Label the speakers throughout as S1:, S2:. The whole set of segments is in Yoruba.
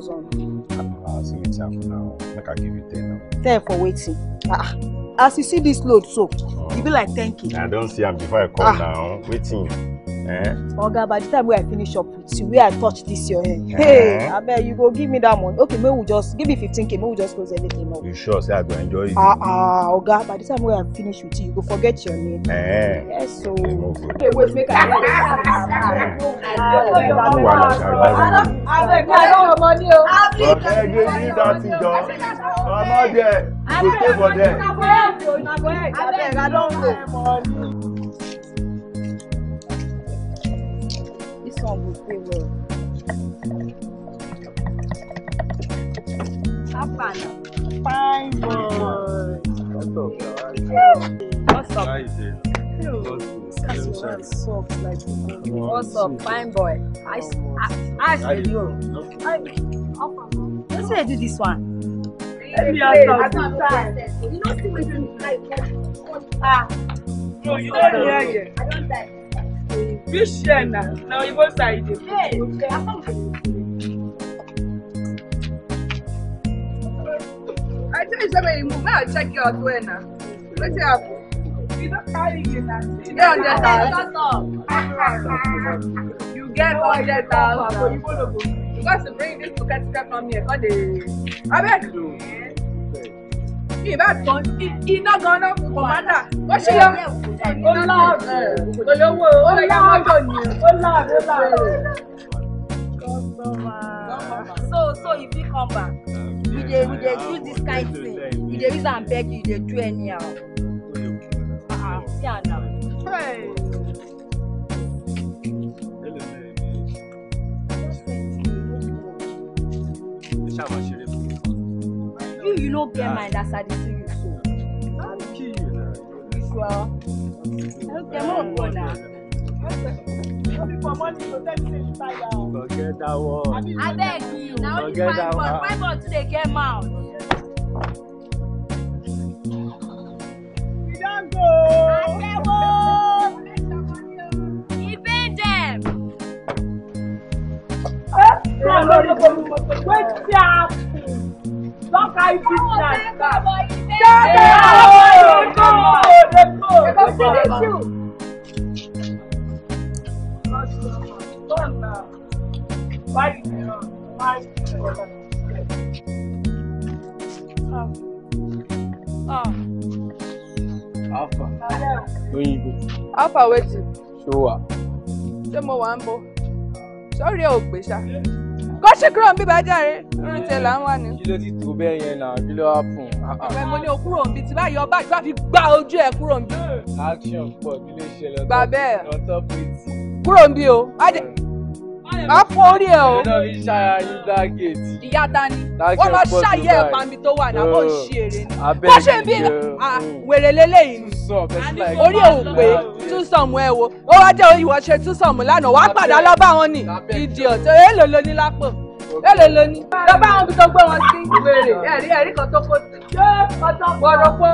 S1: thousand. I'll ah, see it now. Make I give you ten Ten for waiting. Ah, ah. As you see this load so, oh. it be like ten k. I don't see am before I come ah. now. Waiting oga by the time wey i finish up with you wey i touch this your hair hey abeg you go give me that money okay make we just give me fifteen k make we just close everything up. you sure say i go enjoy you. ah ah oga by the time wey i finish with you you go forget your name. Eh. yes o. okay wait make i get you. no wahala sha i like you. abeg na your money o.
S2: ọ̀sẹ̀ gbé ní
S1: ìdọ̀tí jọ ọmọ jẹ
S3: kò abeg i don go.
S2: one will pay well. Happen. Fine boy.
S1: What's up? What's up? Hi, What's up? what's up, fine
S2: boy? I, I, I you. Let's how I do this one. Let me ask you. You know, see what you
S3: like. Ah.
S1: No, you don't hear
S3: I don't like
S1: fish here na na side dey i tell you something. make you move make check you out well na wetin happen. you don carry me na. you get hundred
S3: you get hundred thousand. oyibo
S1: no bring this pocket cap come here come dey abeg ìbátan iná ganan kọ̀mádà ó ṣe yọ
S3: olówó olówó
S2: so so if you come back we dey we dey do this kind thing we dey use am beg you you dey do anyhow ah see am now. Hey you you no get mind as i dey see you so. you
S1: sure. okay mo go na. Forget
S3: that one. Abeg, na only five ball, five
S2: ball too dey get mouth.
S1: We don go. Aṣẹ́wó. Eh? Wait, yeah. Don't carry this man
S2: back. Take it out! Go! Let's go! Let's go!
S1: Let's go! Why is it wrong? Why is it wrong? Ah. Alpha. Lóyìnbó.
S2: Alpha wetin? Ṣé o wà? Ṣé mo wà ń bọ̀? Sọ́rí ẹ̀ ò pè ṣá kó ṣe kúrò níbí bá jàre lórí tẹ là ń wà
S1: ní. kí ló ti tó bẹ́ẹ̀ yẹn náà kí ló wá fún un. ọ̀rẹ́ ah, ah. mo ní o kúrò níbi tí báyọ̀ bá ìgbà fi gbá ojú ẹ̀ kúrò níbi. action pọ̀ kí ló ṣẹlẹ̀ lọ́tọ́ pé. kúrò níbi o a fọ orí ẹ o. iná fi ṣáya ní dágẹ̀tì. ìyá dání
S2: wọ́n máa ṣàyẹ̀ ẹ̀pà mi tó wà náà bó ń ṣe èrè ni. bó ṣe ń bí
S1: wèrè lélẹ́yìn ni orí ẹ̀ ò pé túsọ̀mù ẹ wo ó wá jẹ́ ìwọ ṣe túsọ̀mù lánàá wàá pàdé alábà wọn ni ìdí ọ̀tọ̀ èèlò ló ní lápò èèlò ló ní. lọ bá wọn bí tó gbé wọn sí wèrè ẹ̀rí ẹ̀rí kan tó kó ṣé ọjọ́ gbọ́dọ̀ pọ́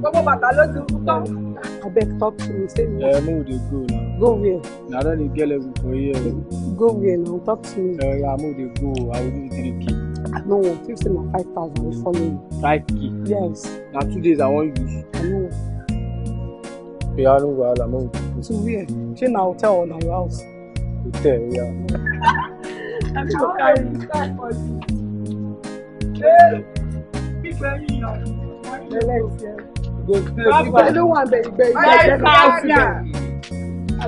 S1: gbogbo bàtà ló ti rú tán. abeg talk to me say you. ẹ mú de go na. Go where? Na don dey get level for here. Go where now? Talk to me. Uh, yeah, I'm dey go. I will give you 3k. I no want 50 na thousand. They follow me. Five k Yes. Na two days I wan use. I no want. Yeah, no wahala. No want. To where? Shey na hotel or na your house? Hotel, yeah. I think I'll carry you.
S3: Start for you. Hey! Keep wearing your.
S1: Relax, yeah. Go stay. I don't want baby. Baby, I don't want baby.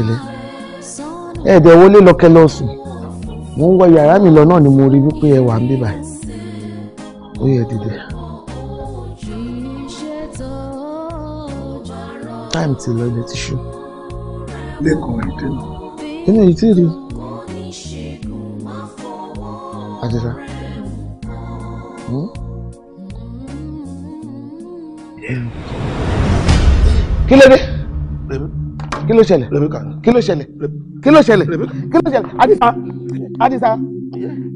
S1: pẹ̀lẹ́ ẹ̀ẹ́dẹ̀ wọlé lọ́kẹ́ lọ́sùn mo ń wọ yàrá mi lọ náà ni mo rí wípé ẹ wà ń bí báyìí ó yẹ dìde. táìmù ti lọ ilé tíṣú. lẹ́kọ̀ọ́ ìdè inú yìí rí. àdìrà. Hmm? kí ló dé kí ló ṣẹlẹ̀ kí ló ṣẹlẹ̀ kí ló ṣẹlẹ̀ kí ló ṣẹlẹ̀ àdìsá àdìsá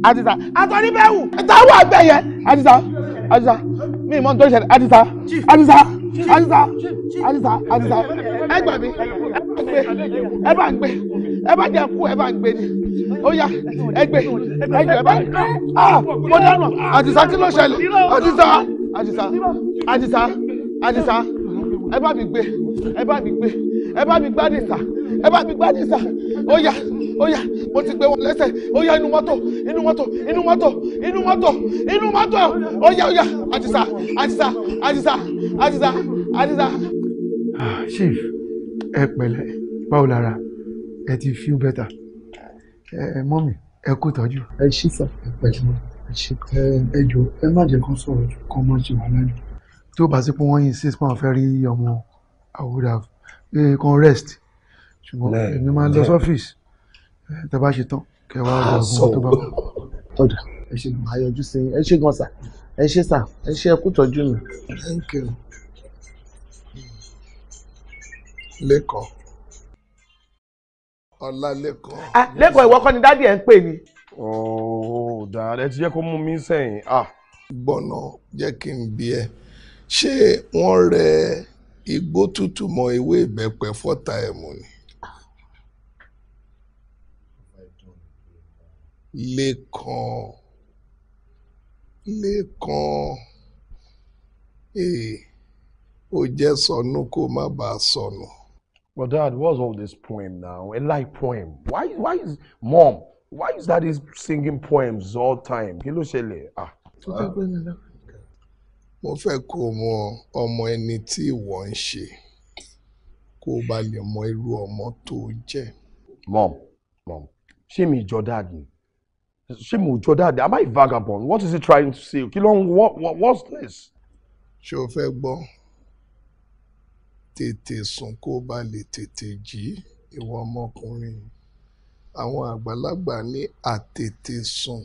S1: àdìsá àtọ́ni bẹ́ẹ̀ wù táwọn àgbẹ̀ yẹn àdìsá àdìsá mi ìmọ̀ nítorí ṣẹlẹ̀ àdìsá àdìsá àdìsá àdìsá àdìsá ẹ gbà mí ẹ bá ń gbé ẹ bá jẹ kú ẹ bá gbé ni ó yá ẹ gbé ẹ gbé ẹ bá ah mo dáná àdìsá kí ló ṣẹlẹ̀ àdìsá àdìsá àdìsá àdìsá ẹ bá mi gbé ẹ bá mi gbé ẹ bá mi gbádùn sà ẹ bá mi gbádùn sà ó yá ó yá mo ti gbé wọn lẹ́sẹ̀ ó yá inú mọ́tò inú mọ́tò inú mọ́tò inú mọ́tò inú mọ́tò ó yá ó yá àdìsá àdìsá àdìsá àdìsá àdìsá. Ah, chief ẹ pẹ̀lẹ́ báwo lára ẹ ti feel better ẹ mọ́mì ẹ kó tọ́jú. ẹ ṣí sà ẹ pẹ̀lú ẹ ṣe ẹ jọ ẹ má jẹ́ kó sọ̀rọ̀ jù kó má ṣe wàhálà jù tí ó bá sí pé wọ́n insist pé wọ́n fẹ́ rí ọmọ I would have ẹ kan rest ṣùgbọ́n èmi máa lọ sọ́fíìsì tẹ bá ṣe tán kẹ wá lọ ah, fún tó bá kọ. tọ́jà ẹ ṣe máa yọjú sí ẹ ṣe gan sà ẹ ṣe sà ẹ ṣe ẹ tọ́jú mi. thank you lẹ́kọ̀ọ́ ọlá lẹ́kọ̀ọ́. Ah, lẹ́kọ̀ọ́ ìwọ kọ́ ni dádì ẹ̀ ń pè ní. ooo oh, dàrẹ ti jẹ́ kó mú mi sẹ́yìn. Ah. gbọ́nà jẹ́ kí n bí ẹ ṣé wọ́n rẹ igbó tútù mọ́ ewé ìbẹ́pẹ fọ́tà ẹ̀mú ni. lẹ́kàn lẹ́kàn ee eh, ó jẹ́ sọnù kó má bàa sọnù. But dad, what's all this poem now? A light poem. Why, why is, mom, why is daddy singing poems all time? Kí ló ṣẹlẹ̀? Ah. Tó bá gbé mi mo fẹ́ kó mọ ọmọ ẹni tí ìwọ ń ṣe kó o bá lè mọ irú ọmọ tó jẹ́. mom mom ṣé mi jọ dad ni ṣé mo jọ dad am I vagabond what is he trying to say kí ló ń what what what's this. ṣé o fẹ́ gbọ́ tètè sùn kó o bá lè tètè jí ìwọ ọmọkùnrin àwọn àgbàlagbà ní àtètè sùn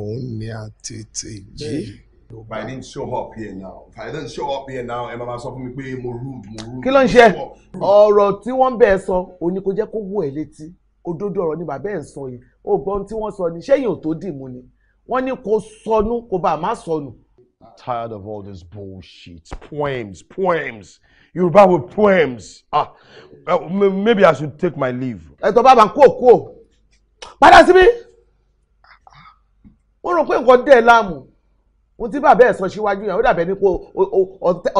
S1: òun ni àtètè jí. Yeah if I didn't show up here now if I didn't show up here now ẹ sọ fún mi pé mo rude mo rude. kí ló ń ṣe ọ̀rọ̀ tí wọ́n bẹ́ẹ̀ sọ òní kò jẹ́ kó wọ ẹ̀ létí òdodo ọ̀rọ̀ ni bàbá ẹ̀ ń sọ yìí ó gbọ́ ohun tí wọ́n sọ ni ṣẹ́yìn ò tó dì mú ni wọ́n ní kó sọnù kó bá a má sọnù. I'm tired of all this bullshit poems poems Yoruba with poems ah maybe I should take my leave. ẹ̀tọ́ bàbá kú òkú o padà síbí wọ́n rò pé nǹkan dẹ̀ láàmú ohun tí bàbá ẹ̀ sọ síwájú yẹn ó dàbẹ̀ ní kó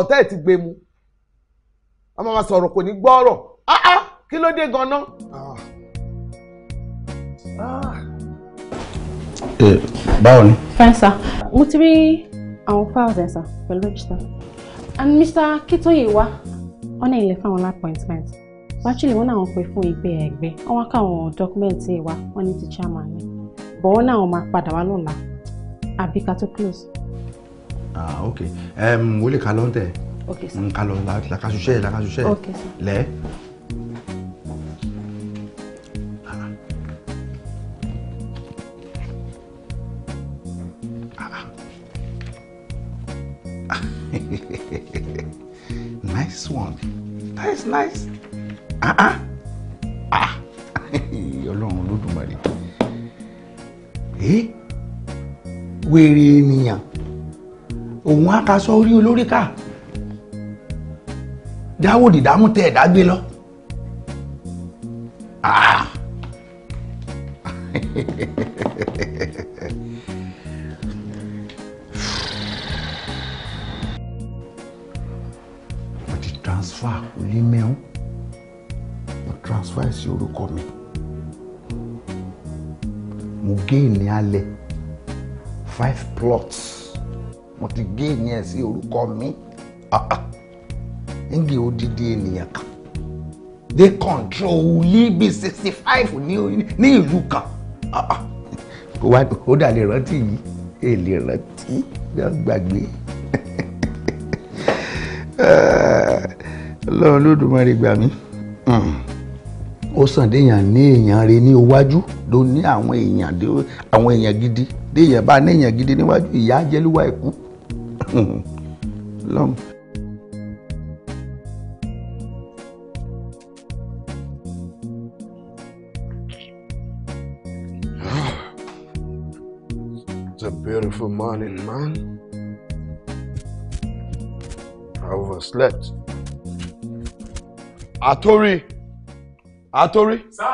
S1: ọ̀tẹ́ ẹ̀ ti gbé mu a máa sọ̀rọ̀ kò ní gbọ́rọ̀ áá ah, ah, kí ló dé gan-an. Ah.
S3: Eh, báwo ni.
S2: fine sir mo ti rí àwọn files ẹ̀ sir pẹ̀lú register and mr kitoye wa
S1: ọ̀nà ilẹ̀ fáwọn appointment actually wọ́n náà wọ́n pè fún ìgbé ẹ̀gbẹ́ wọ́n wá káwọn document wa wọ́n ní ti chairman ni but wọ́n náà wọ́n máa padà wá lọ́la àbí ká tó close ah ok um, wòlé ka lọ tẹ ok sir mm, nka lọ lakasusẹ lakasusẹ ok sir lẹ. Ah, ah. nice one that is nice ah ah ah Ọlọ́run ló dùn mọ rẹ wèrè ènìyàn òun á ka sọ orí olórí ká dáwòdì dámú tẹ ẹ̀dá gbé lọ. Ah. mo ti transfer kò lè mẹ́rún mo transfer sí orúkọ mi mo gé ìní alẹ́ five plots mo ti gé ìyẹn sí orúkọ mi nígbè odidi ènìyàn kan they control libi sixty five ní ìlú kan ó dà lè rántí yìí èlè rántí gbàgbé eh, ọlọ́run lódùmarè gbà mí hmm. ó sàn déèyàn ní èèyàn rẹ̀ ní iwájú ló ní àwọn èèyàn àwọn èèyàn gidi déèyàn bá ní èèyàn gidi níwájú ìyà jẹ́lúwà ikú. Mm-hmm. lọ́hùn. It's a beautiful morning, man. I overslept. Atori. Atori. Sir.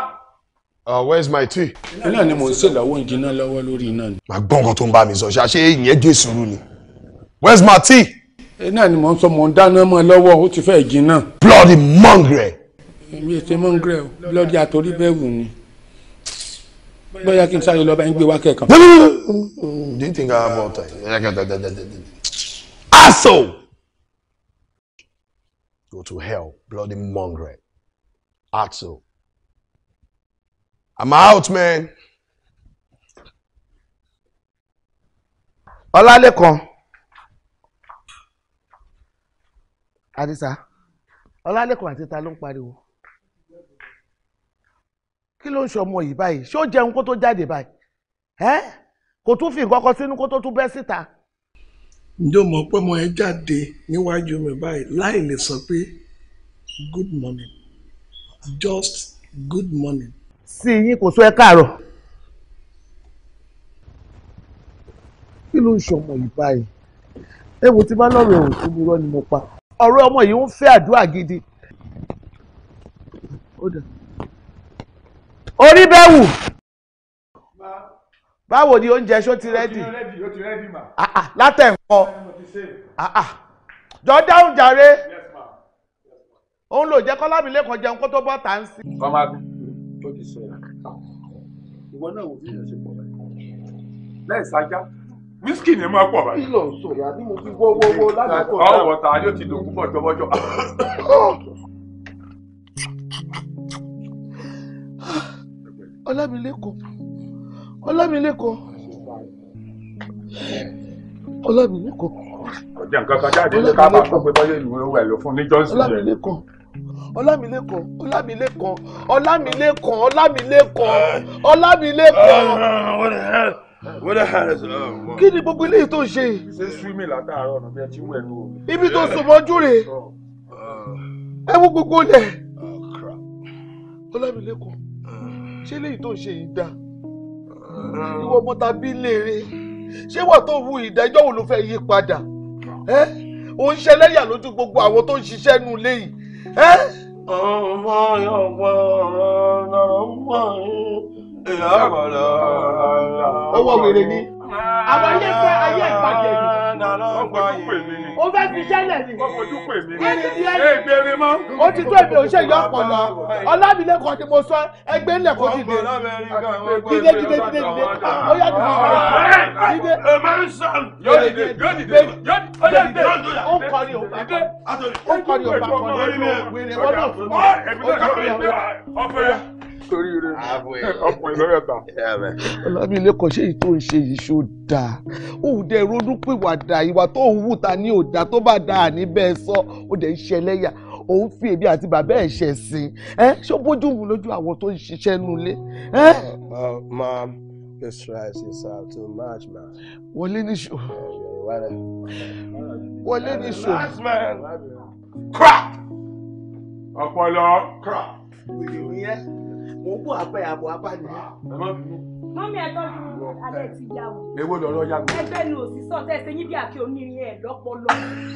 S1: Uh, where's my tea? Iná ni mo ń ṣèlàwọ́ ìdíná lọ́wọ́ lórí iná ni. Màá gbọ́ nǹkan tó ń bá mi sọ, ṣe àṣé ìyẹn jésù rú ni where's my tea. ẹ náà ni mò ń sọ mò ń dáná mọ́ ẹ lọ́wọ́ ó ti fẹ́ jinná. bloody mongrel. èmi ètò mongrel o bloody àtòrí bẹ́ẹ̀ wù ni bóyá kí n sáré lọ́ba ń gbé wá kẹ̀kan. do you think I have all time. asshole. go to hell bloody mongrel asshole. I'm out man. Ọlálékan. Adisa, ọlálẹ́kùn àti ta ló ń pariwo kí ló ń ṣe ọmọ yìí báyìí ṣé ó jẹun kó tó jáde báyìí ẹ kò tún fi nǹkan kan sínú kó tó tún bẹ́ síta. ǹjẹ́ o mọ̀ pé mo ẹ jáde níwájú mi báyìí láì lè sọ pé good morning just good morning. sí yín kò sọ ẹ káàárọ̀. kí ló ń ṣe ọmọ yìí báyìí ẹ wo ti bá lọ́rọ̀ ẹ̀ òtún mi rọ́ ni mo pa ọ̀rọ̀ ọmọ yìí ń fẹ́ àdúrà gidi. orí bẹ́ẹ̀ wù báwo ni oúnjẹ ṣó ti rẹ́dì ah, ah, látẹ̀kọ́ ah, jọ dáhùn jàre òun ló jẹ́ kọ́lábì lẹ́kọ̀ọ́ jẹun kó tó bọ́ tà ń sí. kọ́má tó ti sọ ìwọ náà wò bí èèyàn ṣe pọ̀ láì sájà wíṣkì ni máa pọ̀ báyìí. kí ló ń sọ yà ni mo fi wọ́wọ́wọ́ lálẹ́kọ̀ọ́ náà. ọwọ́ ta yóò ti dògún bọ̀ jọbọjọ. ọlámilẹ́kọ̀ọ́ ọlámilẹ́kọ̀ọ́ ọlámilẹ́kọ̀ọ́. ọjà nǹkan kan jáde ní káàbà sọ pé bọ́lá ìlú ẹ̀ ló fún ní johnson yẹn. ọlámilẹ́kọ̀ọ́ ọlámilẹ́kọ̀ọ́ ọlámilẹ́kọ̀ọ́ ọlámilẹ́kọ̀ọ́ ọlámilẹ́kọ̀ọ́ ọlámilẹ́kọ̀ọ́. Eh, wọ́n dẹ̀ hàn ẹ̀sọ́. kí ni gbogbo eléyìí tó ń ṣe. ṣé súnmi látàárọ̀ ọ̀nà bí ẹ ti wẹ̀ lóo. ibi tó sùn mọ́jú rèé ẹ wo gbogbo lẹ̀. ọlámilẹ́kùn ṣé eléyìí tó ń ṣe yìí dáa ìwọ ọmọ tàbí léèrè ṣé wà tó wu ìdájọ́ wo ló fẹ́ yí padà ẹ́ òun ṣe lẹ́yà lójú gbogbo àwọn tó ń ṣiṣẹ́ nù léyìí ẹ́. ọmọ yọ̀wọ̀ ọ̀rọ̀ lọ́rọ̀ wọ̀nyí owó wèrè ni àwọn ilé iṣẹ́ ayé ìpàdé ni ó fẹ́ fi ṣẹlẹ̀ ni kíni ti ẹni ó ti tó èmi òṣè yọ ọ̀pọ̀ lọ ọlámilẹ́kọ̀ọ́ ni mo sọ ẹgbẹ́ ńlẹ̀ kó dìde dìde
S2: dìde dìde dìde ó yà dìde
S1: dìde dìde ó yà ó ń kọrin òun bá ó ń kọrin òun bá kọrin wèrè wọ́n náà fún mi ó ń kọrin òun bá torí rẹ ah, ọkùnrin lọ́rẹ̀ ta. ọlábìlẹ̀ kò ṣe èyí tó ń ṣe yìí ṣó dáa ó dẹ̀ ronú pìwàdà ìwà tó ń wù ta ní òdà tó bá dáa ní bẹ́ẹ̀ sọ ó dẹ̀ ń ṣẹlẹ́yà òun fi èmi àti bàbá ẹ̀ ṣẹ̀ sí ẹ ṣó bójú mu lójú àwọn tó ń ṣiṣẹ́ nulẹ̀. Uh, uh, Mom, this rice is uh, too much, ma. wọlé níṣó wọlé níṣó. crap ọpọlọ crap mò ń bọ̀ apẹ́ àbọ̀ apá ni. mọ́mí ẹ tọ́jú alẹ́ ti yá o. èwo lọ́rọ́ yá gbọ́. ẹgbẹ́ ni òsísọ tẹ̀sẹ̀ yín bí àkè onírin ẹ̀ lọ́pọlọ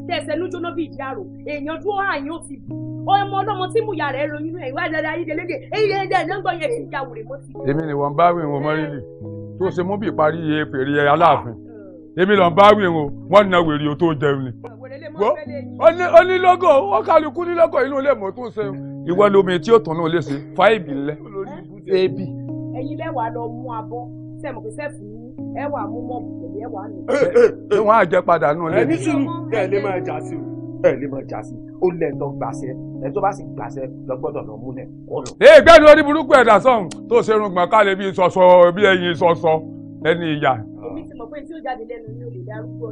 S1: tẹ̀sẹ̀ ló jóná bí ìjárò èèyàn dúró àyàn ti bù ọmọ ọlọ́mọ tí mùyà rẹ̀ ronyún ẹ̀ wá dáadáa yìí délédè èyí lè dẹ̀ lọ́gbọ̀n yẹn ti yàwó rẹ̀ mọ́tì. èmi ni wọ́n bá wí wọn mọ́rìnlì tó ṣe mú bí ìparí fèrè aláàfin èmi lọ́n bá wí wọn wọ́n na wèrè tó jẹun ni. ó ní lọ́gọ̀ ó kálukú ní lọ́gọ̀ inú ilé mọ̀ tó ṣe ìwọ ni obìnrin tí yóò tún náà lè ṣe fáìbì lẹ ebi. ẹ̀yin lẹwàá lọ mú abọ sẹmu kí sẹfù ní ẹwà mú mọbù pẹ̀lú ẹwà nù. ṣé eh, eh, eh, wọn á jẹ padà nù lẹ. ẹni sùn ẹ lè máa jà sí o ẹ lè máa jà sí o lẹ tó gbàṣẹ ẹ tó bá sì gbàṣẹ lọ gbọ́dọ̀ lọ múlẹ kọ lọ. ee gbẹ́ni orí burúkú ẹ̀dá sọ̀hún tó ṣe irun gbọ̀n kálẹ̀ bíi sọ̀sọ̀ bíi ẹyin sọ̀sọ̀ ẹni ìyá.
S3: èmi ti mọ̀ pé tí ó jáde lẹ́nu ni olè darúgbó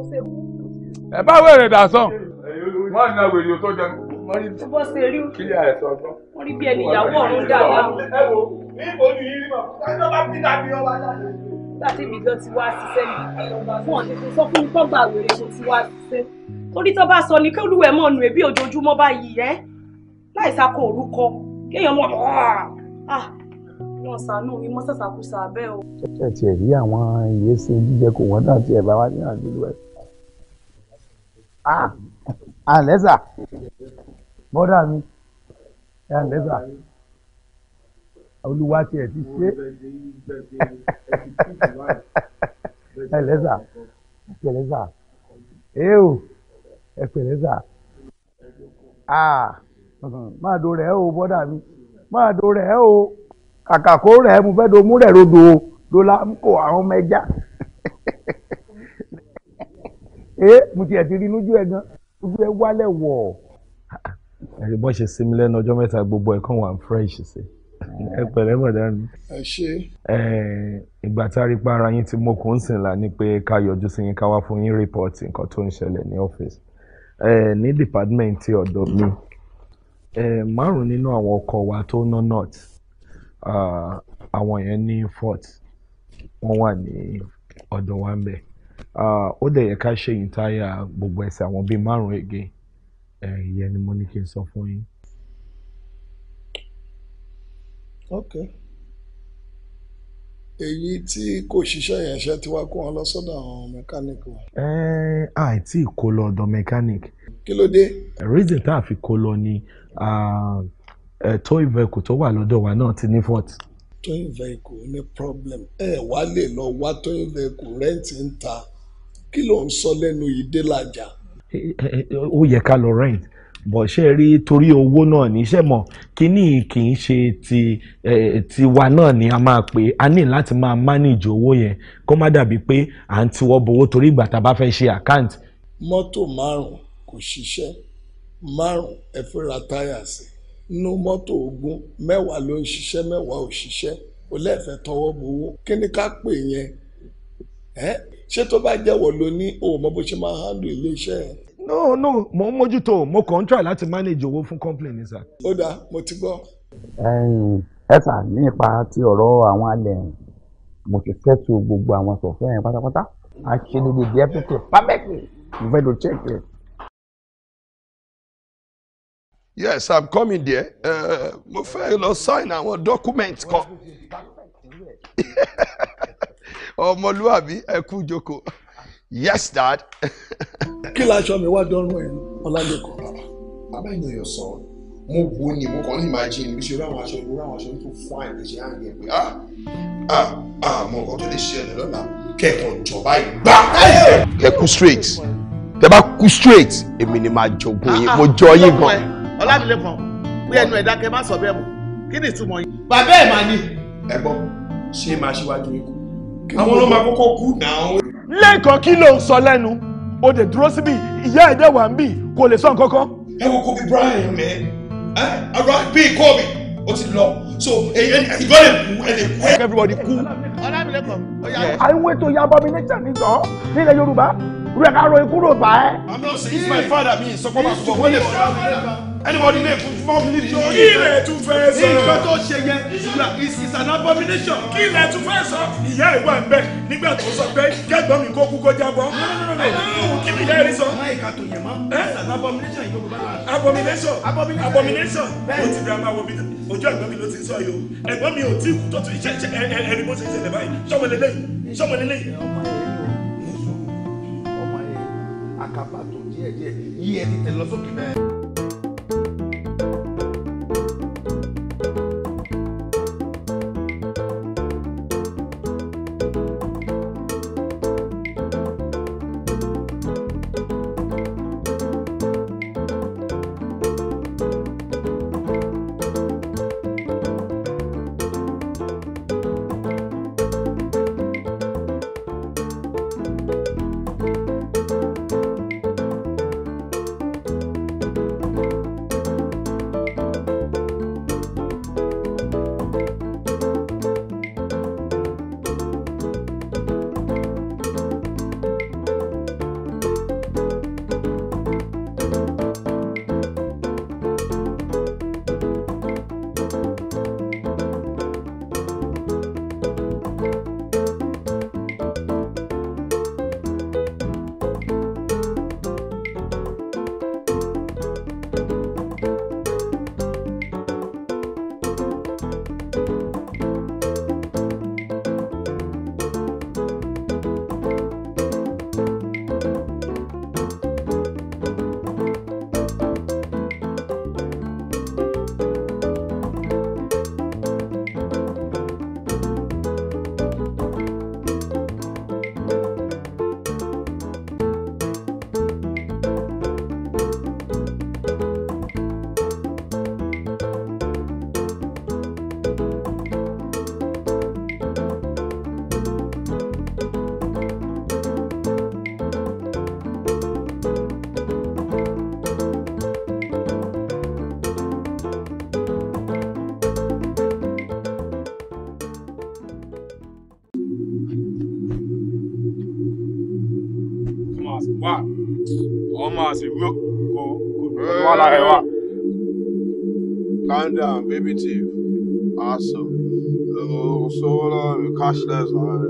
S3: ọjọ́.
S1: ẹ bá wẹ̀rẹ̀ dà sọ̀hún má na wèrè tó jẹun. tó bọ́ sí eré òkè. kílíà ẹ̀ sọ ọgbọ́n. wọ́n rí bí ẹni ìyàwó ọ̀run dà láàmú. ẹ wo ní ìbòjú yìí rí màá fún ọjọ́ bá bí dàbí ọba jáde. nígbà tí èmi gan ti wá ṣiṣẹ́ ni fún ọ̀tẹ̀tẹ̀ sọ fún mi kọ́ gbà wèrè kò ti wá ṣiṣẹ́. torí tó bá sọ ni kí olúwẹ̀ mọ̀ nù ẹbí ojoojúmọ́ báyìí ẹ́ láì sakọ orúkọ kéèyàn mọ̀ ah, ah, wọn àlẹ́sà mọ́dà mi àlẹ́sà olúwa tiẹ̀ ti ṣe àlẹ́sà àlẹ́sà èèwò ẹ̀pẹ̀lẹ́sà máa do rẹ̀ o bọ́dà mi máa do rẹ̀ o kàkà kó rẹ̀ mo fẹ́ do mú rẹ̀ rodo o do la ń kó àwọn ọmọ ẹja ẹ mo tiẹ̀ ti rí lójú ẹ gan ojú ẹ wálẹ̀ wọ̀. ẹ̀rí bọ́ ṣe sinmi lẹ́nu ọjọ́ mẹ́ta gbogbo ẹ̀ kàn wà ń fresh sí ẹ pẹ̀lẹ́ bọ̀dá ẹ ṣe. ìgbà tá a rí pa ara yín tí mo kò ń sìn la ni pé ká yọjú sí yín ká wá fún yín rìpọ́ọ̀tì nǹkan tó ń ṣẹlẹ̀ ní ọ́fíìsì ní department ti ọ̀dọ̀ mi márùn-ún nínú àwọn ọkọ̀ wa tó ná north àwọn yẹn ní fort wọ́n wà ní ọ̀dọ̀ wa ń bẹ̀ ó dẹ̀ yẹ ká ṣe ìtayà gbogbo ẹsẹ̀ àwọn bíi márùn-ún ege ìyẹn ni mo ní kí n sọ fún yín. ok èyí tí kò ṣiṣẹ́ yẹn ṣe ti wá kó wọn lọ sọ́dọ̀ àwọn mẹkáníìkì wọn. ẹ ẹ àìtí kó lọ ọ̀dọ̀ mẹkáníìkì. kí ló dé. reason tá a fi kó lọ ni tow vehicle tó wà lọ́dọ̀ wa náà ti ní fault towing vehicle ní problem ẹ wá lè lọ wá towing vehicle rent ń ta kí ló ń sọ lẹ́nu yìí dé làjà. ó yẹ ká lọ rent bọ̀ ṣe rí torí owó náà níṣẹ́ mọ̀ kínní kì í ṣe ti tiwa náà ni a máa pè a ní láti máa manage owó yẹn kó má dàbí pé à ń tiwọ́ bowó torí ìgbà tá a bá fẹ́ ṣe àkáǹtì. mọ́tò márùn-ún kò ṣiṣẹ́ márùn-ún ẹ fẹ́ ra táyà sí nínú mọ́tò ogún mẹ́wàá ló ń ṣiṣẹ́ mẹ́wàá ò ṣiṣẹ́ o lẹ́ẹ̀fẹ́ tọwọ́ bowó kí ni ká pè yẹn ẹ́ ṣé tó bá jẹ́wọ́ ló ní òun mọ bó ṣe máa handle iléeṣẹ́ ẹ̀. no no mo ń mójútó mo kàn ń try láti manage owó fún complain ni sir. ó dáa mo ti gbọ́. ẹ sà nípa ti ọ̀rọ̀ àwọn alẹ̀ mo ti fẹ́tù gbogbo àwọn sọ̀fẹ́ yẹn pátápátá a ṣe dédé everything perfectly mo fẹ́ lo check it yes i'm coming there uh, mo fẹ́ lọ sign àwọn document kan ọmọlúwàbí ẹ kú jókòó yes dad. kí la aṣọ mi wá dọ́rùn ẹ̀ ọ̀làlẹ́kọ̀. bàbá ìnà yóò sọ mo wo ni mo kàn ní imagine bí ṣe ráwọn aṣọ ìwúrọ àwọn aṣọ tó fún àìlè ṣe àyè pé ah ah ah mo kàn tó lè ṣe ẹ̀rẹ̀ lọ́la kẹ̀kọ́ ìjọba ìgbà. kẹkú straight tẹ bá kú straight èmi ni màá jogún yín mo jọ yín gan ọlámilékan bí ẹnu ẹ̀dá kẹ má sọ bẹ́ẹ̀ mọ́ kí ni ìtumọ̀ yìí. bàbá ẹ̀ máa ní. ẹ gbọ́ ṣé máa ṣíwájú ikú àwọn ló máa kú náà. lẹ́ẹ̀kan kí ló ń sọ lẹ́nu o dẹ̀ dúró síbi ìyá ẹ̀dẹ̀ wà ń bì kò lè sọ nǹkan kan. ẹ wo Kobe Bryant mẹ ara bíi Kobe ó ti lọ so ìgbọ́ lè kú ẹ lè kú. everybody kú. ọlámilékan ó yá. àìwé tó yá bọ́ mi níjà nìjọ́ nílẹ̀ Yorùbá rẹ̀ ká ro ikú rò ẹ. I'm not saying my father mi sọ pé wọ́n anybody lè fún four minutes yóò yẹ. kí lè tún fẹ́ sọ. nígbà tó ṣe yẹn is is an abomination. kí lè tún fẹ́ sọ. ìyá ẹ̀ wà ń bẹ̀ nígbà tó sọ pé kẹ́gbọ́n mi kó kú kó jábọ́. kí ni ìyá ẹ̀ sọ. máyìká tó yẹ mọ́. is an abomination yorùbá náà. abomination abomination. o ti dàgbà wo mi ojú ẹ̀gbọ́n mi ló ti sọ yìí o ẹ̀gbọ́n mi ò tí kú tó tún iṣẹ́ ẹ̀rí bó ṣe ṣẹlẹ̀ báyìí sọ́mọ lélẹ́yìn sọ́mọ lélẹ́yìn. ọmọ ẹ̀ àkàbà tó díẹ̀ díẹ̀ yí ẹ ti tẹ̀ lọ sókè bẹ́ẹ̀. wọ́n máa sì wí kò kò tó wà lára ẹ̀ wà. calm down baby thief awesome oh, so long uh, cashless man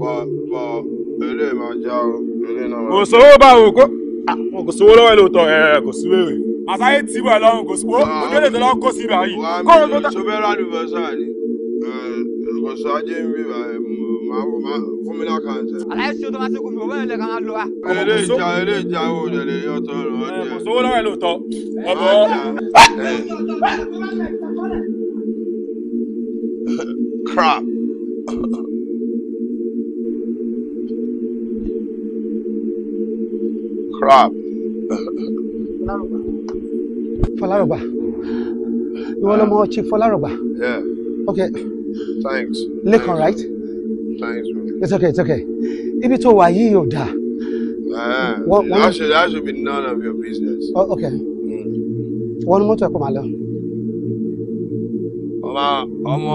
S1: but but eré
S2: máa já o eré náà. kò sówó
S1: báwo kó ah, kò sówó lọ́wọ́ ẹ lóòótọ́ ẹ kò sí wèrè àsáyé tí wà lọ́rùn kò sówó kò tó lè tó lọ́wọ́ kó sí ibà yìí. wà á mi sọ fẹ́ rà lùbọ̀sà ni kò sọ ajé ń bí bàá máa wò máa fún mi lákàntẹ. aláyé sọ tó máa ṣekú fún kan lọ wa. eré ìjà eré ìjà o jẹ̀lẹ̀ yọ tó rọ jẹ. kò sówó lọ́wọ́ ẹ̀ crap. crap. Fọlárọ̀gbà.
S2: You want to more chief Fọlárọ̀gbà?
S1: Yeah. Okay. Thanks. Lẹ́kàn, right? Thanks, It's okay, it's okay. Ibi tó wà yìí ò dáa. Ah, that should, that should be none of your business. Oh, okay. Wọ́n ní mọ́tò ẹ̀kọ́ máa lọ. Ọmọ ọmọ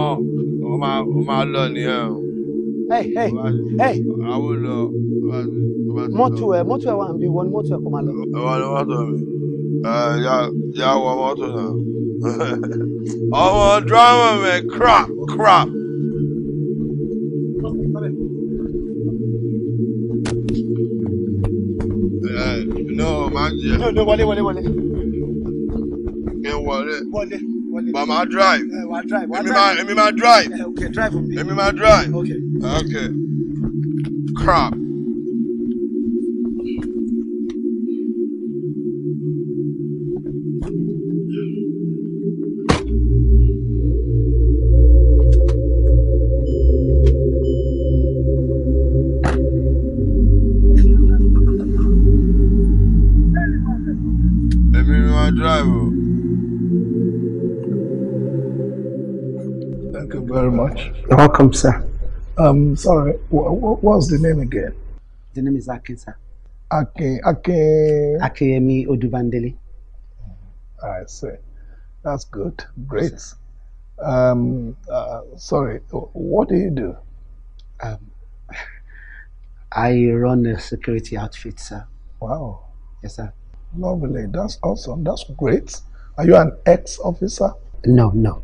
S1: ọmọ ọmọ lọ ni ẹ o. Àwọn lọ. Mọ́tò ẹ̀ mọ́tò ẹ̀ wà níbí wọ́n ní mọ́tò ẹ̀kọ́ máa lọ. Wọ́n ní mọ́tò mi. Yà wọ mọ́tò náà. Ọmọ drama man crap crap. náà máa jẹ. ní òde wọlé wọlé wọlé. kí n wọlé. wọlé wọlé. drive. Eh, wà á drive wà á drive. èmi máa drive. Eh, okay, drive for me. èmi máa drive. Okay. Okay. crap. much. You're welcome, sir. Um, sorry, what, was the name again? The name is Akin, sir. Akin, Akin. Akinyemi Oduvandeli. I see. That's good. Great. Yes, um, uh, sorry, what do you do? Um, I run a security outfit, sir. Wow. Yes, sir. Lovely. That's awesome. That's great. Are you an ex-officer? No, no.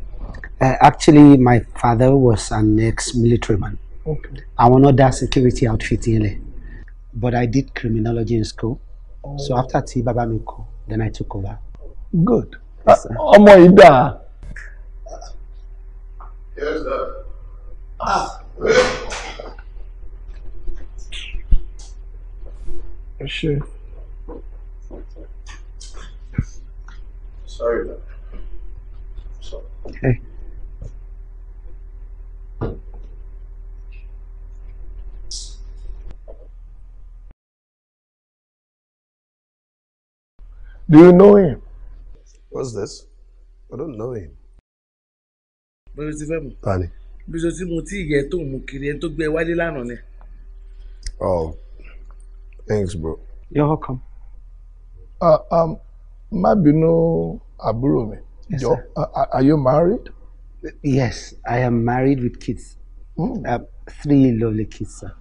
S1: Uh, actually, my father was an ex-military man. Okay. I was not that security outfit yẹn lẹ̀. But I did criminology in school. Oh. So after T Baba Miko, then I took over. Good. Uh, ọmọ yìí dà.
S3: Yes, sir. Ah.
S1: Sure. Sorry, man. Sorry. Hey. Do you know him? What's this? I don't know him. Bẹ́ẹ̀ni ti fẹ́ mu. Tani. Bísọ̀ tí mo tí ìyẹ́ tó mú kiri ẹni tó gbé wálé lánàá ni. Oh, thanks bro. You're welcome. Uh, um, má bínú àbúrò mi. Yes, Yo, sir. Uh, are you married? Yes, I am married with kids. Mm. Uh, three lovely kids, sir.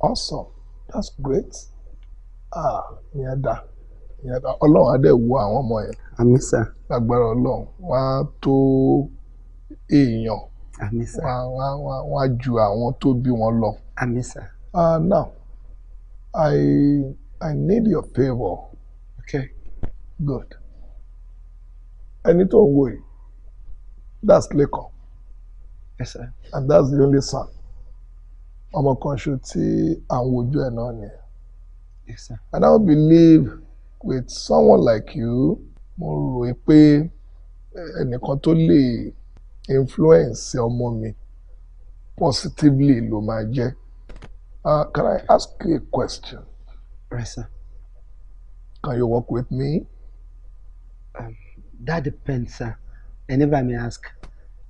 S1: Awesome. That's great. Ah, yeah, that ọlọ́run á dẹ̀ wo àwọn ọmọ yẹn. àmín sà. lágbára ọlọ́run wá tó èèyàn. àmín sà. wá wá wá ju àwọn tó bí wọn lọ. àmín sà. ah now i i need your favour. okay good. ẹni tó ń wò yìí that's Lekan. yes sir. and that's the only son. ọmọ kan ṣo tí àwọn ojú ẹ̀ náà ni. yes sir. and i don't believe with someone like you mo rò ó pé eh, ẹnìkan tó lè influence ọmọ mi positively Lo máa jẹ́ uh, can I ask you a question? Yes, sir. Can you work with me? Um, that depends, sir. And if I may ask,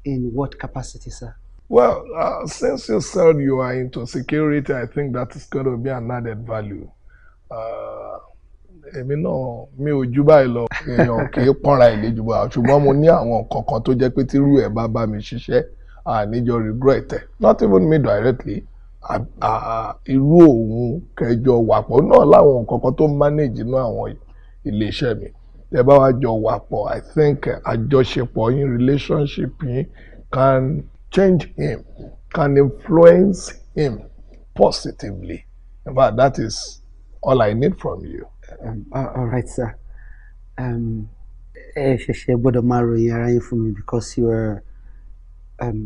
S1: in what capacity, sir? Well, uh, since you said you are into security, I think that is going to be an added value. Uh, èmi náà mi ò ju báyìí lọ èèyàn kì í pọ́nra ẹ̀ léjú bá ṣùgbọ́n mo ní àwọn kankan tó jẹ́ pé tírú ẹ̀ bá bá mi ṣiṣẹ́ àníjọ regret ẹ̀ not even me directly irú òun kẹjọ wàpọ̀ náà láwọn kankan tó manage inú àwọn iléeṣẹ́ mi ẹ bá wá jọ wàpọ̀ i think àjọṣepọ̀ yín relationship yín can change him can influence him positively in fact that is all i need from you um, all right sir um, ẹ ṣẹ̀ṣẹ̀ gbọ́dọ̀ máa ròyìn ara yín fún mi because you are um,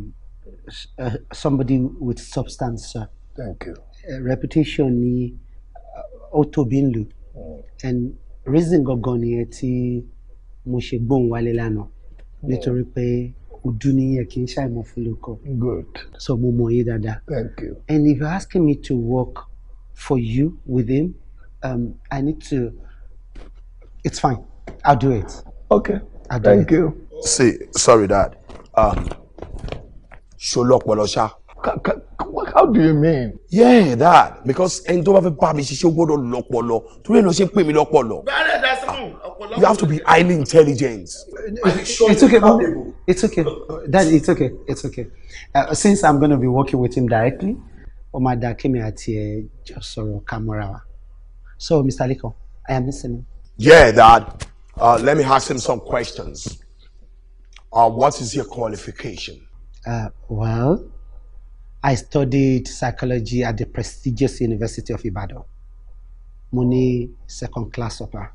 S1: uh, somebody with substance sir. thank you. Uh, reputation ni uh, ó tóbi mm. and reason go nìyẹn tí mo ṣe gbóhùn wálé lánàá
S2: mm. nítorí
S1: pé ojú nìyẹn kì í good. so mo mọ̀ yín thank you. and if you're asking me to work for you with him um, I need to. It's fine. I'll do it. Okay. I'll do Thank it. you. See, sorry, Dad. Um, ah, ṣọlọpọlọṣà. How do you mean? Yeah, Dad. Because in tó bá fẹ́ bá mi go gbọ́dọ̀ lock Torí ẹ̀ ló ṣe ń pè mí lọ́pọlọ. Bẹ́ẹ̀ni, You have to be highly intelligent.
S3: Uh, it's okay,
S1: Mom. It's okay. Dad, it's okay. It's okay. Uh, since I'm going to be working with him directly, oh my Dad came here ẹ̀ jọ sọ̀rọ̀ ká mọ́ra wa. So, Mr. Liko, I am listening. Yeah, Dad. Uh, let me ask him some questions. Uh, what is your qualification? Uh, well, I studied psychology at the prestigious University of Ibadan. Muni second class upper.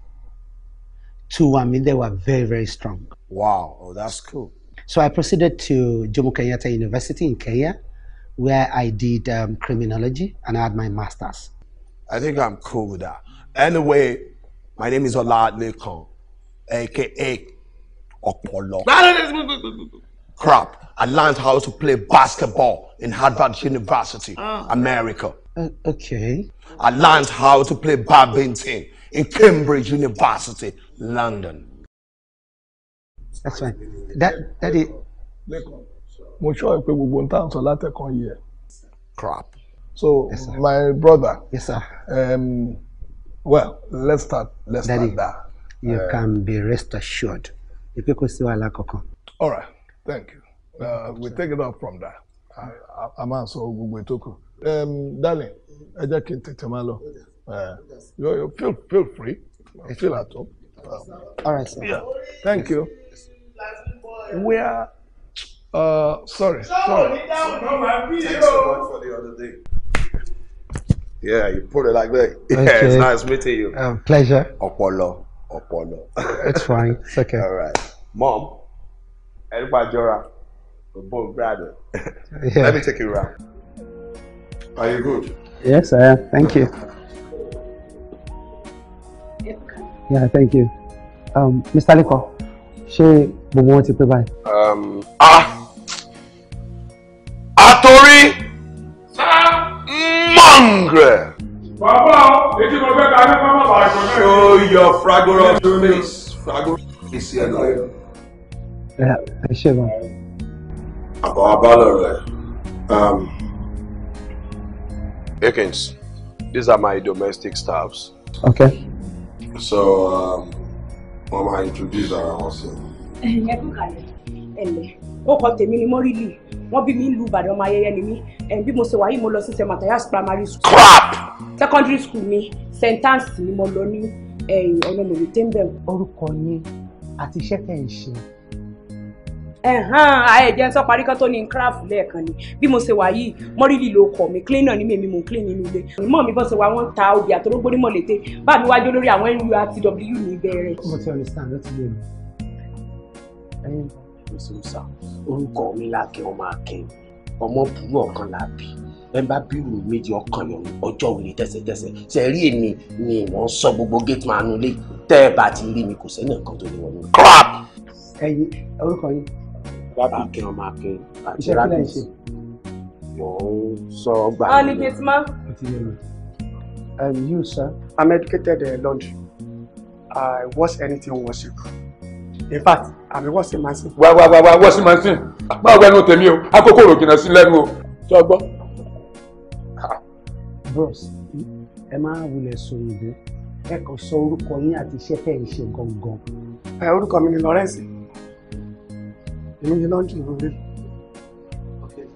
S1: Two, I mean, they were very, very strong. Wow, oh, that's cool. So I proceeded to Jomo Kenyatta University in Kenya, where I did um, criminology and I had my master's. I think I'm cool with that. Anyway, my name is Olalekan, aka Okpolo. Crap. I learned how to play basketball in Harvard University, oh. America. Uh, okay. I learned how to play badminton in Cambridge University, London. That's fine. That that is. mo sọ pé gbogbo n tá à ń crap. So, yes, my brother. Yes, sir. Um, well, let's start. Let's Daddy, start there. You uh, can be rest assured. Ipe kò sí wàhálà kankan. All right, thank you. Uh, we we'll take it up from there. A máa sọ gbogbo ètò um, Darling, I just kí n tètè máa lọ. Uh, you feel feel free. I feel at home. Um, All right, sir. Yeah, thank yes. you. Where? Uh, sorry. Sorry. Thanks so much
S3: for the other day.
S1: Yeah, you put it like that.
S2: Yeah, it's nice
S1: meeting you. Um, pleasure. Ọpọlọ, ọpọlọ. It's fine. It's okay. All right, mom. Everybody, Jora, we're both brother. Yeah. Let me take you around. Are you good? Yes, I am. Thank you. Yeah, thank you. Um, Mr. Liko, ṣé gbogbo wọn ti pé báyìí? Um, ah! Àtòrí! Ah, hungry. Bàbá etí mo fẹ́ ka ní pápá bàjọ́ náà. Show your fragorous face. Fragorous face yẹn
S3: Yeah, Ẹ ṣe gan.
S1: About abálọ̀ um, Akins, these are my domestic staffs. Okay. So, um, Mama, máa introduce ara wọn sí. Ẹ̀yẹ́ kúkàlẹ̀, ẹ̀lẹ́ ó kọ tèmi ni mọ́rìlì wọ́n bí mi ń lu ìbàdàn ọmọ ayẹyẹ ni mí bí mo ṣe wà yìí mo lọ sí st primary school secondary school mi st anne's ni mo lọ ní ọ̀nà mòye tẹ́ḿbẹ̀. orúkọ yín àti iṣẹ́ tẹ̀ ń ṣe. àìjẹ́ sọ parí kan tó ní craft lẹ́ẹ̀kan ni bí mo ṣe wà yìí mọ́rìlì ló kọ̀ mí clean náà ní mi èmi mò ń clean nínú ilé mọ́ mi bọ́ ṣe wà wọ́n ta obì àtòrógbó ní mọ̀lété bá mi wájú lórí àwọn nurtw ní ìbẹ̀rẹ̀. mo ti understand ló ti lè Mùsùlùmí orúkọ mi lákẹ́ ọmọ akẹ́ ọmọ burú ọ̀kan làbí ẹnba bírù méjì ọkàn yọ ọjọ́ òní tẹ́sẹ̀tẹ́sẹ̀ ṣe rí èmi ni mò ń sọ gbogbo gate man lé tẹ́ ẹ bá ti rí mi kò sẹ́ni nǹkan tó lè wọ̀ ní. crap. ẹyin orúkọ yín. rábì kẹ́ ọmọ akẹ́ àti rábì mò ń sọ gbà. a ní gate man. Um, you sir. I'm educated in London. I watch anything worship in fact àmì washing machine. wá wá wá wá washing machine báwo ẹnu tèmi o akókòrò jìnnà sí lẹ́nu o ṣé ọgbọ́. bros ẹ máa wulẹ̀ sòyìnbó ẹ kàn sọ orúkọ yín àti iṣẹ́ tẹ̀ ń ṣe gangan. ẹ orúkọ mi ni Lawrence èmi ni lọ́ńdì lórí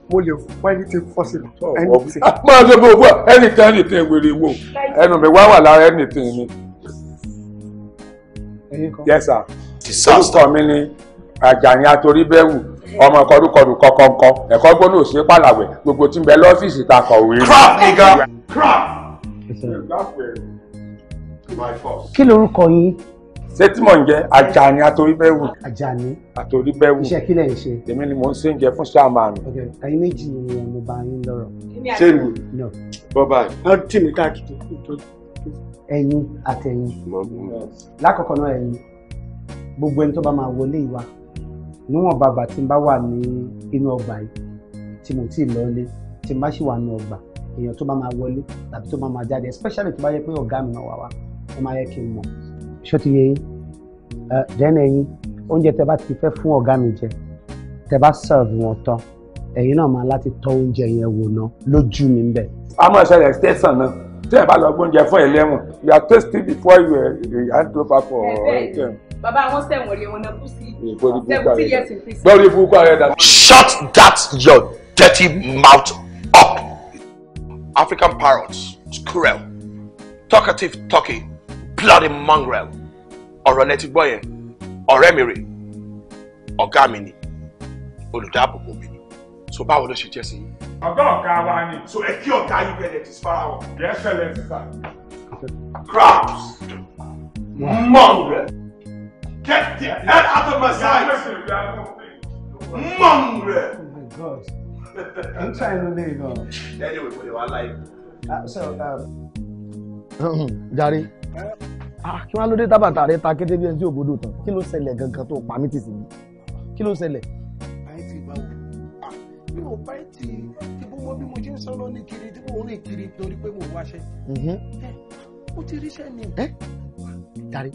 S1: mo lè fọ ẹni tí fọ sí ẹnìtì. máa ṣe bó bó ẹni tí ẹni tí wèrè wò ẹnu mi wá wà lára ẹni tí mi. yes sir orúkọ mi ni Àjàyìn Atoríbẹ́wù ọmọ kọdúkọdù kọkọǹkọ ẹ̀kọ́ gbóná òsè pàlàwẹ̀ gbogbo tí ń bẹ lọ́fíìsì ta kọ̀wé. crap nigga crap. kí lorúkọ yín. ṣé tí mò ń jẹ Àjàyìn Atoríbẹ́wù. Àjàní. Àtoríbẹ́wù. iṣẹ́ kí lẹ̀ ń ṣe. èmi ni mò ń ṣe oúnjẹ fún sáàmà mi. ẹ̀yin méjì ni mo bá yín lọ́rọ̀. ṣé ìlú bọ́bá yìí. wọ́n tì mí káàkiri ẹ̀yin àtẹ̀yin. lákọ̀ọ́kọ́ náà ẹ̀yin gbogbo ẹni tó bá máa wọlé ìwà níwọ̀n bàbà tí n bá wà ní inú ọgbà yìí tí mo tí ì lọlé tí n bá sì wà ní ọgbà èèyàn tó bá máa wọlé tàbí tó bá máa jáde especially tó bá yẹ pé ọ̀gá mi náà wà wá ó máa yẹ kí n mọ̀ ṣó ti yé yín dẹ́nu ẹ̀yin oúnjẹ tẹ bá ti fẹ́ fún ọ̀gá mi jẹ tẹ bá serve wọn tán ẹ̀yin náà máa láti tọ́ oúnjẹ yẹn wò ná lójú mi ń bẹ̀. a máa ṣẹlẹ̀ station náà tí ẹ bá lọ gbóúnjẹ fún ẹlẹ́wọ̀n you are tasty before you are hand over for them
S2: bàbá wọn sẹ̀wọ̀n lé wọn náà kú
S1: shut that your dirty mouth up. African parrot, squirrel, talkative turkey, bloody mongrel, ọ̀rọ̀ lẹ́tí gbọ́ yẹn, ọ̀rẹ́ mi rè, ọ̀gá mi ni, olùdáàbòbò so báwo ló ṣe jẹ́ sí yín? ọ̀gá ọ̀gá wa so if kí ọ̀gá yìí bẹ̀rẹ̀ ti fara wọn. yẹ́sẹ̀ lẹ́sẹ̀ sá. crabs mongrel. Get the hell out of my sight! Mum! Oh my god. I'm trying to leave Anyway, what do I like? Uh, so, um. Hmm, Jare. Ah, kí wọ́n ló dé tábàtà rẹ ta kété bí ẹni tí òbodò tán. Kí ló ṣẹlẹ̀ gangan tó pa mí tì sí mi? Kí ló ṣẹlẹ̀? Àyè ti gbà wò. Bí ah, mo bá ti ti bó mo bí mo ṣe ń sọ̀rọ̀ ní kiri tí mo rìn kiri torí pé mo wáṣẹ́. Mhm. Eh, mo ti ríṣẹ́ ni. Ẹ eh, Jare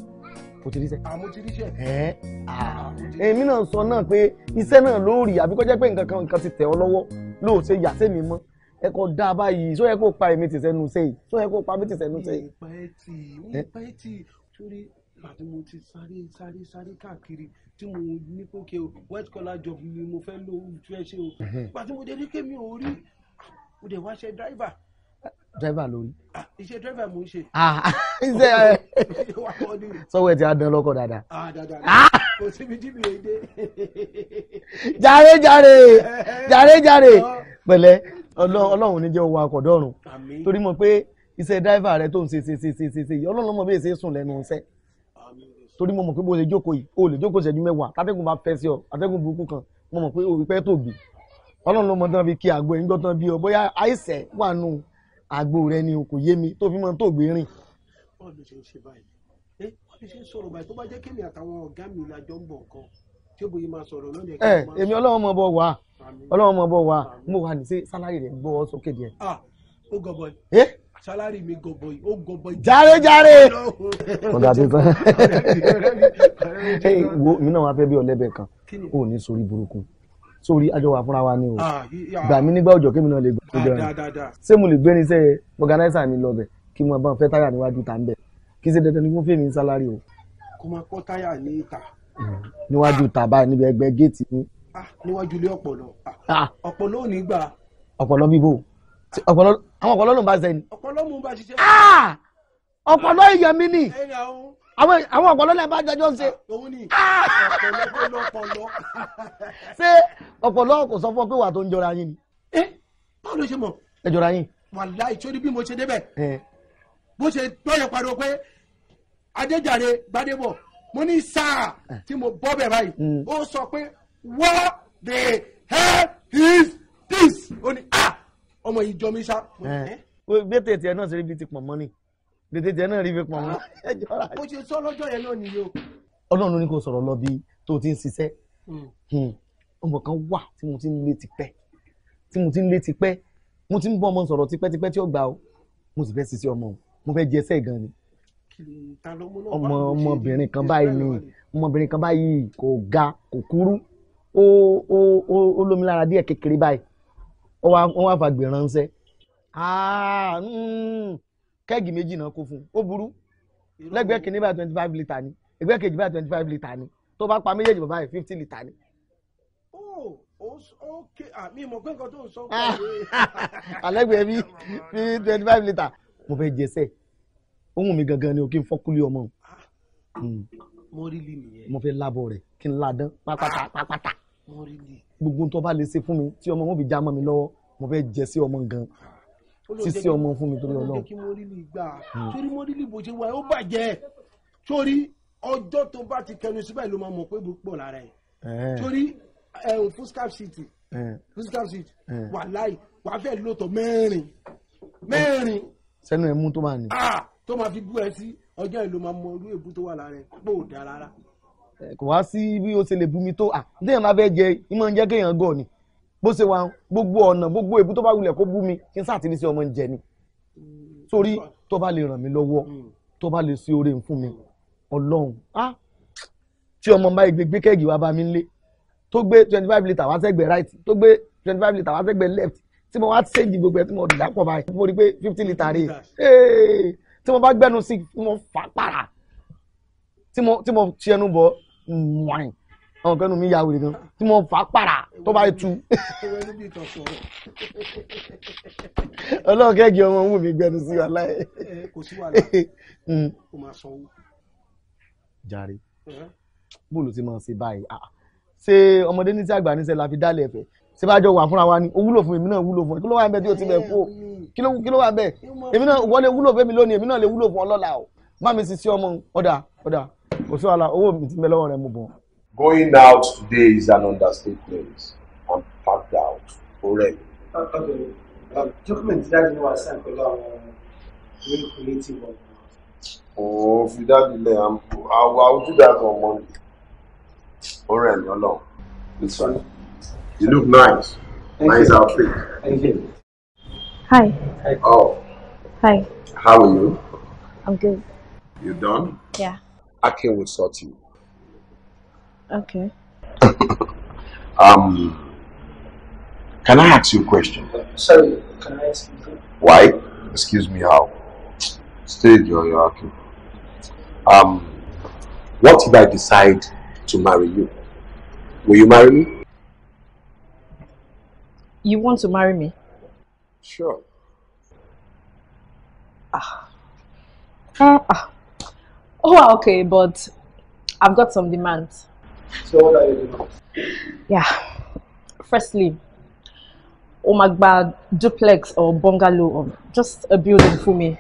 S1: o ti ríṣẹ́. àmọ́ ah, ti ríṣẹ́. ẹ ah, ah. èmi náà sọ náà pé iṣẹ́ náà lórí àbí kọjá pé nǹkan kan nǹkan ti tẹ̀ ọ́ lọ́wọ́ lóòótọ́ yà sẹ́mi mọ́ ẹ kò dá a báyìí sọ yẹ kó pa èmi tìṣẹ́nu sẹ́yìn sọ yẹ kó pa èmi tìṣẹ́nu sẹ́yìn. ìpa ẹ Ti, í ìpa ẹ tì torí àti mo ti sáré sáré sáré káàkiri tí mo ní kókè o white collar job ni mo fẹ́ lò ó fẹ́ ṣe o. pàtó mo dé ní kémi ò rí mo dẹ̀ wá driver dírẹ́fà lórí. Ah, iṣẹ́ dírẹ́fà mò ń ṣe. Ah, iṣẹ́ ẹ eh, sọ́wọ́ ẹ̀ ti á dán lọ́kọ̀ dáadáa. Ah, kò síbi tí mi ò dé. jàre jàre eh, jàre jàre pẹ̀lẹ́ ọlọ́run ní jẹ́ owó akọ̀dọ́rùn torí mọ̀ pé iṣẹ́ driver rẹ tó ń ṣe ṣe ṣe ṣe ṣe ọlọ́run ló mọ̀ bí èsè sùn lẹ́nu iṣẹ́ torí mo mọ̀ pé bó ṣe jókòó yìí o lè jókòó ṣẹ́jú mẹ́wàá tátẹ́gùn bá fẹ́ sí ọ atẹ́gùn burúkú kan mo mọ̀ pé òwe pẹ́ tòbí ọlọ́run ló mọ̀ tán fi kí àgbo ẹ̀ ń gbọ́ tán bí ọ bóyá àìsẹ̀ wà nù àgbo rẹ ni o kò yé mi tó fi mọ tó gbé rìn. bọ́ọ̀ ló ṣe ń ṣe báyìí ẹ wọ́n ti ṣe ń sọ̀rọ̀ báyìí tó bá jẹ́ kémi àtàwọn ọ̀gá mi lájọ ń bọ̀ nǹkan tí òbí máa sọ̀rọ̀ lónìí. ẹ èmi ọlọ́wọ́n mọ̀ bọ̀ wá ọlọ́wọ́n mọ̀ bọ̀ wá mo wà ní sí sálárì rẹ̀ gbọ́ sókè díẹ̀. ah ó gọbọ yìí sálárì mi gọbọ yìí ó gọbọ yìí. jàre jàre. wọ́n dàbí tán wo mi náà wá fẹ́ bí ọlẹ́bẹ̀ kan kò ní sórí burúkú sórí àjọ wà fúnra wa ni o ah, gbà mí nígbà òjò kí mi náà lè gbà ọjọ́ rẹ̀ ṣé mo lè gbé ní iṣẹ́ organizer mi lọ bẹ̀ kí mo bá fẹ́ táyà níwájú ta ń bẹ̀ kí ṣe dandan ni fún fèmí ń sálárì o. kó máa kọ́ táyà ní ìta. Hmm. níwájú ta báyìí níbi ẹgbẹ́ géètì ní. Ah, níwájú ilé ọ̀pọ̀lọ ah, ọ̀pọ̀lọ ò ní gbà. ọ̀pọ̀lọ bíbò àwọn ọ̀pọ̀lọ ló ń bá ṣiṣẹ́ ni. ọ̀pọ̀lọ mú bá ṣiṣẹ́. ọ̀pọ̀lọ àwọn àwọn ọ̀pọ̀lọ́ náà bá dájọ́ ń ṣe. Ah, òun ni ọ̀pọ̀lọ́ ọ̀pọ̀lọ́. ṣé ọ̀pọ̀lọ́ kò sọ fún ọ pé wà tó ń jọra yín ni. ẹ eh, báwo ló ṣe mọ̀. ẹ jọra yín. wàláì sórí bí mo ṣe débẹ̀. bó ṣe tọ́yẹ̀ pariwo pé adéjàre gbadébọ̀ mo ní sáà tí mo bọ́ bẹ̀ báyìí hmm. ó sọ pé what the hell is this? ó ní ah, ọmọ ìjọ mi sá. Eh? gbé tètè náà ṣe rí bí ti pọ̀ mọ́ ni dètè tẹ náà rí fi pọ̀n mọ́. mo ti sọ lọ́jọ́ yẹn náà nìyí o. ọlọ́run ló ní kó sọ̀rọ̀ lọ bí tó ti ń ṣiṣẹ́ hmm. Hmm. ọmọ kan wà tí mo ti ń lé tipẹ́ tí mo ti ń lé tipẹ́ mo ti ń bọ́ ọmọ sọ̀rọ̀ tipẹ́tipẹ́ tí ó gbà ó mo sì fẹ́ ṣiṣẹ́ ọmọ o mo fẹ́ jẹsẹ́ gan ni. ọmọ ọmọbìnrin kan báyìí ni ọmọbìnrin kan báyìí kò ga kò kúrú ó ó ó lómi lára díẹ̀ kékeré báyìí ó wá fàgbè ránṣẹ́. Ah, hmm kẹ́ẹ̀gì méjì náà kó fún un ó burú lẹ́gbẹ̀ẹ́ kìíní bá twenty five litre ni ẹgbẹ́ kejì bá twenty five litre ni tó bá pa méjèèjì bàbá yìí fifty litre ni. mi mọ̀ pé nǹkan tó ń sọ pé. Ah! alẹ́gbẹ̀ẹ́ mi twenty five litre mo fẹ́ jẹsẹ̀ ohun mi gangan ni o kí n fọ́kúlé ọmọ ah! hmm. mo rí lì nìyẹn mo fẹ́ lábọ̀ rẹ̀ kí n ládán pápátá pápátá gbogbo tó bá lè ṣe fún mi tí ọmọ wọn fi já mọ́ mi lọ́wọ́ mo fẹ́ jẹ sí ọmọ gan sísí ọmọ fún mi torí ọlọ́run. kí mọ́rílì gbà hmm. torí mọ́rílì bó ṣe wà ó bàjẹ́ torí ọjọ́ tó bá ti kẹnu síbẹ̀ ló máa mọ̀ pé bó pọ̀ lára ẹ̀ eh. torí fúskap city fúskap city wà láì wà fẹ́ lóòótọ́ mẹ́rin mẹ́rin. sẹ́nu ẹ̀ mú tó máa ní. tó máa fi bú ẹ sí ọjọ́ ìlú máa mọ irú èbú tó wà lára ẹ̀ pé ò dáa rárá. Eh, kò wá sí bí ó ṣe lè bú mi tó à déèyàn bá fẹ́ jẹ ìmọ̀ ń jẹ́ kéèyàn gọ̀ ni bó ṣe wà gbogbo ọ̀nà gbogbo èbú tó bá wulẹ̀ kó bú mi kí n sáà ti ní sí ọmọ ń jẹ ni sórí tó bá lè ràn mí lọ́wọ́ mm. tó bá lè ṣe oore fún mi ọlọ́run á tí ọmọ bá gbé gbé wá bá mi lé tó gbé twenty five litre wá sẹ́gbẹ̀ right tó gbé twenty five litre wá sẹ́gbẹ̀ left tí mo wá ṣèǹjì gbogbo ẹ̀ tí mo dà pọ̀ báyìí mo rí i pé fifty litre rè é tí mo bá gbẹ́nu sí i mo fà á pàrà tí mo tí mo ṣẹnu bọ̀ wáìn àwọn kan nù mí ya wèrè gan tí mo fà á pàrà tó bá tu. ọlọ́run kẹ́gì ọmọ wù mí gbẹnu sí wa láyé. Eh, kò sí wàhálà kò máa sanwó. jàre eh? bóòlù ti máa ṣe báyìí ah, ṣé ọmọdé ní tí àgbà níṣẹ́ la fi dálẹ̀ ẹ̀fẹ̀ ṣé bá jọ wà fúnra wa ni ó wúlò fún èmi náà wúlò fún ẹ kí ló wà ń bẹ tí o ti bẹ̀ kú kí ló wà bẹ èmi náà wọlé wúlò fún èmi lónìí èmi náà lè wúlò fún ọlọ́la o má mi sì sí ọmọ ọ̀dà ọ̀dà kò sí wàhálà owó mi ti mẹ́ lọ́wọ́ rẹ mo bọ̀ going out today is an understatement i'm packed out already. document dájú ni wàá sàn pẹ̀lú àwọn real creative ọ̀nà. òun fi dájú lẹ̀ àwọn àwùjọ kan mọ́ ni ó rẹ̀ mí ọlọ́run it's fine you look nice Thank nice you. outfit. Thank you. hi. hi. oh. hi. how are you. i'm good. you done. yeah. akin will sort you. Okay. um, can I ask you a question? Sorry, can I ask you? Why? Excuse me, how? Stay your hierarchy. Um, what if I decide to marry you? Will you marry me?
S2: You want to marry me? Sure. Ah.
S1: ah. ah. Oh, okay, but I've got some demands. So what are you doing? Yeah. Firstly, ó máa duplex or bungalow or just a building for me.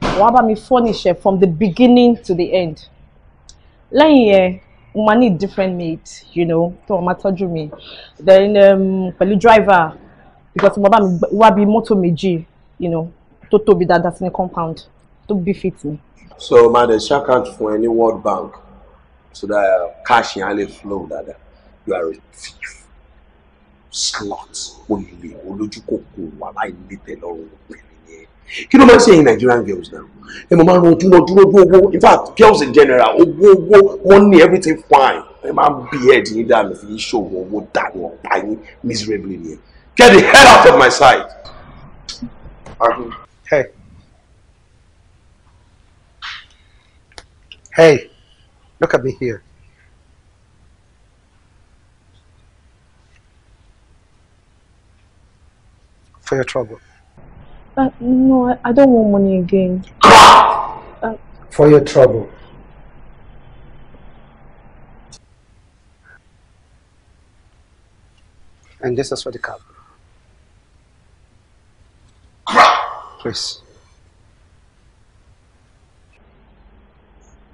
S1: Wọ́n bá mi furnish ẹ̀ from the beginning to the end. Like, yẹn, mo need different mates, you know, to wọ́n me. Then um, pẹ̀lú driver because mo bá mi be motor meji, you know, to be that that's in the compound to bí fit mi. So, my dẹ̀ account for any World Bank so that uh, cash yẹn á lè flow dáadáa you are a thief slot olè olójúkòkò wà láì nítẹ̀ lọ́rùn pẹ̀lú yẹn kí ló máa ń ṣe ẹ̀yin Nigerian girls náà ẹ mọ̀ máa ń ran dúró dúró owó in fact girls in general owó owó money everything fine ẹ máa ń bí ẹ̀ dín ní dànù fi ṣòwò owó dànù ọ̀pá yín miserably nìyẹn get the hell out of my sight. hey. hey. Look at me here. For your trouble.
S2: Uh, no, I, I, don't want money again. uh,
S1: for your trouble. And this is for the cup. Please.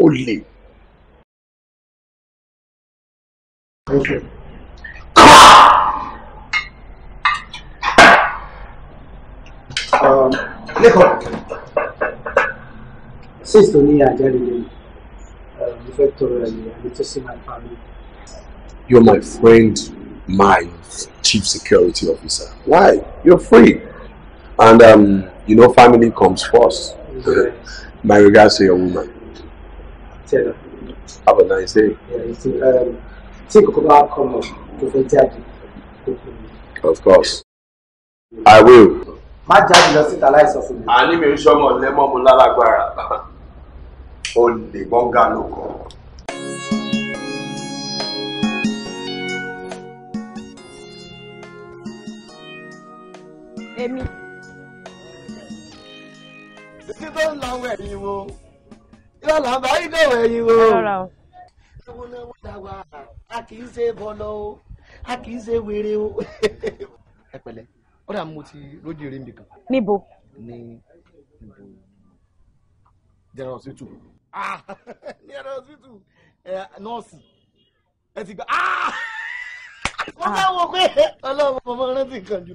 S1: Only.
S3: Okay. Um,
S1: um You're my friend, my chief security officer. Why? You're free. And, um, you know, family comes first. my regards to your woman. Have a nice day. Yeah, um, tí kòkó bá kọ mọ tó
S2: of course i will.
S1: má jáde lọ síta láìsọ fún mi. àní mi ń sọmọ lẹ́mọ́ mu lálágbára o lè gbọ́ngà ló kọ́. èmi. títí tó ń lọ wẹ̀yìn wo yóò lọ bá yí dé wẹ̀yìn wo. tó náà wọ́n dá wa a kì í ṣe bọ́ lọ o a o. Epele, ọ ó dà mo ti lójú eré nbìkan. níbo. ní níbo general ah general hospital nọ́ọ̀sì ẹ ah! ọmọ rántí nǹkan jù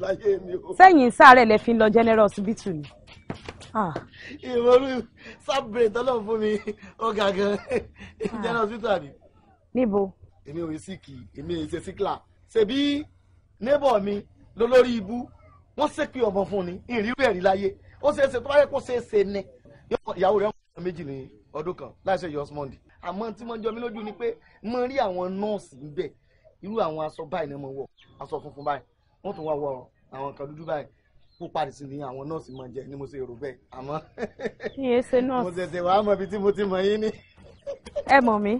S1: o. sẹ́yìn sáré lẹ fi ń lọ general hospital ni. Ah. ìwọ́rú sábẹ̀rẹ̀ tọ́lọ̀ fún mi ọ̀gá gan ah. general hospital ni. níbo. èmi ò sí kì í èmi ò ṣe síkìlà ṣebí nébọ̀ mi lólórí ibú wọ́n ṣépè ọmọ fún ni ìrírí ẹ̀rí láyé ó ṣe é ṣe tó bá yẹ kó ṣe é ṣe ni ìyàwó rẹ̀ wọ́n méjì ní ọdún kan láìṣe yọ ọsmọ́ndì àmọ́ tí wọ́n jọ mí lójú ni pé mo rí àwọn nọ́ọ̀sì ń bẹ̀ irú àwọn aṣọ báyìí ni mo wọ̀ aṣọ funfun báyìí wọ́n tún wá wọ àwọn kan dúdú báyìí kó parí sí ni àwọn nọ́ọ̀sì máa jẹ ni mo ṣe rò bẹ́ẹ̀ àmọ́. ìyẹn ṣe nọ́ọ̀sì. mo ṣẹ̀ṣẹ̀ wàá mọ ibi tí mo ti mọ yín ní. ẹ mọ̀ mi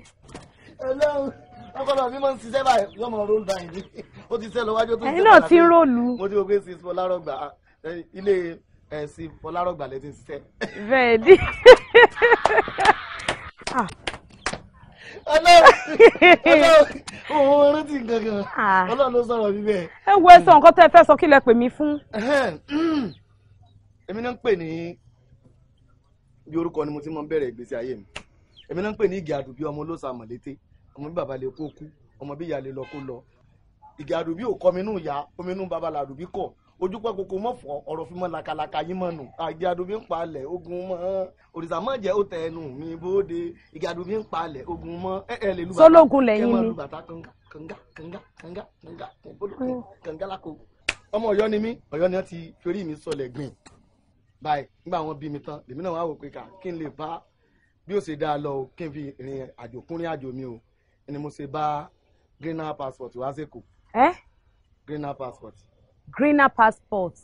S1: ọlọ́run ọkọlọ mi máa ń ṣiṣẹ́ báyìí yóò máa roll báyìí ni ó ti ṣẹ́ lọ wájú tó ń ṣe ẹ̀yin náà ti ń rólù. mo ti wo pé sí fọlárọ̀gbà ilé sí fọlárọ̀gbà lè ti ń ṣiṣẹ́. bẹ́ẹ̀ ah. ni. ọlọ́run òun rántí gangan ah. ọlọ́run ló sọ̀rọ̀ mi bẹ́ẹ̀. ẹ wo ẹsọ nǹkan tẹ́ ẹ fẹ́ sọ kí lẹ pè mí fún. Mm. èmi náà ń pè ní bí orúkọ ni mo ti máa bẹ̀rẹ̀ ìgbésí ayé mi èmi náà ń pè ní ìgè àdùbí ọmọ olóṣà mọ̀lété ọmọ bí bàbá lè kó kú ọmọ bí ìyá lè lọ kó lọ ìgè àdùbí ò kọminú ìyá ominú bàbá làdùbí kọ ojú pẹ́ koko mọ́ fọ ọ̀rọ̀ fi mọ́ lakalaka yín mọ́ nù ìgè àdùbí ń palẹ̀ ogun mọ́ òrìṣà mọ́ jẹ́ ó tẹ mi bóde ìgè àdùbí ń palẹ̀ ogun mọ́ ẹ ẹ lè lu bàtà sọlọ́gun lu bàtà kànga kànga kànga kànga kànga kànga ọmọ Ọ̀yọ́ ni mí Ọ̀yọ́ ni wọ́n ti fiorí mi sọlẹ̀ gbìn báyìí nígbà wọn bí mi tán lèmi náà wá wò pé kí n lè bá bí ó ṣe dáa lọ kí n fi ìrìn àjò àjò mi o ni mo ṣe bá greener passport wá sí Èkó. ẹ. greener passport.
S2: greener passport.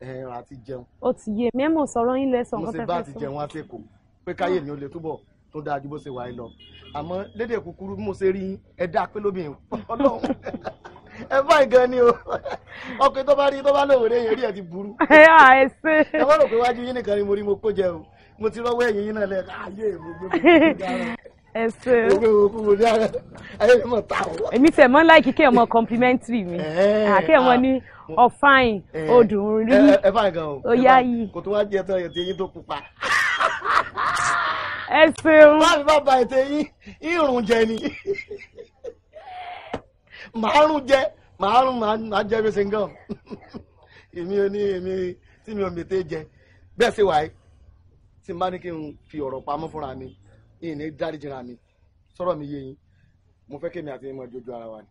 S1: Eh, àti jẹun.
S2: ó ti yé mi ẹ mọ̀ sọ̀rọ̀ yín lẹ́sàn mo ṣe bá àti jẹun
S1: wá sí Èkó pé káyé mi ò lè túbọ̀ tó dáa ju bó ṣe wà yìí lọ àmọ́ lédè kúkúrú bí mo ṣe rí ẹ̀dá pé lóbìnrin Ọlọ́run ẹ báyìí gan ni o ọkùnrin tó bá rí tó bá lóun rẹ yẹn rí ẹ ti burú. ẹ à ẹ ṣe. ẹ wọ́n rò pé wájú yín nìkan ni mo rí mo kó jẹ o mo ti rọ́wọ́ ẹ̀yìn yín náà lẹ́ẹ̀ká ayé mi gbé mi gbé mi dára ẹ ṣe èmi tẹ̀ mọ́ láì kíkẹ́ ọmọ complimentary mi àkẹ́ ah, ọmọ ah. ní ọ̀fáìn odùn rí oyá yìí kò tó wá jẹ tán ètò eyín tó pupa. ẹ ṣeun. báyìí bá ba ètò eyín irun jẹ ni màárùn jẹ màárùn màá jẹ bí ṣingán èmi ò ní èmi tí mi ò mètè jẹ bẹ́ẹ̀ sì wáyé tí n bá ní kí n fi ọ̀rọ̀ pamọ́ fúnra mi ìní dáríjìnà mi sọ̀rọ̀ mi yé yín mo fẹ́ kémi àti ìmọ̀ jojú ara wa ni.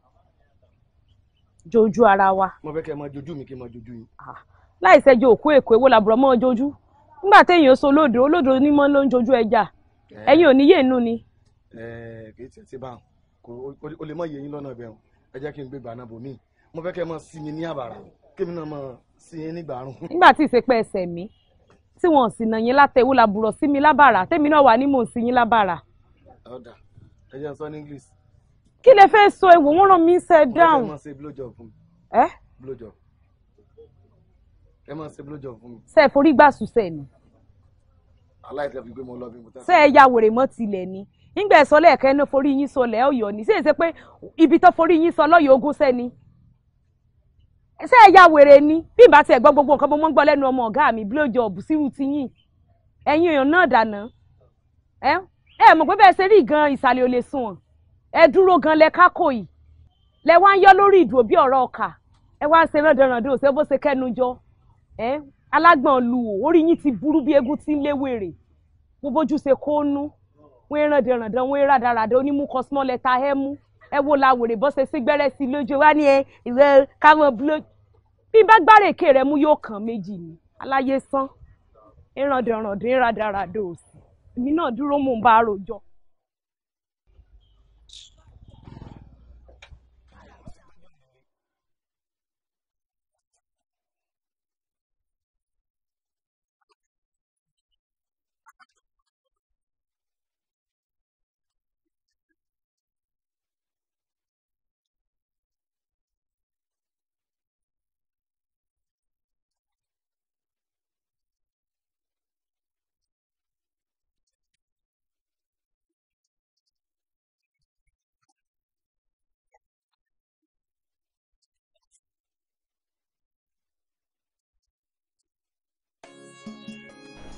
S1: jojú ara wa. mo fẹ́ kẹ́ ẹ mọ jojú mi kí n mọ jojú yín. Ah, láìsẹ̀ jo òkú èkó èwo làbúrò mọ́ jojú nígbà téèyàn so olódò olódò ní mọ́ ló ń jojú ẹja eh. ẹ̀yin ò ní yé inú ni. Eh, kì í tẹ̀sí bá o lè mọ iye yín lọ́nà ibẹ̀ ẹ jẹ́ kí n gbé gbà náà bò mí mo fẹ́ kẹ́ ẹ mọ sí mi ní àbàrà kémi náà mọ sí yín nígbà rún. nígbà tí ìsepẹ́ tí wọn sì nà yín látẹwó làbùrọ̀ sí mi lábàrà tẹ́mi náà wà ní mò ń sí yín lábàrà. ọ̀dà ẹ jẹ́ sọ ní english. kí lẹ fẹ́ sọ ewu wọ́n rán mi sẹ́ dáhùn. ọ̀dà ẹ máa ṣe blowjob fún mi. ẹ blowjob ẹ máa ṣe blowjob fún mi. ṣe é forí gbà sùn sẹ́ẹ̀ ni. aláìsẹ̀ fi gbé mo lọ bí mo tẹ́. ṣe é ya wèrè mọ́ tilẹ̀ ni nígbà ẹ̀sọ́ lẹ́ẹ̀kẹ́ ní forí yín sọ lẹ́ọ̀yọ́ ni ṣé èsè pé ibi tó forí yín sọ lọ́yọ̀ ogún sẹ́ni ṣé ẹ ya wèrè ni bí n bá tiẹ̀ gbọ́ gbogbo nǹkan mo mọ́ ń gbọ́ lẹ́nu ọmọ ọ̀gá mi blow job sírù ti yìn ẹ̀yin èèyàn náà dànà ẹ ẹ mọ̀ pé bẹ́ẹ̀ ṣe rí gan ìsàlẹ̀ ò lè sùn ọ̀ ẹ dúró gan lẹ kákò yìí lẹ wá ń yọ lórí ìdùn bí ọ̀rọ̀ ọkà ẹ wá ń ṣe rándanràndó ṣé bó ṣe kẹ́nu jọ ẹ alágbọ̀n lu ò orí yín ti burú bí egun ti ń lé wèrè mo bójú ṣe kó nú wọ́n ń rándanràndán wọ́n ń rádaràdán onímú kọ́símọ́lẹ́ta ẹ mú ẹ wo la wèrè bọ́ ṣe sí gbẹ́rẹ́ sí lójú wa ni ẹ ìwé káwọn búlọ́ bí bá gbára èké rẹ mú yóò kàn méjì ni aláyé sán ìrandàrandà ìradàradà òsì èmi náà dúró mò ń bá rojọ́.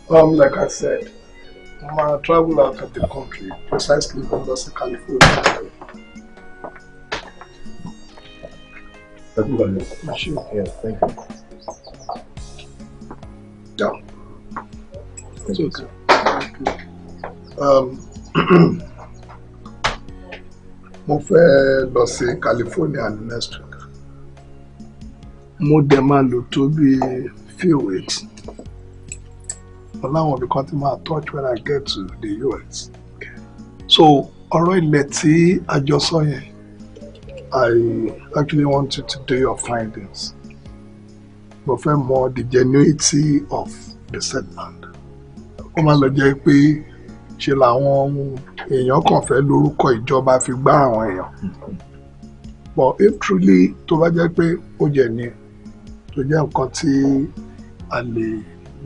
S1: Um, like I said, my travel out of the country, precisely Bakersfield, California. Thank you. Yes, thank you. Yeah. Thank you. Um, mo fẹ́ lọ sí California next week. Mo dẹ̀ máa lò tó bíi few weeks ọláwọn ibi kan tí máa touch when I get to the US so ọ̀rọ̀ ilẹ̀ tí a jọ sọ yẹn I actually want you to do your findings mo fẹ́ mọ the genuity of the settlement ó máa lọ jẹ́ pé ṣe làwọn èèyàn kàn fẹ́ lórúkọ ìjọba fi gbá àwọn èèyàn but if truly tó bá jẹ́ pé ó jẹ́ ni tó jẹ́ nǹkan tí a lè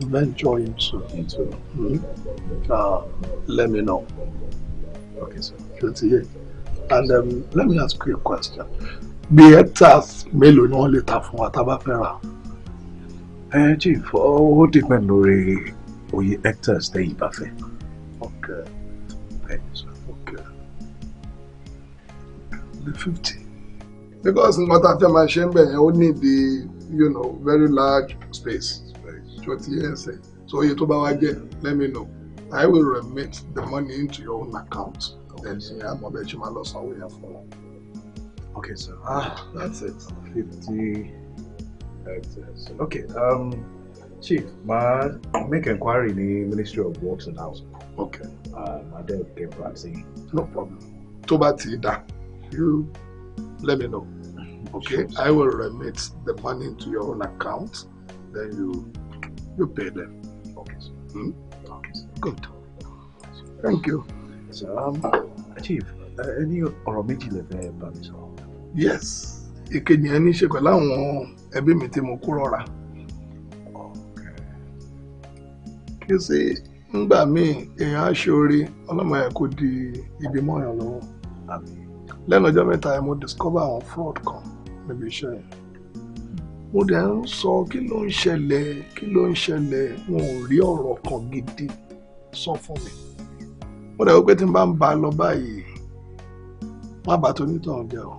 S1: venture into. Mm-hmm. Uh, let me know. Okay, sir. 28. And um, let me ask you a question. Bí hectares mélòó ni wọ́n lè ta fún wa tá a bá fẹ́ rà? Ẹ Chief, ó depend lórí oye hectares tẹ́yìn bá fẹ́. Okay. Bẹ́ẹ̀ni Okay. The fifty. Because nǹkan tá a fẹ́ máa ṣe ń bẹ̀ yẹn, ó need the you know, very large space ṣọtí ẹsẹ̀ so iye to bá wá jẹ́ let me know I will remit the money into your own account then ṣe àmọ́ bẹ́ẹ̀ ṣe máa lọ sanwó yẹn fún wọn. Okay, sir. Ah, that's it. Fifty. That's it. Okay. Um, Chief, ma make enquiry in the Ministry of Works and Housing. Okay. Uh, um, my dad came back saying. No problem. Tó bá ti dà, you let me know. Okay, sure, I will remit the money into your own account. Then you You pay them. Okay, sir. Hmm? Okay, sir. Good. Thank you. Sir, um, Chief, ẹ uh, ní ọ̀rọ̀ méjì lè fẹ́ bá mi sọ. Yes, ìkejì ẹ ní í ṣe pẹ̀lú àwọn ẹbí mi tí mo kó rọra. Kí sí ngbà míì èèyàn á ṣe orí ibi mọ́yàn lọ́wọ́. Lẹ́nu ọjọ́ mẹ́ta ẹ mo discover àwọn fraud kan níbi iṣẹ́ yẹn mo dẹ̀ ń sọ kí ló ń ṣẹlẹ̀ kí ló ń ṣẹlẹ̀ wọn ò rí ọ̀rọ̀ kan gidi sọ fún mi mo dẹ̀ wípé tí n bá ń ba lọ báyìí má bàa tó nítàn jẹ o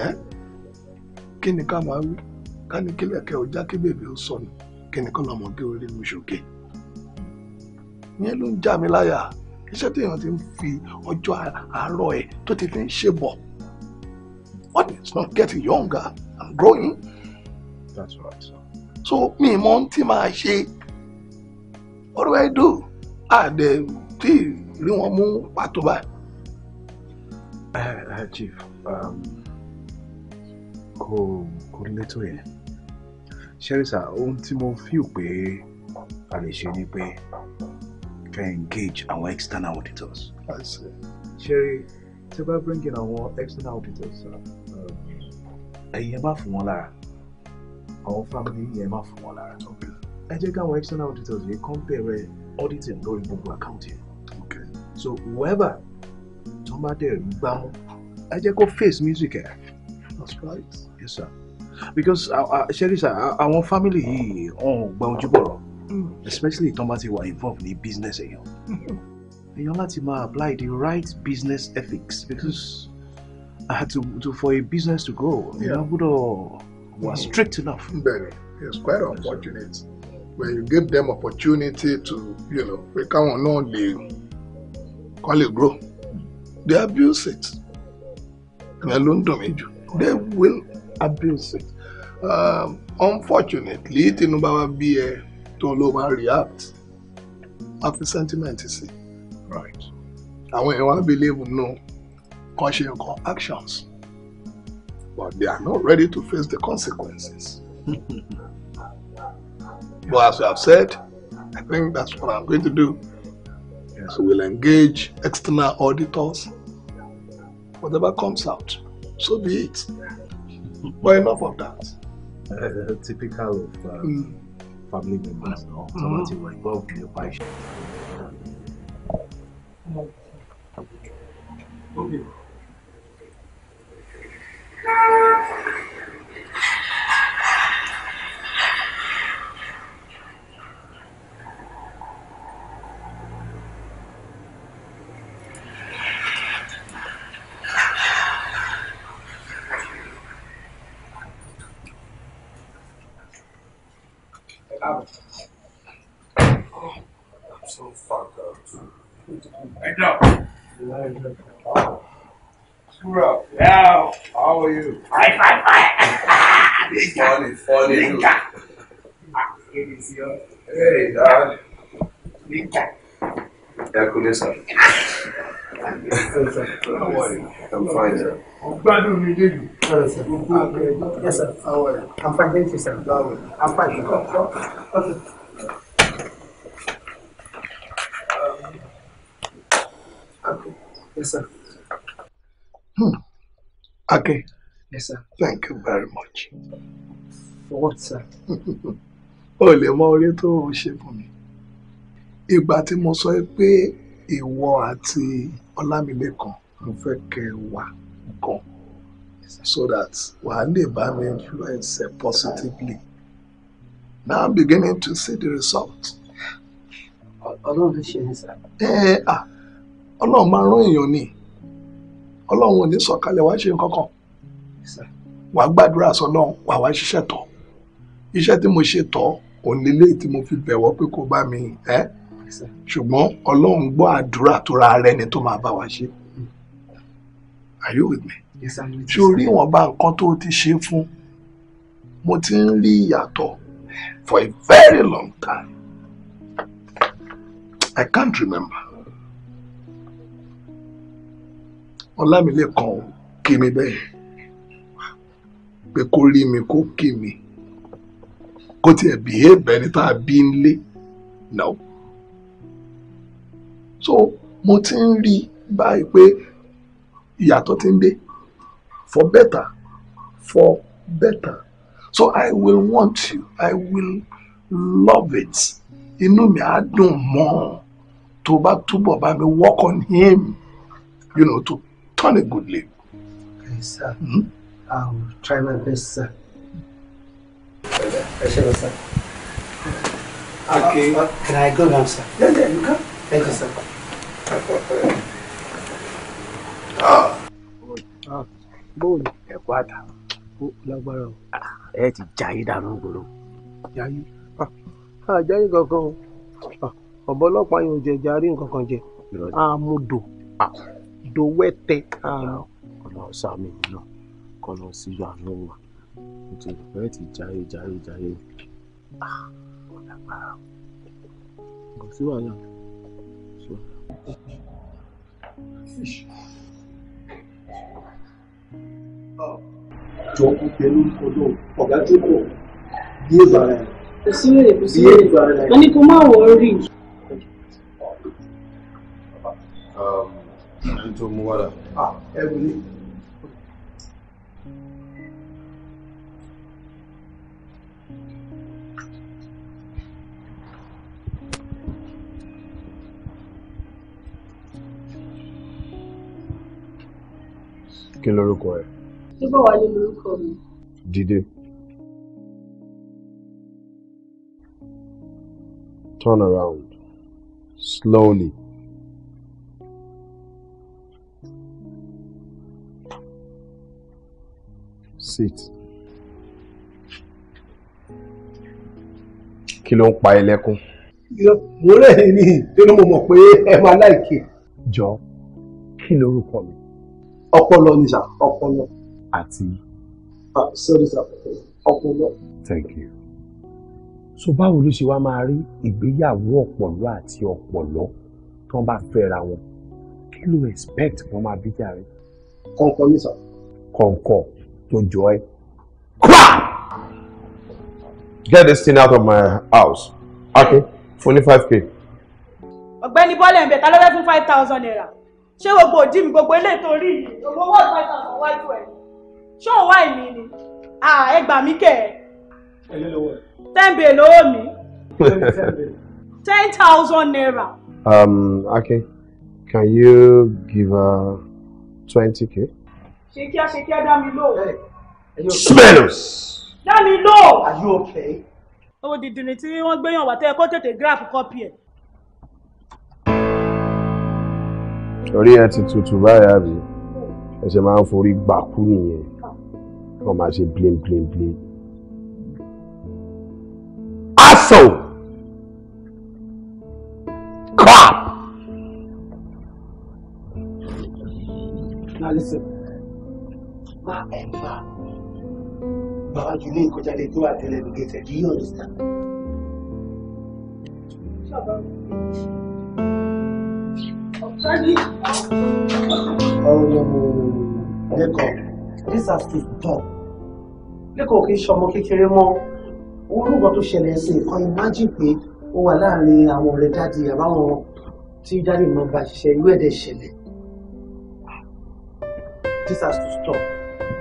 S1: ẹ kí ni ká máa wí ká ní kílẹ̀ kẹ́ ọ já bèbè ó sọnù kí ni kọ́ lọ́mọdé orí mi ṣòkè ìyẹn ló ń já mi láyà iṣẹ́ téèyàn ti ń fi ọjọ́ àárọ̀ ẹ̀ tó ti fi ń ṣe bọ̀ what is not getting younger. I'm growing. That's right. So me, Monty, my màá What do I do? Ah, Àdẹ tí rí wọn mú pàtó báyìí. Eh, eh, Chief, um, kò go létò yẹn. Ṣẹ́rìsà, ohun tí mo feel pé a lè ṣe ni pay. Can engage our external auditors. Ṣé tí bá bring in our external auditors? sir ẹ̀yin ẹ má fún wọn lára àwọn family yìí ẹ má fún wọn lára ẹ jẹ́ káwọn external auditors yìí compare auditing lórí gbogbo account yẹn so whoever tó bá dẹ̀ rí gbámú ẹ jẹ́ kó face music ẹ̀ that's right yes sir because ṣẹ́rí sir àwọn family yìí ọ̀hún gba ojú bọ̀rọ̀ mm. especially tó bá ti wà involved ní business èèyàn mm-hmm. èèyàn láti máa apply the right business ethics because. Mm -hmm uh, to, to for a business to grow. Yeah. You know, Budo was mm. strict enough. Very. It's quite unfortunate. When you give them opportunity to, you know, we come on they call it grow. They abuse it. And I don't you. They will abuse it. Um, unfortunately, Tinubu wa bí ẹ tó ló máa react. A fi sentiment sí. Right. Àwọn want to believe no. questionable actions, but they are not ready to face the consequences. but as I have said, I think that's what I'm going to do. Yes. We'll engage external auditors. Whatever comes out, so be it. but enough of that. Uh, typical of uh, mm. family members, mm. or hmm. somebody mm. involved in your passion. Okay
S3: so fucked up. I know.
S1: Sura. Yeah. How are you? Hi, hi, hi. funny, funny. Linka. It is your. Hey, Dad. Linka. Yeah, good sir. Don't worry. I'm fine, sir. Gbádùn mi dé yìí. Yes, sir. How are you? I'm fine, thank you, sir. I'm fine. Okay. Um, okay. Yes, sir. Hmm. Okay. Yes, sir. Thank you very much. For what, sir? o lè mọ orí tó o ṣe fún mi. Ìgbà tí mo sọ pé ìwọ àti Ọlámilékan mo fẹ́ kẹ́ wà gan so that wàá lè bá mi influence positively. Now I'm beginning to see the result. Ọlọ́run ṣe ní sá. Eh, ah, Ọlọ́run máa rán èèyàn ni ọlọ́run ò ní sọ̀kalẹ̀ wá ṣe nǹkan kan wà á gbàdúrà sọlọ́run wà wá ṣiṣẹ́ tọ̀ iṣẹ́ tí mo ṣe tọ̀ òun lélẹ́yìí tí mo fi bẹ̀wọ́ pé kó bá mi ẹ́ ṣùgbọ́n ọlọ́run gbọ́ àdúrà tó ra ara ẹni tó máa bá wa ṣe mm. are you with me ṣé o rí ìwọ̀nba nǹkan tó ti ṣe fún mo ti ń rí ìyàtọ̀ for a very long time I can't remember ọlámilẹ́kan kí mi bẹ́ẹ̀ pé kó rí mi kó kí mi kó tiẹ̀ bìhéèbù ẹni tá a bí ń lé náà so mo ti ń rí báyìí pé ìyàtọ̀ ti ń dé for better for better so I will want you I will love it inú mi á dùn mọ́ ọ tó bá túbọ̀ bá mi work on him you know to turn a good leaf. Okay, sir. Hmm? I try my best, sir. I shall, sir. Okay. Uh, uh, can I go now, sir? Yeah, yeah, you can. Thank you, sir. bóòlù ẹ̀kọ́ àtà ó lágbára o. Ah, ẹ ti jayé dànù gbòòrò. jayé Ah, kankan o Ah. ọlọ́pàá yóò jẹ jàrí nǹkan kan mudo. Ah. Do dọwẹ́tẹ̀ àrùn. ọ̀nà sàmì yìí náà kọ́nà sí àánú wa nítorí pé ti jáyé jáyé jáyé
S2: kò ah, lágbára
S1: kò sí wàhálà sí wàhálà. jọ kó bẹ lórúkọ náà ọ̀gá jókòó bí èèbà rẹ̀. kò sí wèrè kò sí wèrè wọ́n ní kó má wọ̀ ọ́ rí. Um, ẹni tó mú wádà. ẹrù ni. kí lorúkọ ẹ.
S3: bíbọ̀ wálé lorúkọ mi.
S1: dìde. turn around slowly. sit. kí ló ń pa ẹ mo rẹ̀ ni, nínú mo mọ̀ pé ẹ máa láìkè. jọ kí lorúkọ mi. ọpọlọ ni sà ọpọlọ. àti. ah sorry sà ọpọlọ. thank you. so báwo ló ṣe wá máa rí ìgbéyàwó ọpọlọ àti ọpọlọ tí wọ́n bá fẹ́ra wọn kí ló expect kí wọ́n máa bí jàre. kọ̀ǹkọ̀ ni sà. kọ̀ǹkọ̀ tó joy, ẹ́ crap get this thing out of my house Okay, fún five k. ọ̀gbẹ́ni bọ́lẹ̀ ń bẹ̀ ta ló fún five thousand naira ṣé gbogbo òdì mi gbogbo ilé ìtorí yìí owó five thousand wájú ẹ̀ ṣé òun wá ìmí ni ẹ gbà mí kẹ́ ẹ̀. ten bèè lówó mi ten thousand naira. Um, okay. can you give her twenty k? Ṣé kí á ṣe kí á dá mi lóhùn? Smells. Dá mi lóhùn. Are you okay? Owó dìdìrì tí wọ́n gbéyàn wá tẹ́ ẹ kó tètè graph kọ́pì ẹ̀. Orí ẹ ti tutù báyìí àbí? Ẹ ṣe máa ń forí gbàkú nìyẹn. Wọ́n máa ṣe blame blame blame. Asshole! Crap! Now listen far and far. Bàbá Jùlé ìkọjá lè tó àtẹlẹ mi gẹ̀ẹ́sẹ̀ do you understand? Oh no, Lẹ́kọ̀ọ́, this has to stop. Lẹ́kọ̀ọ́ kì í ṣọmọ kékeré mọ́. Orúkọ tó ṣẹlẹ̀ sí nǹkan imagine pé ó wà láàrin àwọn ọ̀rẹ́ dáàdi àbáwọn tí dáàdi náà bá ṣiṣẹ́ irú ẹ̀dẹ̀ ṣẹlẹ̀. This has to stop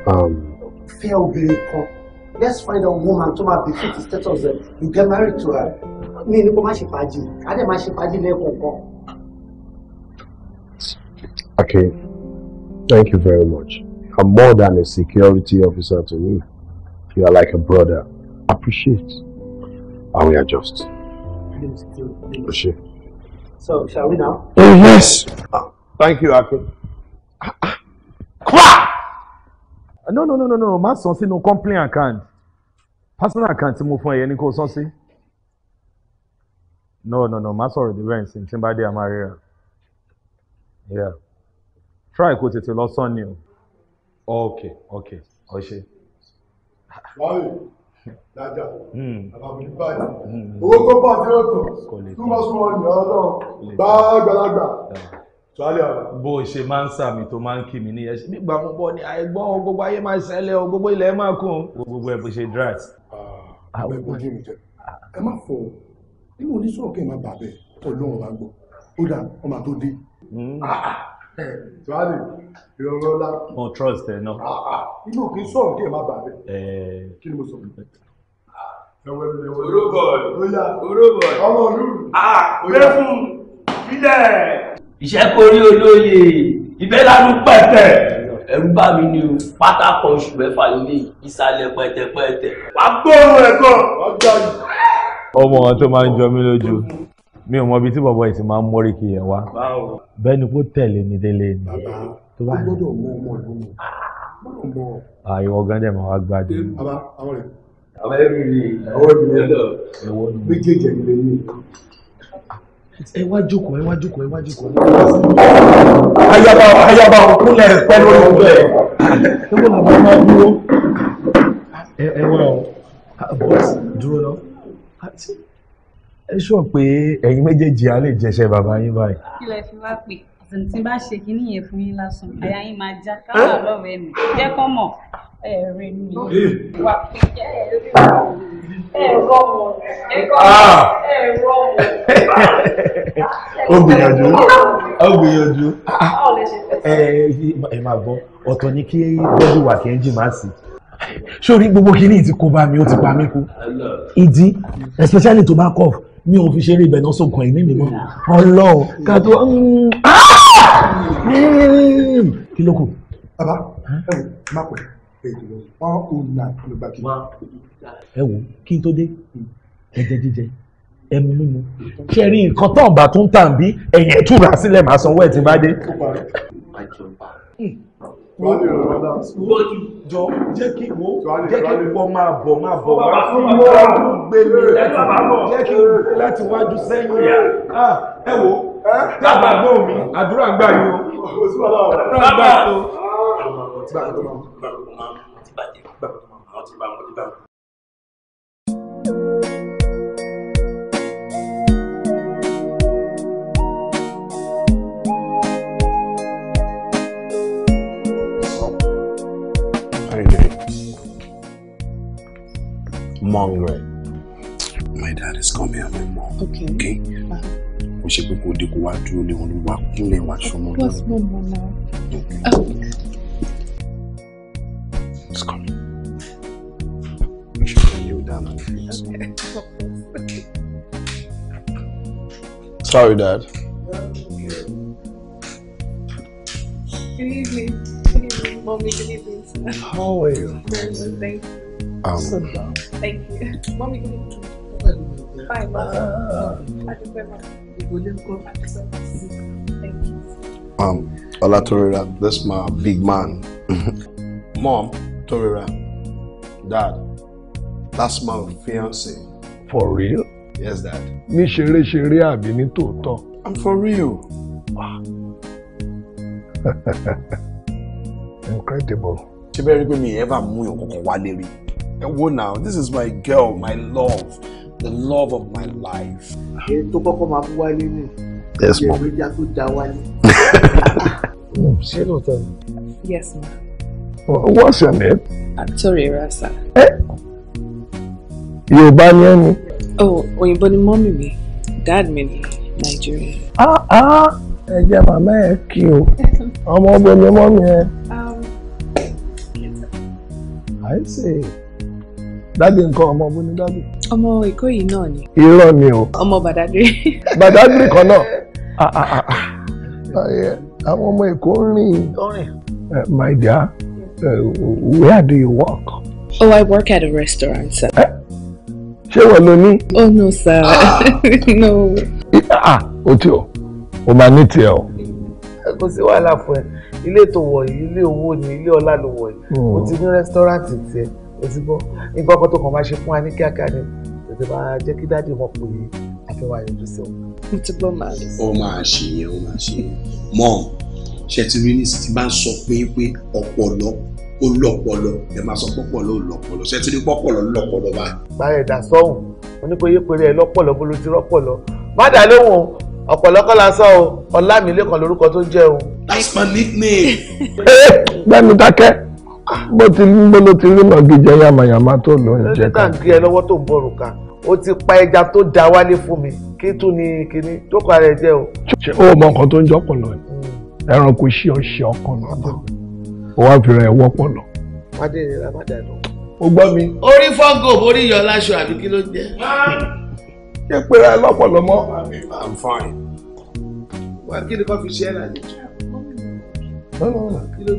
S3: fẹ́
S1: obìnrin kan let's find a woman tó máa befit the status ẹ̀ you get married to her Me, ní kó má ṣe fàájì á dẹ̀ má ṣe Okay, thank you very much. I'm more than a security officer to me. You are like a brother. Appreciate. And we are just. So, shall we now? Oh, yes. Thank you, Akin. Ah, ah no no no no no má sọ sínú complain account personal account tí mo fún ẹ yẹn ni kò sọ sí no no no má sọ̀rọ̀ difference tí n bá dé a máa ríra yeah try kó tètè lọ sọ ni o ok ok ọ ṣe. Hmm. báyìí dájà àbàbí báyìí owó tó bá tí ó tó túmọ̀ súnmọ́ ìyá ọlọ́run gbàgbàlagbà bó o ṣe máa ń sàmì tó máa ń kí mi nìyẹn ṣe nígbà mo bọ ni àìgbọ́n o gbogbo ayé máa ṣẹlẹ̀ o gbogbo ilẹ̀ máa kún o gbogbo ẹ̀ bó ṣe drat. àwọn ẹgbẹ́ ojú mi jẹ ẹ má fọ nínú oníṣòwò kí ẹ má bà bẹ́ẹ̀ ọlọ́run ọba gbọ́ ó dà ọmọ tó dé. tíwádìí hmm. ah, ah. eh, ìrọ̀rọ̀ ọlá. wọn trust ẹ náà. inú ah, kì í sọ̀rọ̀ kí ẹ má bà bẹ́ẹ̀ eh. kí ni mo sọ orúkọ orúkọ ọmọ olú. bẹ́ẹ̀ fún ilẹ̀ ìṣẹ́kórí olóye ìbẹ́lánú pẹ̀tẹ̀ ẹ̀rú bá mi ni o pátákó oṣù mẹ́fà ilé ìsàlẹ̀ pẹ̀tẹ̀pẹ̀tẹ̀. wà á gbóòórùn ẹ̀kọ́ ọjọ́ yìí. ọmọ tó máa ń jọ mí lójú mi ò mọ ibi tí bọ̀bọ̀ yìí ti máa ń mórí kì yẹn wá bẹ́ẹ̀ ni kò tẹ̀lé mi délé ni tó bá ní. àyẹ̀wò gan dẹ̀ máa wá gbádùn. àwọn ẹ̀rí àwọn ẹ̀rí ẹ̀wọ́ mi lọ méjèèjì ẹ̀gbẹ́ yìí ẹ wá jókòó ẹ wá jókòó ẹ wá jókòó. ayaba ayaba òkúnlẹ̀ pẹ́ lórí ọjọ́ ẹ̀. ẹ wọ́n làwọn máa dúró. ẹ wá o ah, bọ́s dúró lọ. Ah, ẹ sọ pé ẹ̀yin méjèèjì á lè jẹṣẹ́ bàbá yín báyìí.
S2: kí lẹ fi wá pè tí bá ṣe kí nìyẹn fún yín lásán àyà yín máa já káwá lọ́rẹ̀ẹ́ mi jẹ́ kọ́ mọ̀ ẹ̀ẹ́rẹ́ mi eh. wà pé kẹ́ ẹ̀ẹ́rẹ́
S3: Ah. ó gbìyànjú ó gbìyànjú ah.
S1: ẹ máa gbọ́ ọ̀tọ̀ ni kí bọ́dù wà kí ẹ́ńjì máa sì sórí gbogbo kìíní ti kó bá mi ó ti pa mí kú ìdí especially tó bá cough mi ò fi ṣeré ibẹ̀ náà sọ̀kan ẹ̀mí mi mọ́ ọlọ́ọ̀ ká tó ah! hmm. kí ló kù. bàbá ẹ má pẹ́ ẹ jùlọ wọn ò nà lọ́gbàkí ẹ wò kí n tó dé ẹ jẹ jíjẹ ẹ mú mímu ṣe rí nǹkan tó ọba tó ń tàn bí ẹ̀yìn ẹ̀túra sílẹ̀ máa sanwó ẹ̀ tí bá dé. jọ jẹ́ kí wo jẹ́ kí wọ́n máa bọ̀ máa bọ̀ wá fún wọ́n gbé mi jẹ́ kí láti wájú sẹ́yìn ẹ wò dábàá gbọ́ mi àdúrà gbà yìí o àdúrà gbà yìí o. mọ́mí my dad is coming and my mom. okay. okay? Uh -huh kò ṣe pé kò dé kó wá dúró lé wọn wá kúnlẹ̀ wá ṣọmọ náà.
S2: what's my mom now.
S1: Oh. it's coming. we should bring you down and fix sorry dad.
S3: Good evening.
S2: Good evening, mommy. Good evening. How are you? Very good, thank you. Um, so thank you. Mommy, give me
S1: Um, Ola Torera, that's my big man. Mom, Torera, Dad, that's my fiance. For real? Yes, Dad. Ni ṣeré ṣeré abi ni tòótọ́? I'm for real. Incredible. Ṣé bẹ́ẹ̀ rí pé mi ẹ̀ bá mú ìkọ̀kọ̀ wálé rí? ẹ̀wọ́ now this is my girl my love the love of my life. ẹ tó kọ́kọ́ máa fún wálé ní ìyẹn ló já tó já wálé. ṣé lóòótọ́ ni. yes ma. what's your name. Atori Rasa. Eh? yorùbá ni ẹ ni.
S2: oh òyìnbó ni mọ́mì mi dad mi ni Nigeria.
S1: ah ah ẹ jẹ́ màmá ẹ kí o ọmọ ọgbẹ ni mọ́mì ẹ. Um, I see dádì nǹkan ọmọ ọmọ ní dádì.
S2: ọmọ èkó yìí náà ni.
S1: irọ́ ni o.
S2: ọmọ Badagry.
S1: Badagry kan náà. Ah, ah, ah, àwọn ọmọ èkó rìn. Eh, my dear uh, where do you work.
S2: oh I work at a restaurant sir. Eh? ṣé wọ́n lo ní. oh no sir no.
S1: o ti o o máa ní tiẹ̀ o. kò sí wàhálà fún ẹ ilé tó wọ̀ yìí ilé owó ni ilé ọlá ló wọ̀ yìí hmm. o ti ní rẹ́sítọ́ráǹtì tiẹ̀ ojú bọ́ nígbà kan tó kàn máa ṣe fún wa ní kíákíá ni tètè máa jẹ́ kí dáàdì wọn pè é àfihàn àyọjú sí wọn. mo ti gbọ́ màá rí. ó máa ṣe é ó máa ṣe é mọ́ ṣe ti rí ní ti máa ń sọ pé pé ọpọlọ ó lọpọlọ ẹ máa sọ pọpọlọ ó lọpọlọ ṣe ti rí pọpọlọ lọpọlọ bá. báyọ̀ dà sọ́hùn onípele péré ẹ lọ́pọ̀lọ́ bó ló ti rọ́pọ̀lọ́ má dà lóhùn ọ̀pọ̀lọ́kọ́ la sọ o ọlámilẹ́kan lorúkọ tó jẹ́ o. that's my nickname. ẹ gbẹ́nu dákẹ́ bó ti ń gbọ́ ló ti rí màgìjà yàmàyàmá tó lọ ń jẹ ká. ṣé ẹ lọ́wọ́ tó ń bọ̀rù ká o ti pa ẹja tó da wálé fún mi kí tún ni kíní jókòó ara ẹ jẹ o. ṣé o mọ nǹkan tó ń jọ pọ̀lọ hmm. ni ẹranko ṣe ọṣẹ ọkàn lọ́nà o wá fi ràn ẹ wọ́pọ̀ lọ. pàdé rẹ la má lọ. o gbọ́ mi. orí fọ́gò orí yọ láṣọ àbí kí ló jẹ́. ṣé pé ẹ lọ́pọ̀lọmọ. I'm fine. wà á kí ni kò fi ṣe kí ló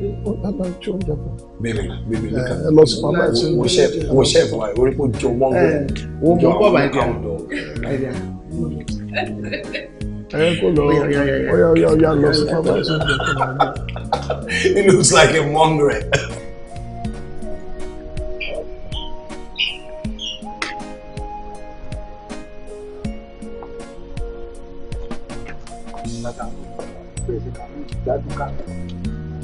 S1: dé ó dáná tí ó ń jẹun. bèbè bèbè ẹ lọ sí mama ẹsẹ wo ṣe wo ṣe fún wa orí kò jọ wọn gbọ. wo mọ bá ẹ̀dá ọ̀dọ́ ẹ kò lọ ọyà ọyà ọyà lọ sí mama ẹsẹ wo looks like a mongrel. Thank you.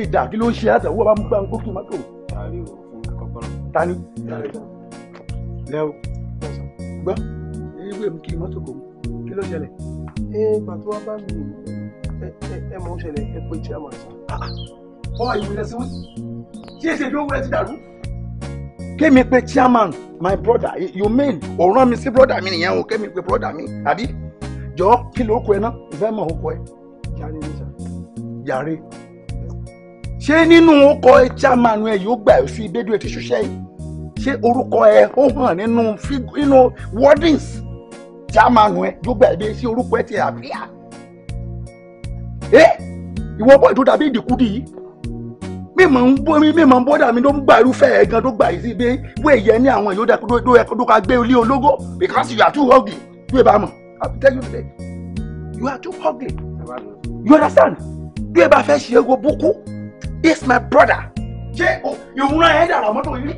S1: kí ìdá kí ló ń ṣe àtẹ̀wọ́ bá mú gbà ń kó kí n má tò. tàrí o fún kọ́kọ́rọ́. tani. lẹ́wọ̀ gbọ́ ìwé mi kì í mọ́tò kò kí ló ṣẹlẹ̀. ẹ gbà tó wá bá mi ẹ mọ̀ ń ṣẹlẹ̀ ẹ pé tí a máa sọ. ọwọ́ ah, ah. ìwé rẹ̀ sí wí tí èsì ìdúró wúrẹ́ ti dàrú. kémi pé chairman my brother you mean ọ̀ràn mi sí brother mi nìyẹn o kémi pé brother mi àbí jọ kí ló kọ ẹ náà ìfẹ́ mọ̀ ó kọ ẹ. yàrá ṣé nínú ọkọ̀ ẹ chairman ẹ yóò gbà sí ìbédùn ètò ìṣiṣẹ́ yìí ṣé orúkọ ẹ ó hàn nínú nínú wordings chairman ẹ yóò gbà ẹbí sí orúkọ ẹ ti àbíyá ẹ ìwọ bọ́ ìdó dàbí ìdìkúdì yìí mi ń bọ́ mi mi mọ̀ ń bọ́dà mi ló ń gbà irúfẹ́ ẹ̀ gan tó gbà yìí sí pé wẹ́ẹ̀ yẹ ní àwọn ìyóòdà tó ká gbé ilé ológo because you are too ugly tó bá mọ̀ I tell you today you are too ugly you understand tó bá fẹ́ ṣe é go búkú this my brother. ṣé ìwúra ẹ̀ dàrọ̀ mọ́tò yìí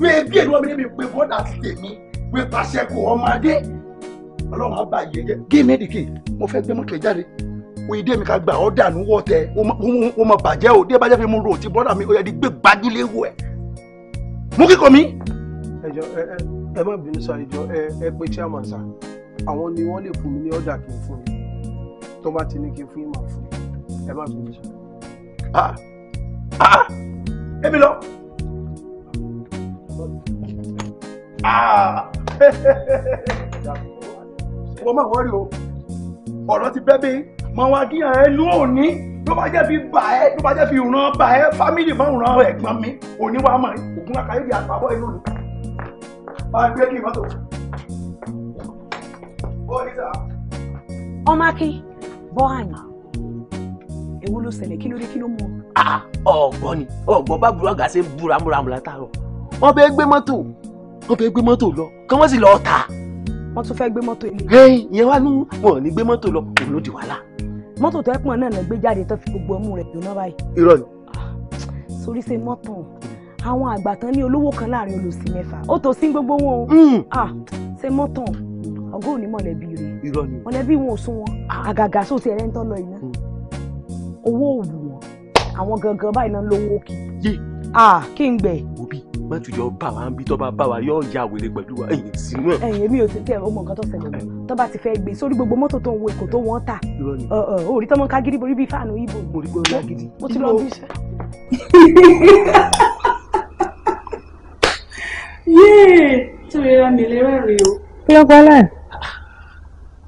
S1: wíwé bí èlú ọmọ mi pé bọ́dà ti tèmi wíwé pàṣẹ kò ọmọdé ọlọ́run ọba yìí jẹ́. give me the key mo fẹ́ gbé mọ́tò jáde òye dé mi ká gbà ọ́ dànù wọ́ tẹ o mọ bàjẹ́ o dé bàjẹ́ fi mu rò ti bọ́dà mi oyè di gbé gbajúlé wọ ẹ̀ mú kíkọ mi. ẹ jọ ẹ ẹ ẹ má bínú sa ìjọ ẹ ẹ pé chairman sa àwọn ni wọ́n lè fún mi ní ọ̀dà kí n fún mi tó bá ti ní kí n fún yín máa fún mi ẹ má bínú sa èmi ah, lọ. Ah. wọ́n máa wọ́n rí o ọ̀rọ̀ ti bẹ́ bí mọ wá kí ẹnu òní ló bá jẹ́ fi bà ẹ́ ló bá jẹ́ fi ràn bà ẹ́ fámìlì máa ń ràn ẹ̀gbọ́n mi òní wàá mọ̀ ògùn akáyé di àpapọ̀ inú mi. máa gbé kí mọ́tò. ó ní sà. ọmọ akin bọ́ àná èwo ló ṣẹlẹ̀ kí ló dé kí ló mú ọ. Ah, ọgbọ́n ni ọgbọ́n bá burú àgà ṣe ń búra múramù látàárọ̀ wọ́n fẹ́ gbé mọ́tò wọ́n fẹ́ gbé mọ́tò lọ kí wọ́n sì lọ́ọ́ ta. wọ́n tún fẹ́ gbé mọ́tò ilé. ìyẹn wá ní wọn ò ní gbé mọ́tò lọ òun ló di wàhálà. mọ́tò tó ẹ̀pọ̀n náà gbé jáde tó fi gbogbo ọmú rẹ̀ jóná báyìí. irọ́ ni. Ah, sorí ṣe mọ́tò àwọn àgbà tán ní olówó kan láàrin olùsí mẹ́fà ó tó sí gbogbo wọn o. Hmm. Ah, ṣe mọ́tò ọgọ́ òní mọ̀lẹ́bí rẹ̀ mọ̀lẹ́bí wọn ò sún wọn àgàgà sóòtì ẹ̀rẹ́ ń tọ́ lọ ìná. Hmm owó òwú wọn àwọn gangan báyìí náà lówó kì í yé ah kí n gbẹ. òbí má tùjọ bá wa ń bí tó bá bá wa yóò ya wèrè pẹ̀lú wa ẹ̀yìn sínú ẹ̀. ẹ̀yìn èmi ò ti tẹ ọmọ nǹkan tó ṣẹlẹ̀ tó bá ti fẹ́ gbé sórí gbogbo mọ́tò tó ń wo èkó tó wọ́n tà òòrí tọ́mọ ká gidi borí bíi fáànù ibo. mo rí gbọ́dọ̀ gidi. mo ti lọ bí iṣẹ́. yéè torí ra mi lè rẹ́rìn o. kí ló gbọ́ wa.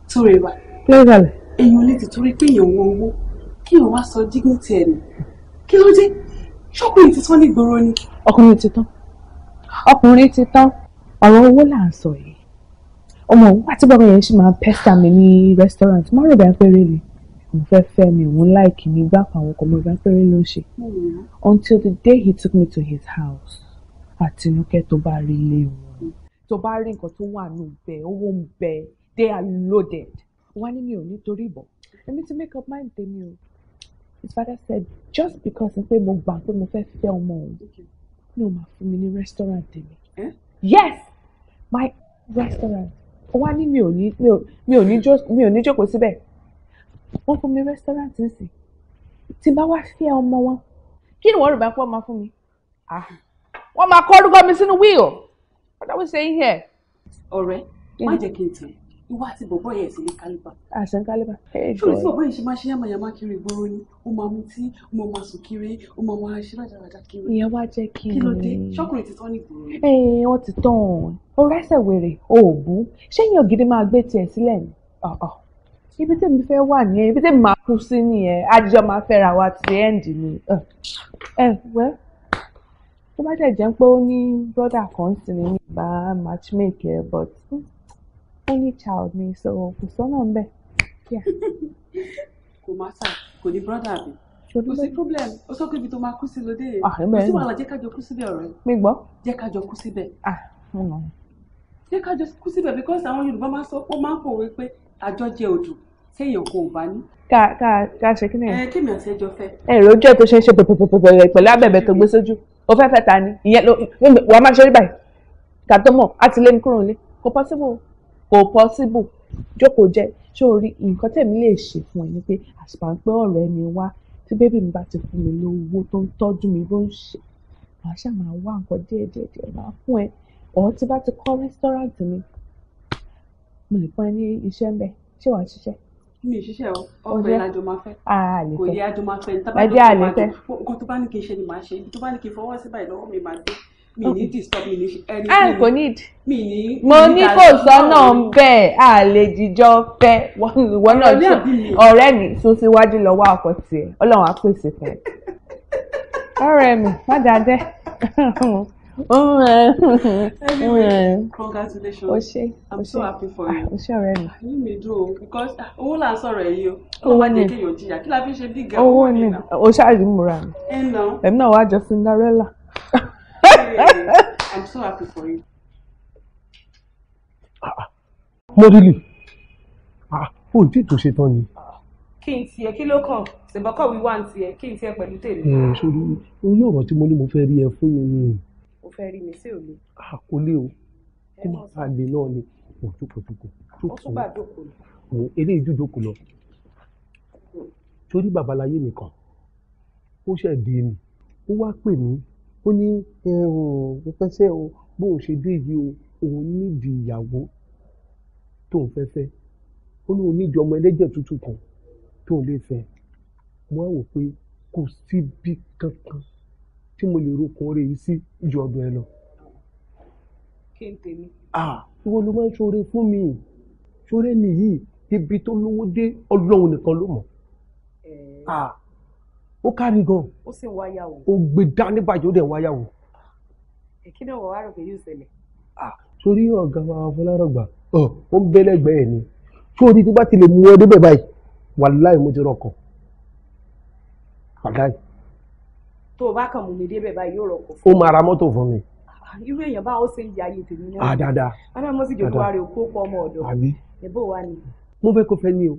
S1: kí ló gbọ́ láì. èèyàn ti torí pé èèyàn wọ owó kí èèyàn wá sọ dignity ẹ̀ nù kí ló dé ṣọ́kùnrin ti tán ní gbòòrò ni.
S2: ọkùnrin ti tán ọkùnrin ti tán ọ̀rọ̀ owó là ń sọ yìí ọmọ òun àti bàbá yẹn ṣì máa ń pẹ́sà mi ní restaurant má rò bá péré ni mo fẹ́ fẹ́ mi òun láìkì ní gbà pa àwọn ọkọ mo bá péré ló ṣe until the day he took me to his house àtinúkẹ́ tó bá rí ilé wọn tó bá rí nǹkan tó wà ní bẹ owó ń bẹ they are loaded wọn á ní mi ò nítorí ìbọn èmi ti make up mind tèmi o his father said just because n pé mo gbà pé mo fẹ́ fẹ́ ọmọ òun
S1: ní o máa fún mi ní restaurant mi eh? yes my restaurant ó wá ní mi ò ní mi ò ní mi ò ní jókòó síbẹ̀ fún mi restaurant nsì tí n bá wá fẹ́ ọmọ wọn
S2: kí ni wọ́n rò bá pé wọ́n máa fún mi
S1: ah, wọ́n máa kọ orúkọ mi sínú wíìl what are we saying here. ọ̀rẹ́ má jẹ́ kí n tàn ìwà àti bọ̀bọ̀ yẹn sì ní kálíbà. àṣà ń kálíbà. ṣùgbọ́n tí bọ̀bọ̀ yẹn ṣe máa ṣe
S2: yàmàyàmà kiri ìgboro ni ó máa mu tí ó máa máa sùn kiri ó máa máa ṣe rájàrájà kiri. ìyẹn wá jẹ́ kí n. kí ló dé ṣọ́kùnrin ti tán ní ìgboro. ẹ ẹ wọn ti tán o rẹsẹ̀ wèrè òòbù ṣé èèyàn gidi máa gbé tiẹ̀ sílẹ̀ ni ibi tí mi fẹ́ wà nìyẹn ibi tí mi máa kú sí nìyẹn àjọ máa fẹ́ ra wa ti ẹ́ǹdì ni ẹ wẹ́ tó bá jẹ́ jẹ́ pé ó ní brọ́dà kan sì ní bá matchmaker but. Mm only child me so kò sọ́nà ń bẹ̀.
S1: kò má sà kò ní brọ́dà àbí kò sí problem ó sọ pé ibi tó máa kú sí lóde yẹn ah, kò sí wàhálà jẹ́ kájọ kú síbẹ̀ ọ̀rẹ́ mi gbọ́ jẹ́ kájọ kú síbẹ̀ ah, jẹ́ kájọ kú síbẹ̀ because àwọn Yorùbá máa sọ ó máa ń pòwe pé àjọjẹ òdù téèyàn kò bá ní. ká ká ká ṣe kí ni. ẹ kí mi àti ẹjọ fẹ́. ẹ rojú ẹ tó ṣe ń ṣe pẹpẹpẹpẹ pẹ̀lú abẹ̀bẹ̀ tó gbé sójú o fẹ́ fẹ́ ta ni ìyẹn wàá máa ṣe rí báyìí kà tó mọ̀ á ti lé mi kúrò nílé kò possible kò possible jókòó jẹ́ ṣé o rí nǹkan tèmi lè ṣe fún ẹ ni pé àṣìpà ń pé ọ̀rẹ́ mi wá tí bébì mi bá ti fún mi lówó tó ń tọ́jú mi ló ń ṣe màá ṣáà máa wá nǹkan díẹ̀ díẹ̀ díẹ̀ máa fún ẹ ọ̀ tí bá ti kọ́ restaurant mi
S2: mo lè fún ẹ ní iṣẹ́ ń bẹ ṣé wàá ṣiṣẹ́
S1: mi ò ṣiṣẹ́ o ọbẹ̀ àjọ máa fẹ́ kò yẹ àjọ máa fẹ́ ní tábàdàn tó máa jẹ kó tó bá ní kí n ṣe ni màá ṣe tó bá ní kí n fọwọ́ sí báyìí lọ́wọ́ mi máa dé mi ní disturb mi ní anything. ẹ ah, kò need. mi ní. mo ní kò sọ́nà bẹ́ẹ̀ a lè jíjọ́ fẹ́ ìwọ náà sọ ọ̀rẹ́ mi sún síwájú lọ́wọ́ ọkọ tiẹ̀ ọlọ́run á pèsè fún ẹ.
S2: ọ̀rẹ́ mi má dáadẹ́. Eh, eh, congratulations. Oshé, ṣe. I'm so happy for you. Ah, Oshé, ṣe ọ̀rẹ́ mi.
S1: Ayé mi dùn o because ah, owó là ń sọ̀rọ̀ yìí o. Owó ni. Ọlọ́run kékeré ò jìyà kí la fi ṣe bí gẹ̀ẹ́wó ni. Owó ni.
S2: O ṣáà rí múra mi. Ẹ̀nà. Ẹ̀mí náà jọ Cinderella.
S1: I'm so happy for you. mọ́rílì ah, ó tí tó ṣe say ni. kí n tiẹ̀ kilo ló Se ṣèbọ́kọ̀ we want tiẹ̀ kí n tiẹ̀ pẹ̀lú tèmi. ẹ mm, sori orí ọ̀rọ̀ tí mo ní mo fẹ́ rí ẹ fún yín ni. mo fẹ́ rí mi sí òde. Ah, kò lè o kó má bàa lè náà ni kò jókòó jókòó. ó tún bá jókòó lọ. òun eléyìí jù jókòó lọ. torí mm. babaláyé mi kan di mi ó wá pè ó ní pẹpẹsẹ bóun ṣe dé yìí o òun nídìí ìyàwó tóun fẹ́ fẹ́ ó ní òun nídìí ọmọ ẹlẹ́jẹ̀ tútù kan tóun lè fẹ́ mo wá wò pé kò síbi kankan tí mo lè rokun oore yìí sí ju ọ̀dọ̀ ẹ lọ. kí n tèmi. ìwọ ló máa ń ṣoore fún mi ṣoore nìyí ibi tó lówó dé ọlọ́run nìkan ló mọ̀ ó kárí gan. ó sì ń wáyà wò. ó gbé dání bàjẹ́ ó dẹ̀ wáyà wò. èkìdè wọ̀ wá rò pé yóò ṣẹlẹ̀. sórí ọ̀gá wa fọlárọ̀gbà ó ń bẹ́ lẹ́gbẹ̀ẹ́ ni sórí tó bá ti lè mú ọ débẹ̀ báyìí wàláì mo ti rọkọ̀ wàláì. tó o bá kàn mú mi débẹ̀ báyìí yóò rọkọ̀ fún mi. ó máa ra mọ́tò fún mi. Ah, irú èèyàn báwo ṣe ń jẹ ayé tèmi náà. àdáadáa. ọlọ́run mo ni. mo fẹ́ kó fẹ́ ní o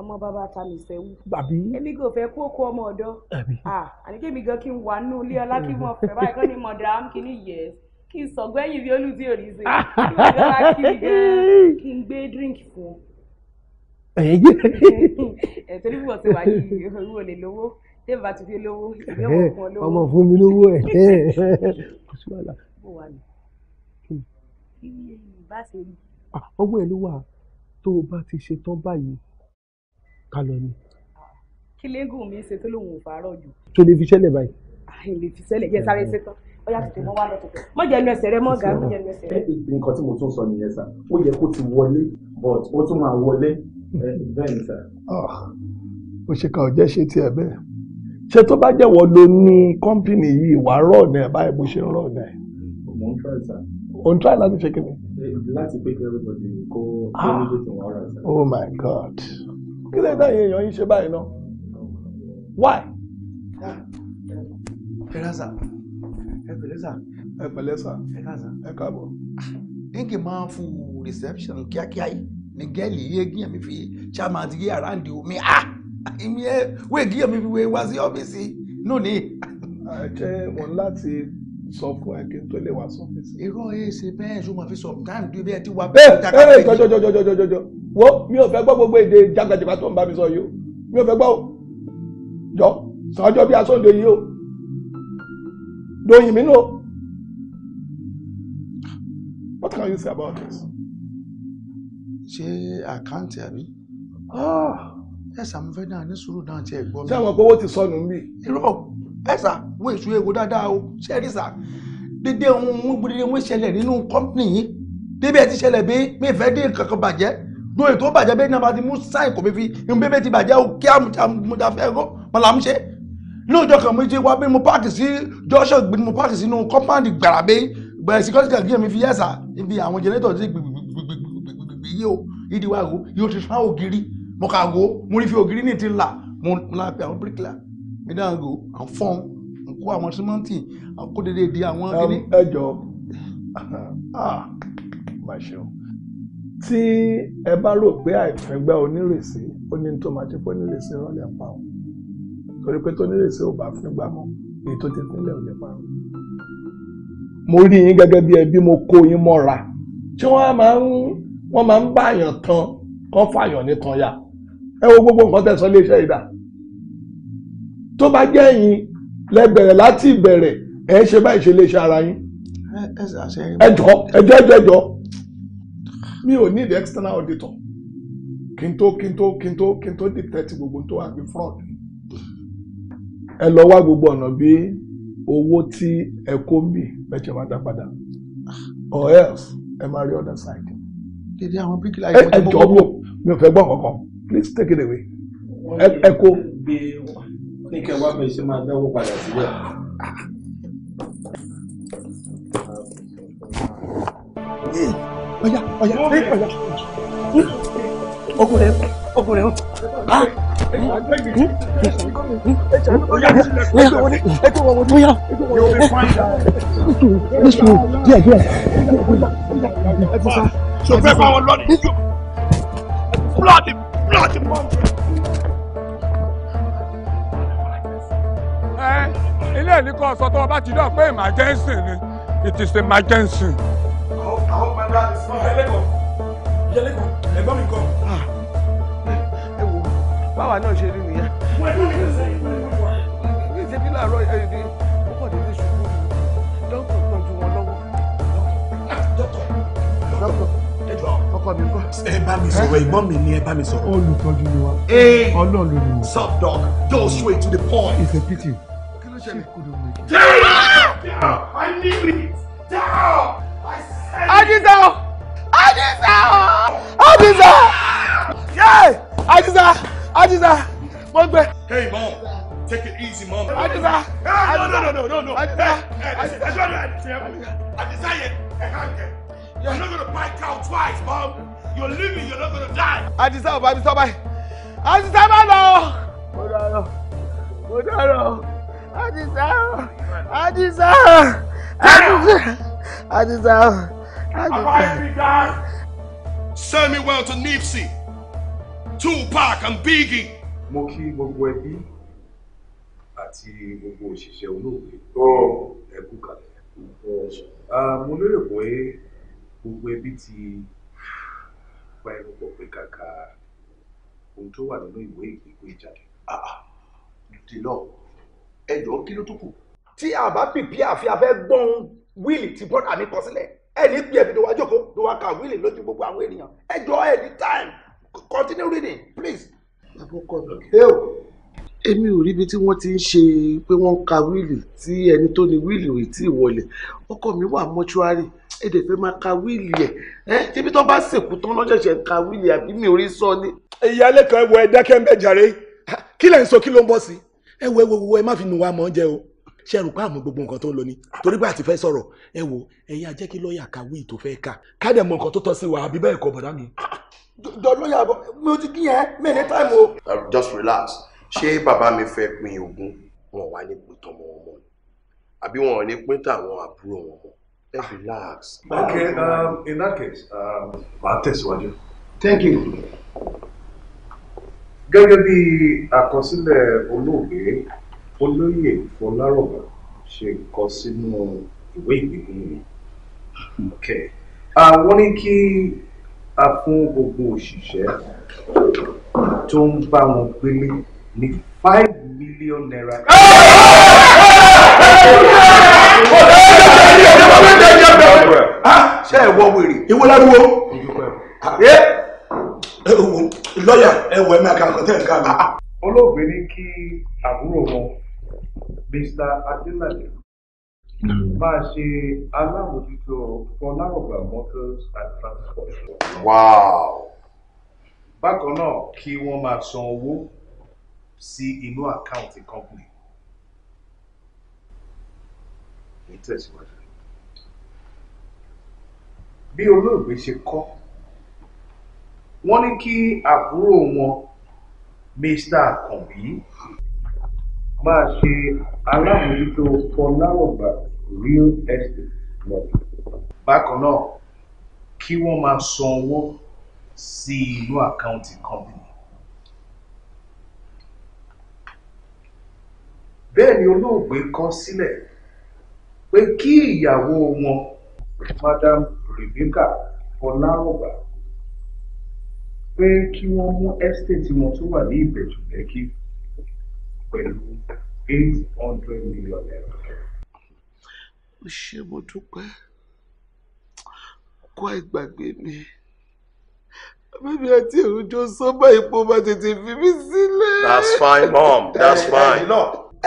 S1: ọmọ bàbá ta mi sẹ́wù. bàbí. èmi kò fẹ́ kó kó ọmọ ọ̀dọ́. àbí. àníkèmí gan kí n wà nínú ilé ọlá kí mo fẹ́ báyìí kọ́ ni mọ̀dàrán kì ní yẹ kí n sọ̀gbẹ́yìn bí olùdí òní ṣe ah, kí n gbé díríǹkì fún ọ. ẹ̀yẹ́. ẹ̀ torí ti wà yìí orí ò lówó tẹ́lẹ̀ bá ti fi lówó ọmọ fún mi lówó ẹ̀ kò sí wàhálà. Ah, ọwọ́ ẹ̀ ló wà tó o bá ti ṣe báyìí ká lọ ni. kí lẹ́gùn mi ṣe tó lòun ò fàárọ̀ jù. tó lè fi ṣẹlẹ̀ báyìí. àì ah, lè fi ṣẹlẹ̀ yẹ sáré ṣetán bóyá tètè mọ́ wá lọ tètè mọ́ jẹ́ ẹnu ẹsẹ̀ rẹ mọ́ gàá mọ́ jẹ́ ẹnu ẹsẹ̀ rẹ. nǹkan tí mo tún sọ nìyẹn sá ó yẹ kó ti wọlé but ó tún máa wọlé bẹ́ẹ̀ ni sá. Ah, ó ṣe kà ó jẹ́ ṣe tiẹ̀ bẹ́ẹ̀ ṣe tó bá jẹ́wọ́ ló ní kọ́ńpìnì yìí wà rọ̀ ní ẹ̀ báyìí bó ṣe ń rọ̀ ní ẹ̀. mo ń tọ́ ìta. o ń tọ́ láti ṣe kí ni. láti pé kí everybody kó kí ah, everybody wà rà. oh my god kí lè dáhìn èèyàn yín ṣe báyìí náà why. pẹ̀lẹ́sà ẹ pẹ̀lẹ́sà ẹ pẹ̀lẹ́sà ẹ káàbọ̀. nkì máa fún reception kíákíá yìí ní gẹ́ẹ̀lì yìí egin mi fi chairman ti yé àràǹdì omi a ah! èmi ẹ wé gíyàn mi fi wé wá sí ọ́fíìsì lónìí. àjẹ wọn láti sọ fún ẹ kí n tó lè wá sọ́fíìsì. irọ́ ẹ ṣe bẹ́ẹ̀ ṣùgbọ́n fi sọ táàmù tó bẹ́ẹ̀ ti wá bẹ́ẹ̀. ẹ ẹ jọjọjọjọjọjọ wo mi ò fẹ́ gbọ́ gbogbo èdè jàgbàjàgbà tó ń bá mi sọ yìí o mi ò fẹ́ gbọ́ o jọ sàájọ bí asóǹde yìí o dòyìn mí nù what can you say about this. ṣé àkáǹtì àbí ah. ẹ̀sà mo fẹ́ náà ní sùúrù náà tiẹ̀ gbọ́ mi. ṣé àwọn owó ti sọnù mí. irọ́ ẹ̀sà wo èso ewo dáadáa o ṣé ẹ rí sà dédé ohun gbogbo dédé wọn ṣẹlẹ̀ nínú kọ́mpìnì yìí débi ẹ ti ṣẹlẹ̀ bí mi fẹ́ dé nǹkan kan bàjẹ́ do ètò bàjẹ́ bẹ́ẹ̀ náà bá ti mú sáì kò bẹ́ẹ̀ fi bẹ́ẹ̀ ti bàjẹ́ òkè àmúdàfẹ́ ẹ̀rọ màlàmúṣe lóòjọ́ kan mo ṣe wá bí mo páàkì sí jọ́ṣọ̀ gbé mo páàkì sínú kọ́mpáǹdì gbàràbẹ́ bẹ̀rẹ̀ sí kọ́sìkà gíẹ̀ mi fi yẹ́sà ibi àwọn jẹ́nẹ́tọ̀ ti gbìgbìgbìgbìgbì yìí o ìdí wa wo yóò ti fá ògiri mo kà wo mo rí fi ògiri ní ti là mo la pe àwọn bíríkìlà mi dáhùn go à ń fọ́n n kó àwọn símọ́ǹtì à ń kó dédé di àwọn. ẹ jọ ah, ah, máa ṣeun tí ẹ bá rò pé àìfẹ́gbẹ́ onírèsí ó ní tó máa ṣe pé onírèsí rọlẹ̀ pa ọ́ torí pé tónírèsí ò bá fẹ́gbà mọ́ èyí tó ti fúnlẹ̀ ò lè pa ọ́. mo rí yín gẹ́gẹ́ bí ẹbí mo kó yín mọ́ra tí wọ́n máa ń wọ́n máa ń báyàn tan kán fàyàn nìkan yá ẹ wo gbogbo nǹkan tẹ̀sán léṣẹ́ ìdá tó bá jẹ́ yín lẹ bẹ̀rẹ̀ láti ìbẹ̀rẹ̀ ẹ ṣe báyìí ṣe léṣe ara yín ẹ jọ ẹ jọ ẹ jọ mi ò the external auditor kí n tó kí n tó kí n tó kí n tó detect gbogbo tó wà ní fraud ẹ lọ wá gbogbo ọ̀nà bí owó tí ẹ kó ń bì bẹ́ẹ̀ máa padà or else ẹ máa rí other side. dédé àwọn bíríkìlà yìí wọ́n tó bọ́ mi ò fẹ́ gbọ́ kankan please take it away ẹ kó. ní kẹwàá mi ṣe máa dáwọ́ padà sílẹ̀. Yeah ọ̀yà ọ̀yà ọ̀yà ọkùn rẹ̀ ọkùn rẹ̀ ọ̀yà ọ̀yà
S3: nísòwò díẹ̀ díẹ̀
S1: so fẹ́ fún àwọn lọ́ọ̀dì bloody bloody mountain. ilé ìlú kan sọ tó o bá ti dọ̀ pé emergency ni it is emergency àdúrà mi fún ọ. ẹlẹ́kọ̀ọ́ ìyẹlẹ́kọ̀ọ́ ẹ̀gbọ́n mi kọ́. Ah. ẹ wo báwa náà ṣe rí nìyẹn. mo ẹ̀dùn mi ṣe é. ṣe bí láàárọ̀ ẹ̀yìn ni ó pọ̀ dédé ṣubú dókítà kan ju wọn lọ́wọ́. dókítà dókítà ọkọ mi kọ́. ẹ bá mi sọ̀rọ̀ ẹ̀gbọ́n mi ni ẹ bá mi sọ̀rọ̀. olùtọ́jú ni wa. ee ọlọ́run ló ni wa. sub dog go straight to the point. it's a pity. kí ló ṣẹlẹ̀ kúndùn mi. down ah! i need it down. Adisa o Adisa o Adisa yay Adisa Adisa mo gbé. Hey mom, take it easy mom. Adisa no, no no no no Adisa Adisa Adisa yẹn ẹ̀ka nkẹ. You're not gonna buy cow twice mom. You're living, you're not gonna die. Adisa ọba Adisa ọba Adisa má lọ. Mo dárò, mo dárò. Adisa, Adisa, Adisa, Adisa me Send well to Nipsey, Tupac and Biggie. Mo kí gbogbo ẹbí àti gbogbo òṣìṣẹ́ olóògbé ẹ kú kalẹ̀. Ah, mo lérò pé gbogbo ẹbí ti pa ẹnu pọ̀ pé kàkà ohun tó wà nínú ìwé ìgbéko ìjáde. Ah, ah, Dìlọ, ẹ jọ̀ọ́ kí ló tó kù? Tí a bá pìpì àfi afẹ́ gbọ́n wíìlì tí bọ́dà mi kọ sílẹ̀ ẹni pè mí lówà jókòó lówà kà wíìlì lójú gbogbo àwọn ènìyàn ẹ jọ ẹni time continue reading please. àkókò ẹ o èmi ò ríbi tí wọ́n ti ń ṣe pé wọ́n ka wíìlì tí ẹni tó ní wíìlì ò tí ì wọlé ọkọ mi wà mọ́ṣúárì èdè fẹ́ máa ka wíìlì ẹ̀ ẹ́ tíbi tó bá sèkú tán lọ́jọ́sẹ̀ ń ka wíìlì àbí mi ò rí sọ ni. ìyáálé kan ẹwọ ẹ dákẹ́ ń bẹ̀ jàre kí lẹ̀ ń sọ kí ló ń bọ̀ sí ẹ wọ ẹ wọ ẹ má fi nù wá mọ́ jẹ o ṣe rò pé àmọ́ gbogbo nǹkan tó ń lọ ni torí pé àti fẹ́ sọ̀rọ̀ ẹ wo ẹ̀yin ajẹ́ kí lọ́ọ̀yà kàwé ìtò fẹ́ kà kádẹ̀ mọ nǹkan tó tọ́ sí wa àbí bẹ́ẹ̀ kọ́ bọ̀dá mi. jọ lọ́ọ̀yà mo ti kí yẹn mẹ́rin táìmù o. Uh, just relax ṣé bàbá mi fẹ́ pin ogún wọn wà ní pin tọmọ wọn mọ àbí wọn ò ní pin tàwọn àbúrò wọn mọ just relax. okay um, in that case um, màá tẹ̀síwájú. thank you gẹ́gẹ́ bí àkọsílẹ̀ olóògbé olóyè fọlárọ̀bà ṣe kọ sínú ìwé ìgbìmọ̀ mi àwọn ní kí a fún gbogbo òṣìṣẹ́ tó ń bá wọn gbélé ní five million naira. ṣé ẹ wọ wèrè ìwé ládùúgbò lọ́yà ẹ wọ ẹ̀mí àkàkọ́ tẹ̀ ń mi. olóògbé ní kí àbúrò wọn mr adelade hmm. máa ṣe alábòjútó fọláwọgbà motors and transport. wow bákan náà kí wọ́n máa san owó sí inú àkáǹtì company. ìtẹ̀síwájú. bí olóògbé ṣe kọ́ wọ́n ní kí àbúrò wọn mr akànbí máa ṣe alábòójútó fọlárọ̀gbà real estate club. bákan náà kí wọ́n máa san owó sí inú àkáǹtì company. bẹ́ẹ̀ ni olóògbé kọ sílẹ̀ pé kí ìyàwó wọn madam Rebecca fọlárọ̀gbà pé kí wọ́n mú estate wọn tó wà ní ìbẹ̀jù lẹ́kì pẹ̀lú eight hundred million naira. ó ṣe mo dúpẹ́ kó àìgbàgbé mi bẹ́ẹ̀ni àti òjò sọ́mà ipò bá tètè fi mí sílẹ̀. that's fine mom that's fine.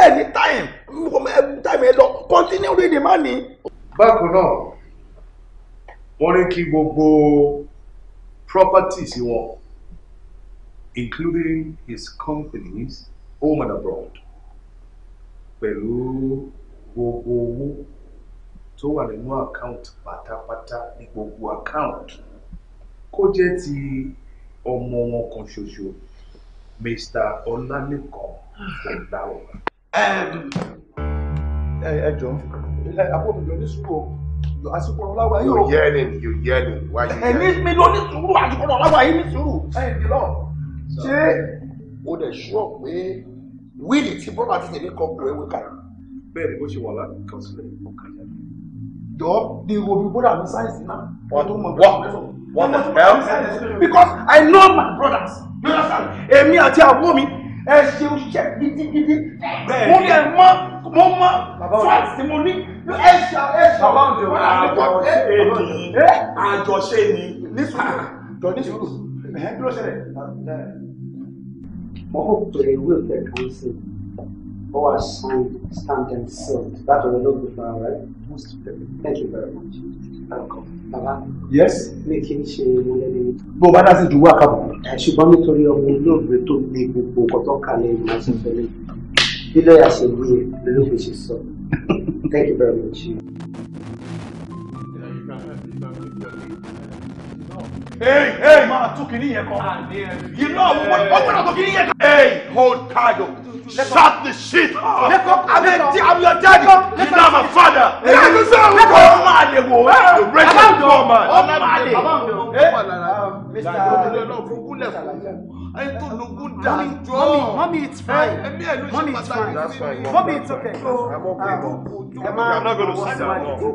S1: anytime anytime ẹ lọ continue reading má ní. bákan náà wọ́n ní kí gbogbo properties wọn including his companies home and abroad pẹ̀lú gbogbo owó tó wà nínú account pátápátá ní gbogbo account kó jẹ́ ti ọmọ wọn kan ṣoṣo Mr. Ọlálékan Fọláwọ. ẹ jọ àbúrò mi lọ ní sùúrù àsìkò ọlọ́wà yìí o. yóò yẹ ẹni yóò yẹ ẹni wáyé. ẹni mi lọ ní sùúrù àsìkò ọlọ́wà yìí ní sùúrù. ẹ ǹdí lọ ṣé o dẹ̀ ṣọ́ pé wíìlì tí bọ́lá ti tẹ̀lé kọ́ pọ̀ ẹ̀wé kàrà. bẹ́ẹ̀ ni bó ṣe wà láti kàn sílẹ̀ ó kà yà mí. jọ ni wo bí bọ́lá mi sáyẹ̀nsì náà wà tó mọ̀ bọ́lá mi sọ̀rọ̀. what because i know my brothers you understand èmi àti àbúrò mi ẹ ṣe oṣiṣẹ́ gidigidi mo lè mọ mo mọ fat tí mo ní ẹ ṣe ẹ ṣe bàbá òde wa àjọṣe ni àjọṣe ni. nísòro jọ nísòro ẹ̀hẹ́n dúró ṣẹlẹ̀. Maar ook door een wil dat kan zien. Or stand, and sit. That was a lot of fun, right? Thank you very much. Bàbá. Yes. Mi kì í ṣe mọ̀lẹ́bí. Bó o bá dá sí ìdúwọ́ àkàbọ̀. Ṣùgbọ́n nítorí ọmọ olóògbé tó gbé gbogbo ọkọ̀ tó kà lẹ́yìn máa ṣe fẹ́lẹ́. Bí lọ́ọ̀yà ṣe wí ẹ̀ lólógbé ṣe sọ. Thank you very much. Hey, hey, máa tún kìíní yẹn kan. You know, ó gbọ́dọ̀ tún kìíní yẹn kan. Hey, hold title. Oh. Shut the shit up. I'm your daddy. I'm your daddy. You're not my father. Ẹ̀yà go. sọ òun kọ́. Ọmọ àlè wò. Rẹ́sì ọmọ àlè. Ọmọ àlè. Mr ẹni tó lókun dá jọ ọ mami it's fine mami it's fine mami it's okay. ẹ máa ń lọ sí àwọn ọkọ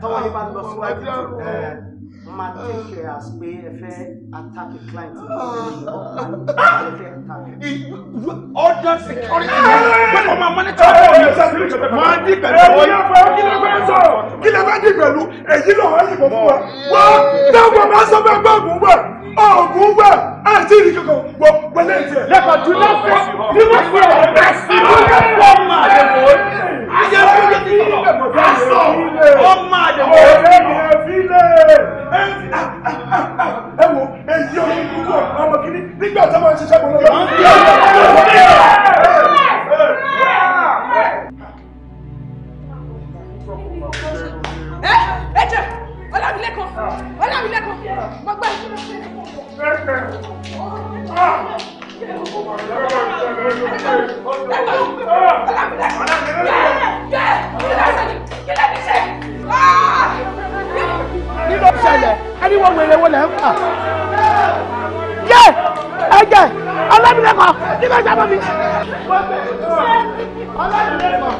S1: tọwọ́ yìí máa ń lọ sí wájú máa take care as pé ẹ fẹ́ attack a client ní ọkùnrin ẹ fẹ́ attack. order security pẹ̀lú ọmọ mọ́nítà ọ̀hún máa dì pẹ̀lú ọ̀hún. kí ló fẹ́ sọ̀rọ̀ kí ló fẹ́ dì pẹ̀lú èyí lọ́wọ́ yìnbọn fún wa wá dáwọ́ máa sọ fẹ́ gbọ́ngùn wẹ̀ ọ̀gùn wẹ̀ àti ìdíkọ̀kọ̀ wọ pẹ̀lú ẹ̀jẹ̀. lẹ́kọ̀ọ́ do not fall do not fall on that seat. do not fall ma dem o. ayé wọlé ti sọ̀rọ̀ ọmọ dem o. ọmọ dem o. ọ̀rẹ́ mi ẹ̀ fi lé ẹ wo èyí ọdún kúkú ọmọ kìíní nígbà tí wọ́n ń ṣiṣẹ́ bọ̀ lọ́wọ́.
S2: ẹ ẹ jẹ ọlámilẹ́kọ̀ọ́ ọlámilẹ́kọ̀ọ́ mo gbà. ọlámilẹ́kọ̀ọ́ ọlámilẹ́kọ̀ọ́ kí
S3: lẹ́ni ṣe
S1: kí ló ṣẹlẹ̀ ẹni wọ́n wèrè ń pa. yé ẹ̀jẹ̀ ọlọ́mìnẹ́kọ̀ ní kò sábà mi. ọlọ́mìnẹ́kọ̀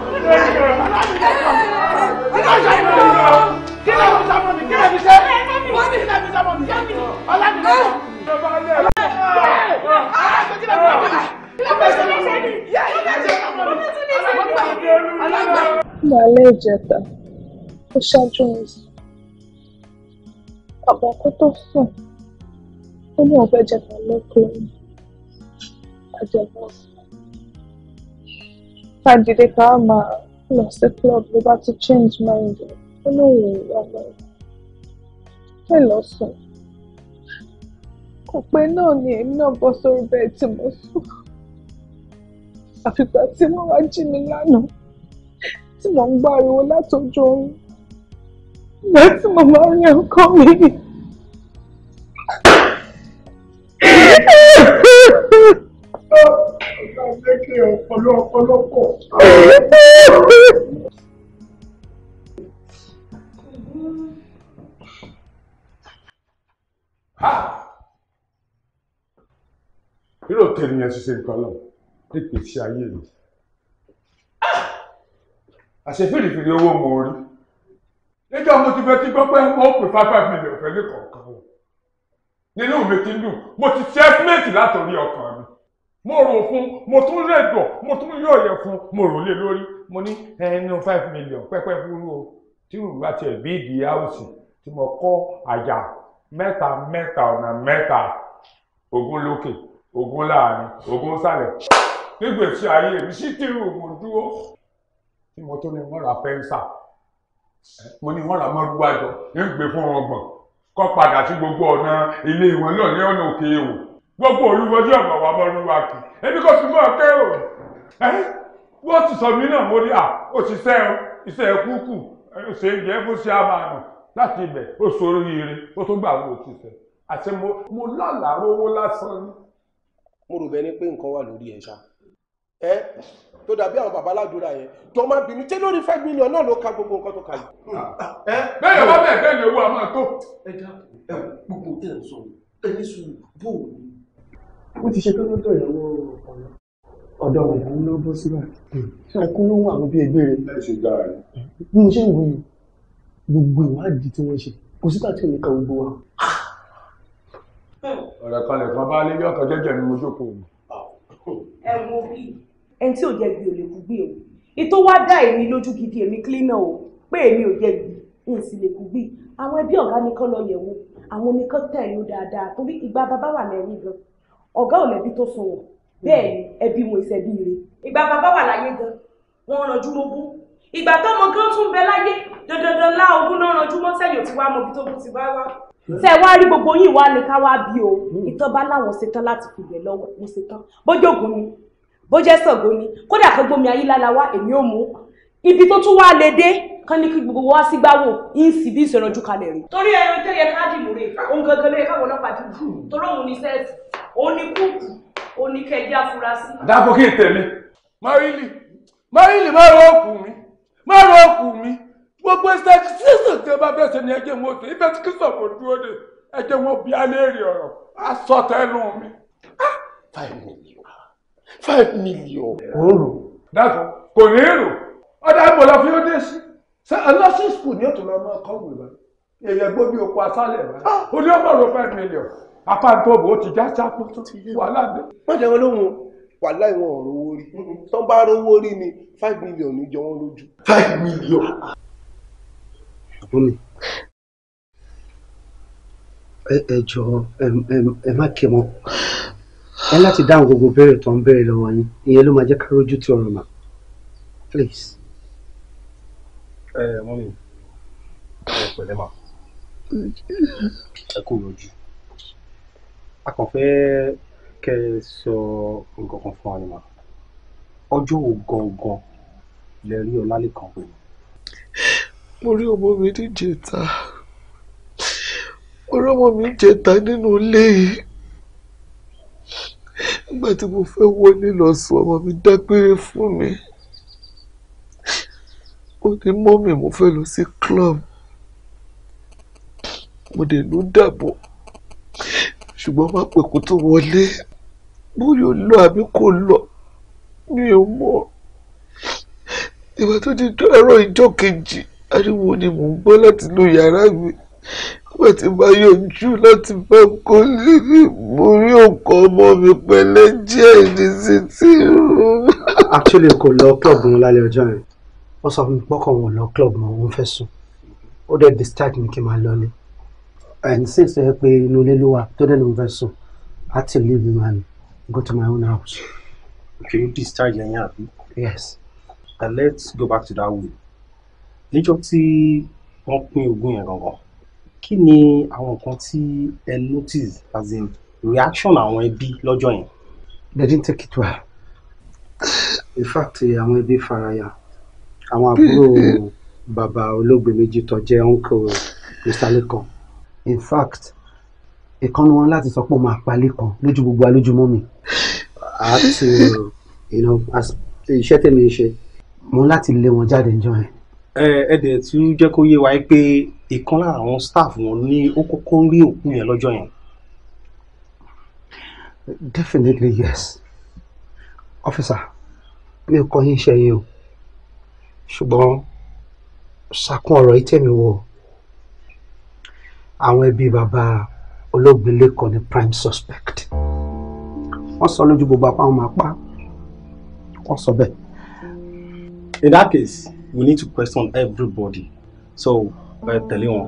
S1: ọlọ́mìnẹ́kọ̀ kí ló ń sábà mi kí ló ń ṣe kí ló ń sábà mi ọlọ́mìnẹ́kọ̀. Alẹ́ ìjẹta, ó ṣáájú mi sí àbọ̀ kó tó sùn ó ní ọ̀bẹ jẹta lọ́kọ́ àjẹmọ́ fàdìdé ká máa lọ sí club ló bá ti change mind ó lóun ìyá lọ kí lọ sùn kò pé náà ni èmi náà bọ́ sórí bẹ́ẹ̀ tí mo sùn àfìgbà tí wọ́n wá jí mi lánàá tí mò ń gbariwo látọjọ́ oorun. Ìgbà tí màmá rí ọkọ mi. Ọ̀pọ̀lọpọ̀lọpọ̀. Irú òtẹ́ni yẹn ṣiṣẹ́ nǹkan lọ, nípa ìṣe ayé mi. Ah! Àṣẹ fìrìfìrì owó mo rí níjọ́ mo ti fẹ́ ti gbọ́ pé wọ́n pè five five million pẹ̀lú kọ̀ọ̀kan o nínú mi ti dùn mo ti ṣe ẹ́símẹ́ǹtì látòrí ọkàn mi mo rò fún mo tún lè dọ̀ mo tún yọ̀ yẹ fún mo rò lé lórí mo ní ẹnu five million pẹ́pẹ́ fúru o tí ìrù àti ẹ̀bí ìdí áùsì tí mo kọ́ àjà mẹ́ta mẹ́ta ọ̀nà mẹ́ta ogún lókè ogún láàrin ogún sàlẹ̀ nígbèsí ayé mi sí ti rù mo dúró tí mo tó ní mọ́ra fẹ́ńsà. mo ní wọ́n rà mọ́rúwá jọ ní gbé fún wọn gbọ̀n kọ́ padà sí gbogbo ọ̀nà ilé wọn náà ní ọ̀nà òkè èwò gbogbo olúwo tí ọ̀gbọ̀n wà kì kò sí mọ́ ọ̀kẹ́ o wọ́n sọ mí náà mo à iṣẹ́ kúkú láti ibẹ̀ ó ṣòro ire ó tún gbà ẹ tó dàbí àwọn bàbá aládùúrà yẹn jọ máa bínú tí lórí five million náà ló ka gbogbo nǹkan tó kà yìí. bẹ́ẹ̀ bá bẹ́ẹ̀ bẹ́ẹ̀ ni owó a máa tó. ẹ dá ẹ gbogbo ẹ ń sọ ẹ ní sùn bó o ní. ó ti ṣe tó lọ́dọ̀ ìyàwó ọ̀nà ọ̀dọ̀ rẹ̀ ló ló bó síbà ṣàkún ló ń wà bí ẹgbẹ́ rẹ̀. ẹ ṣe dára rẹ. bí mo ṣe ń wòye gbogbo ìwádìí tí wọ́n ṣe kò sígbà tí òun kà gbogbo wa. ọ̀rẹ́ kan lè kan bá lé yọ̀ọ̀kan jẹ́jẹ́ ni mo jókòó. ẹ wo bíi ẹni tí ò jẹ́ gbi ò lè kú o ìtò wá dá èmi lójú gidi èmi cleaner o pé èmi ò jẹ́ gbi n sì lè kú àwọn ẹbí ọ̀gá mi kọ́ lọ yẹ̀ wò àwọn omi kan tẹ̀ ló dáadáa torí ìgbà bàbá wà lẹ́yìn gan ọ̀gá ò lẹ́bí tó sunwọ̀n bẹ́ẹ̀ ni ẹbí wọn ìṣẹ́bí rẹ̀ ìgbà bàbá wà láyé gan wọn ranjú mọ́gún ìgbà tọ́mọ gan tún bẹ láyé dandandan lá ogún náà ranjú mọ́ sẹ́yìn ò ti wá mọ́bi tó kún ti wá wá
S2: tẹ wá rí gbogbo
S1: yín wá lè ká wá bí o ìtọ́ba láwọn ṣetán láti fìgbẹ́ lọ́wọ́ mo ṣetán bójú ògùn ni bó jẹ́ Ṣàngó ni kódà kan gbómi ayé lálawa èmi ò mú ibi tó tún wá lè dé kán ní kí gbogbo wá sí gbáwò ń sì bí ìṣẹ̀rànjú kalẹ̀ rí. torí ẹran tó yẹ ká dìbò òun gangan lè káwọn ọlọ́pàá dìbò hmm. torí òun ní sẹ́ẹ̀sì òun ní kúùkù òun ní kẹjẹ afurasí. dáko kí n tẹ̀lé Marili Marili má ro òkú mi má ro òkú mi gbogbo ṣẹ́ẹ̀sì sísè tẹ́ bá bẹ́ẹ̀ ṣe ni ẹjẹ̀ wọn òkè ibẹ̀ tí kí sọ̀kò dúró dé ẹjẹ̀ wọn bí alẹ́ rí ọ̀rọ̀ á sọ tẹ́lú five million. kò rò. dàpọ̀ kò ní rò ọ̀dà ìbò la fi ó dé sí ṣe aláṣẹ school ní ètò ọmọ kọ́wé rẹ èyẹ gbó bí oko asálẹ̀ rẹ o ah, ní ọmọ rẹ five million apá tó bò ó ti já sápò tó wàhálà dé. wọ́n jẹ́ wọn lóhùn wàhálà ìwọ̀n ọ̀rọ̀ owó rí tó ń bá rówó rí ni five million ní jọ wọ́n lójú. five million. àbúmi ẹ jọ ẹ má kí mọ ẹ láti dáhùn gbogbo béèrè tó ń béèrè lọ́wọ́ yín ìyẹn ló máa jẹ́ ká rójú tí ọ̀rọ̀ mà please. ẹ ẹ mọ́mí ẹ pẹ̀lẹ́ mà ẹ kò lójú a kàn fẹ́ kẹ́ ẹ sọ nǹkan kan fún wa ni mà ọjọ́ wo gangan lẹ rí ọlálẹ́kan pé. mo rí ọmọ mi ní jẹta mo rí ọmọ mi jẹta nínú ilé yìí nígbà tí mo fẹ́ wọlé lọ sùn ọmọ mi dágbére fún mi ó ní mọ́mì mo fẹ́ lọ sí club mo dẹ̀ ló dàbọ̀ ṣùgbọ́n má pè kó tó wọlé bóyá ó lọ àbí kò lọ mi ò mọ̀ ìgbà tó di dọ́rọ̀ ìjọ kejì ariwo ni mò ń gbọ́ láti lo yàrá mi wọ́n ti máa yọjú láti bá kó lérí mo rí òkú ọmọ mi pẹ̀lẹ́ díẹ̀ ní títí rú. actually kò lọ club wọn lálẹ́ ọjọ́ yẹn wọ́n sọ fún mi pọ́kọ̀ wọn lọ club wọn òun fẹ́ sùn ó dẹ̀ distract mi kí n máa lọ ni and since ẹ pé inú ilé ló wà tó dẹ̀ ló ń fẹ́ sùn I had to leave him and go to my own house. ṣe ń discharge ẹyin àbí. yes. and uh, let's go back to that way. níjọ́ tí wọ́n pín ogún yẹn gangan kí ni àwọn nǹkan tí ẹ e notice as in reaction àwọn ẹbí lọ́jọ́ yẹn. they didn't take it well in fact àwọn ẹbí faraya àwọn àbúrò bàbá olóògbé méjì tó jẹ́ uncle mr lekan in fact ìkànnì wọn láti sọ pé ó máa pa lekan lójú gbogbo alójúmọ́ mi àti iṣẹ́ tèmi ń ṣe mo láti lé wọn jáde níjọ́ yẹn ẹ̀ẹ́dẹ̀ tí ó jẹ́ kó yé wa pé ìkan lára àwọn staff wọn ní ó kọ́kọ́ rí òkú yẹn lọ́jọ́ yẹn. definitely yes officer mi ò kọ́ yín ṣe yín o ṣùgbọ́n ṣàkún ọ̀rọ̀ yìí tẹ̀mí wò àwọn ẹbí bàbá olóògbé lẹ́kọ̀ọ́ ní prime suspect wọ́n sọ lójú gbogbo apá wọn máa pa wọ́n sọ bẹ́ẹ̀. in that case we need to question everybody so ẹ tẹ̀lé wọn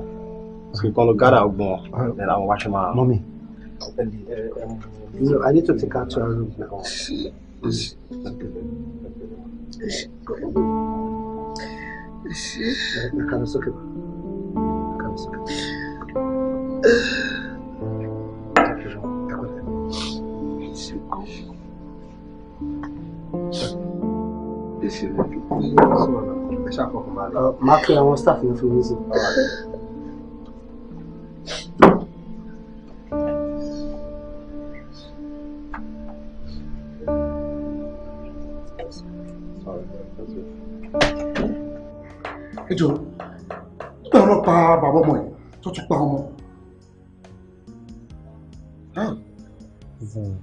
S1: so kàn lọ gára ọgbọ́n more, then àwọn watch máa. mọ́mí no i need to take her to her room now. I
S2: can't stop it. I can't stop it.
S1: Thank you ṣàfọkànbalẹ̀. máa kí àwọn staff yẹn fún mi sí. ẹjọ nígbà wọn pa bàbá ọmọ yìí tó tún pa ọmọ. Ah. Hmm.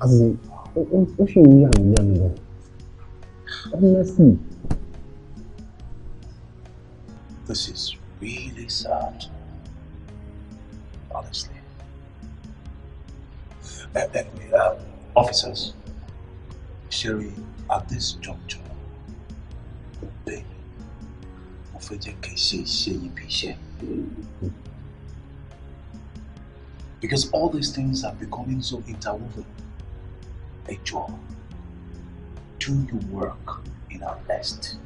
S1: Hmm. ó ṣì ń yà mí lẹ́nu lọ. Honestly. This is really sad. Honestly. Uh, uh, uh, officers, Sherry, at this juncture, mo of yín, mo fẹ́ jẹ́ kẹ́ ṣe iṣẹ́ Because all these things are becoming so interwoven. Ẹ jọ̀ọ́. do you work in our best.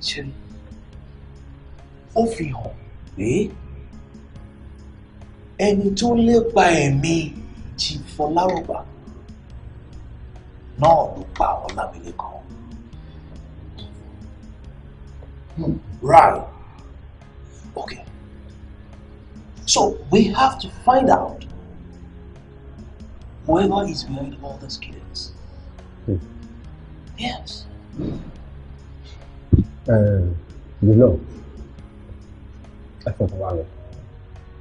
S1: Chérie, ó fi hàn pé ẹni tó lépa ẹ̀mí ti Fọlárọ̀bà náà ló pa Ọlámilékan. Hmm, right. Okay. So we have to find out whoever is behind all this killing. Yes. Uh, you know, I thought about it.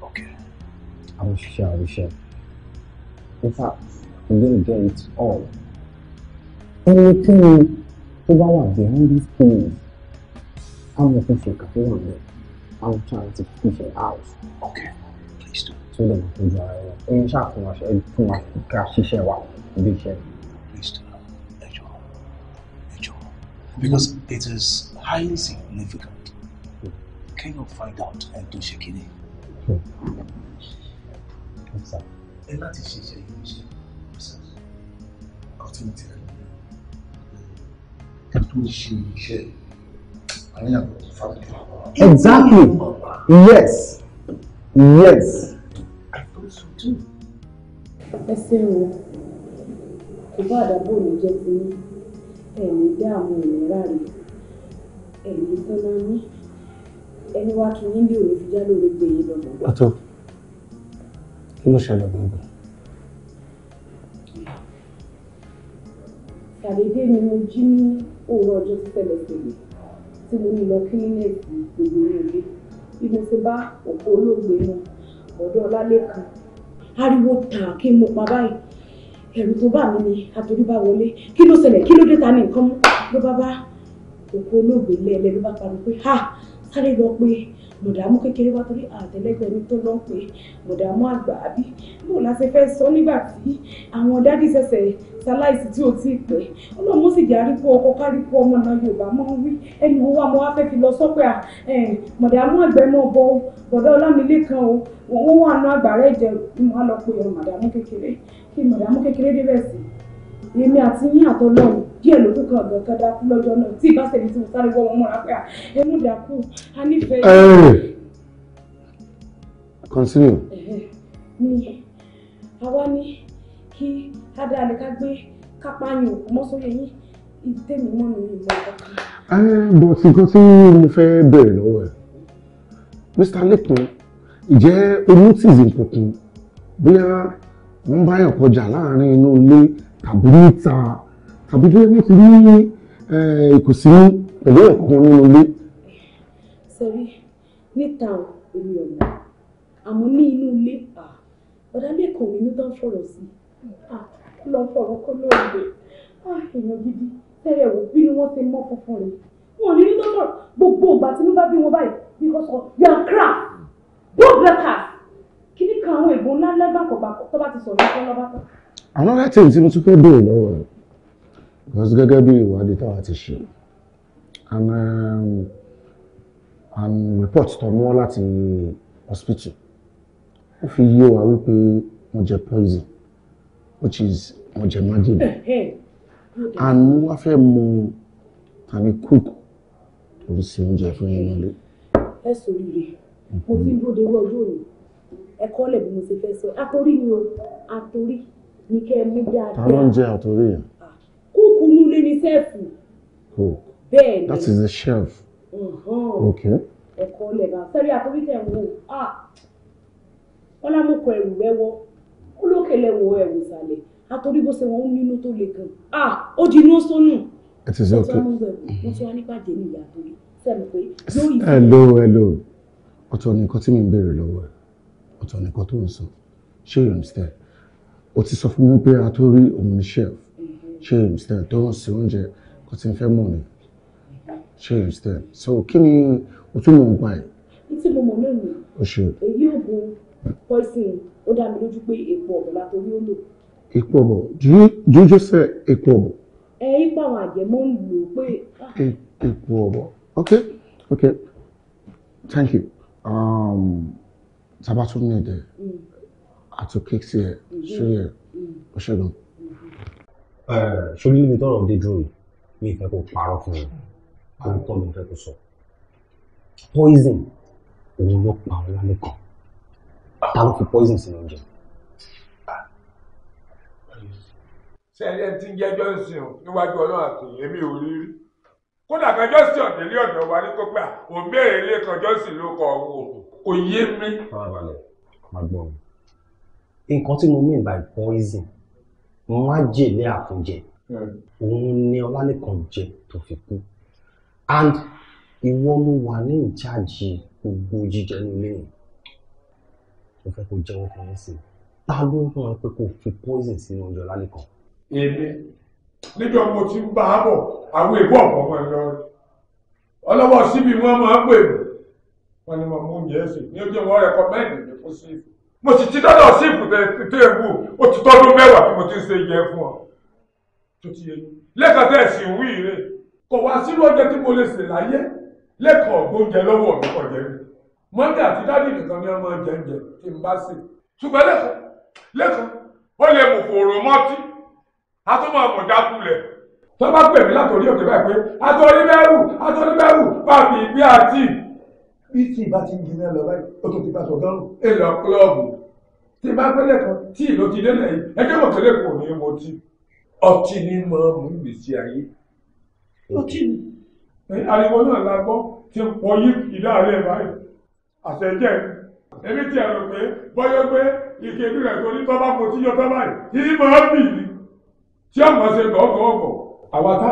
S1: Okay. I will share, I will share. In fact, I'm going to get it all. Anything tó bá wà behind these things, I'm looking for cafe on it. I'm trying to push it out. Okay, please do. So then, I'm going to go. I'm going to go. I'm going to go. I'm going to go because it is highly significant. Mm. Can you find out and do Shekini? Hmm. Ẹ láti ṣe iṣẹ́ Exactly. Yes. Yes. I thought so too. Ẹ ṣeun o, kò bá ẹ̀mí dààmú ìnira rẹ̀ ẹ̀mí tọ́lá ní ẹni wá kí nílé òní fi já lórí gbé yín lọ́mọ. pàtó kí ló ṣẹlẹ̀ gbọ̀ngàn. ṣàdédé ni mo jí ní òwúrọ̀ ọjọ́ tí tẹ̀lé tẹ̀lé tí mo ní lọ kílínẹ̀tì gbogbo ilé bí mo ṣe bá òkú olóògbé náà ọ̀dọ́ ọlálẹ́kan ariwo tàn kí n mo pa báyìí ẹ̀rù tó bà mí ni àtòrí bá wọlé kí ló ṣẹlẹ̀ kí ló dé ta ní nǹkan mú ló bá bá òkú olóògbé lẹ́ẹ̀lẹ́ ló bá parí pé ha sáré lọ pé mọ̀dàmú kékeré wá torí àtẹlẹgbẹ́ mi tó lọ pé mọ̀dàmú àgbà àbí mo là ṣe fẹ́ sọ nígbà tí àwọn dádì ṣẹ̀ṣẹ̀ ṣaláìsí tí ò tí ì pẹ́ ọlọ́mú sì jẹ́ àríkú ọkọ káríkú ọmọ náà yorùbá mọ́ ń wí ẹnu owó àmọ́ wá fẹ́ fi lọ sọ́pẹ́ à mọ̀dàmú
S2: àgbẹ̀ mọ̀ bọ bọ̀dọ̀ ọlámilé kan o wọ́n wà nù àgbàrá ẹ̀jẹ̀ ni mo á lọ pé ọmọ mọ̀dàmú kékeré kí màdàmú kékeré débẹ̀ sí èmi àti yín àtọlọ́run díẹ̀ ló tó kàn gan kọ́dá kú lọ́jọ́ náà tí ìbá ṣèlú tí mo sáré wọ́ wọn mọ́ra pé ẹ mú dàkú a nífẹ̀ẹ́. ẹ
S1: continue. ni àwa ní kí adáàlẹ ká gbé kápáyìn òkú mọ́sóyè yín ìdèmí mọ́ mi ìmọ̀ kankan. ẹ bọ̀ tí nǹkan tí mo fẹ́ bẹ̀rẹ̀ lọ́wọ́ ẹ̀ Mr. Lẹ́kùn ǹjẹ́ onítìsí kankan bóyá ó ń báyàn kọjà láàrin inú ilé tàbí níta tàbí bí wọ́n ti ní ìkùnsínú pẹ̀lú ẹ̀kọ́ nínú ilé. sẹ́rí níta èmi ò mọ̀ àmọ́ ní inú ilé ọ̀dà lẹ́kọ̀ọ́ mi ló bá ń fọ̀rọ̀ sí i lọ fọ̀rọ̀ kọ́ lórí rẹ̀ èèyàn gidi tẹ́lẹ̀ wò bí ni wọ́n ti mọ́ funfun rẹ̀ wọn ní nítorí gbogbo ìgbà tí wọ́n bá bí wọn báyìí bí wọ́n sọ yàn craft dóblekas kí kan àwọn ìbọn ńláńlá gbàkọ̀gbàkọ̀ tó bá ti sọ̀rọ̀ fún lọ́ba tán. another thing tí mo tún fẹ́ béèrè lọ́wọ́ rẹ̀ because gẹ́gẹ́ bí ìwádìí táwa ti ṣe and um, and report tó mú wá láti hospital ó fi yé wa wípé wọ́n jẹ poison which is wọ́n jẹ májèlé eh,
S2: eh, and
S1: wọ́n wá fẹ́ mú tani cook tó ń ṣe oúnjẹ fún yín nílé. ẹ sọ rírì mo ti ń bóde wọ ọjọ́ òní ẹ̀kọ́ lẹ̀ mo ṣe fẹ́ sọ àtòrí ni o àtòrí ni kẹ́ mú dáadáa. ta ló ń jẹ àtòrí yẹn. kúùkù ní ilé ní sẹ́ẹ̀fù. bẹ́ẹ̀ ni that is the shelf. okay. ẹ̀kọ́ lẹ̀ bá àtòrí tẹ̀ wò ó wọ́n lámùkọ ẹ̀rù rẹ wọ́ ó lókè lẹ́wọ̀ ẹ̀rù àtòrí bó ṣe wọ́n ń nínú tó le gan. ó di inú sónù. it is okay. wọ́n tún wá nípa jẹ́ ní ìyá àtòrí sẹ́mi pé yóò yí. hello hello ọ̀tọ̀ ni nǹkan tí mi ń béèrè lọ́wọ́ ẹ̀ ọ̀tọ̀ nìkan tó ń sọ ṣé you understand o ti sọ fún mi pé a tó rí òun ní chef mm-hmm. ṣé you understand tó ń sè oúnjẹ kò tí ń fẹ́ mọ̀ ni ṣé you understand so kí ni o tún mọ̀ nípa ẹ̀. etí mo mọ̀ lónìí èyí oògùn poison ó dá mi lójú pé èpo ọ̀bọ̀ la torí ó lò. èpo ọ̀bọ̀ jíjó sẹ́ èpo ọ̀bọ̀. ẹ ipa àwọn àjẹ́ mọ́
S2: ń lò pé. èpo
S1: ah. e, ọ̀bọ̀ okay okay thank you. Um, tábà tún ní èdè àti kéèkì ẹ sórí ẹ ọṣẹgun. ṣorí níbi tọrọ dé dúró mi ìfẹ́ kò parọ́ fún mi àwọn tó mi fẹ́ kó sọ poison òun ló pa ọlá nìkan ta ló fi poison sínú oúnjẹ. sẹ́yìn ẹni tí ń jẹ́jọ́ ń sìn níwájú ọlọ́run àtìyẹ́ mi ò rí rí kódà kan jọ́sìn ọ̀dẹ́lẹ́ ọ̀dọ̀ wa ní kó òun béèrè ilé kan jọ́sìn ló kọ owó òkú kò yé mi. nǹkan tí mo mean by poison májèlé àkúnjẹ hmm. òun ni ọlálẹ́kan jẹ tó fi kú and ìwọ ló wà ní ìjáàjì gbogbo jíjẹ nílé yẹn mo fẹ́ kó jẹ́wọ́ fún mi sí i ta ló ń fún ọ pé kó fi poison sínú oúnjẹ ọlálẹ́kan. èmi níjọ́ mo ti ń bá a bọ̀ àwọn èèwọ̀ ọ̀pọ̀ ọmọ ẹ̀ lọ ọlọ́wọ́ síbi wọn máa ń pè mí wọ́n ní mo mú oúnjẹ ẹ̀sìn ní ojú wọn rẹ̀kọ́mẹ́ǹdì mi fún sífù mo sì ti dọ́dọ̀ sífù tó ewu ó ti tọ́dún mẹ́wàá tí mo ti ń ṣe yẹ fún ọ tó ti yẹ lẹ́kọ̀ọ́ tẹ̀ o ìwú ìrè kò wá sínú ọjọ́ tí mo lè sè láyé a gbóúnjẹ lọ́wọ́ mi kọ̀ jẹ́ mọ́ndé àti dádì nìkan ni ọmọ jẹ́ǹjẹ́ tí n bá sè ṣùgbọ́n lẹ́kọ̀ọ́ lẹ́kọ̀ọ́ ó lè mú fòrò mọ́tí a tún máa mọ̀ dákulẹ̀ tó bá pè mí látòrí òkè báyìí pé àtòrí bẹ́rù àtòrí bẹ́rù bá mi ìgbé àti bí tí ìbá ti ń jìnnà lọ báyìí ó tó ti bá sọ gánrù. ẹ lọ kílọ̀bù tí bá pẹ́lẹ̀ kan tí ìlú ti dé lẹ́yìn ẹjọ́ mọ̀ kẹ́lẹ́ kò ní mo ti ọtí ní mọ mú ìgbésí ayé ọtí ni ariwo náà la gbọ́ ti pọ̀ yí ìdáàlẹ́ báyìí àtẹ̀jẹ́ ẹni tí a lọ pé bọ́yọ́ pé ike bí rẹ̀ tó tọ́ bá mo ti yọ tọ́ báyìí tí ní bì ní tí ọmọ ṣe gọ́gọ́gọ́. àwa tá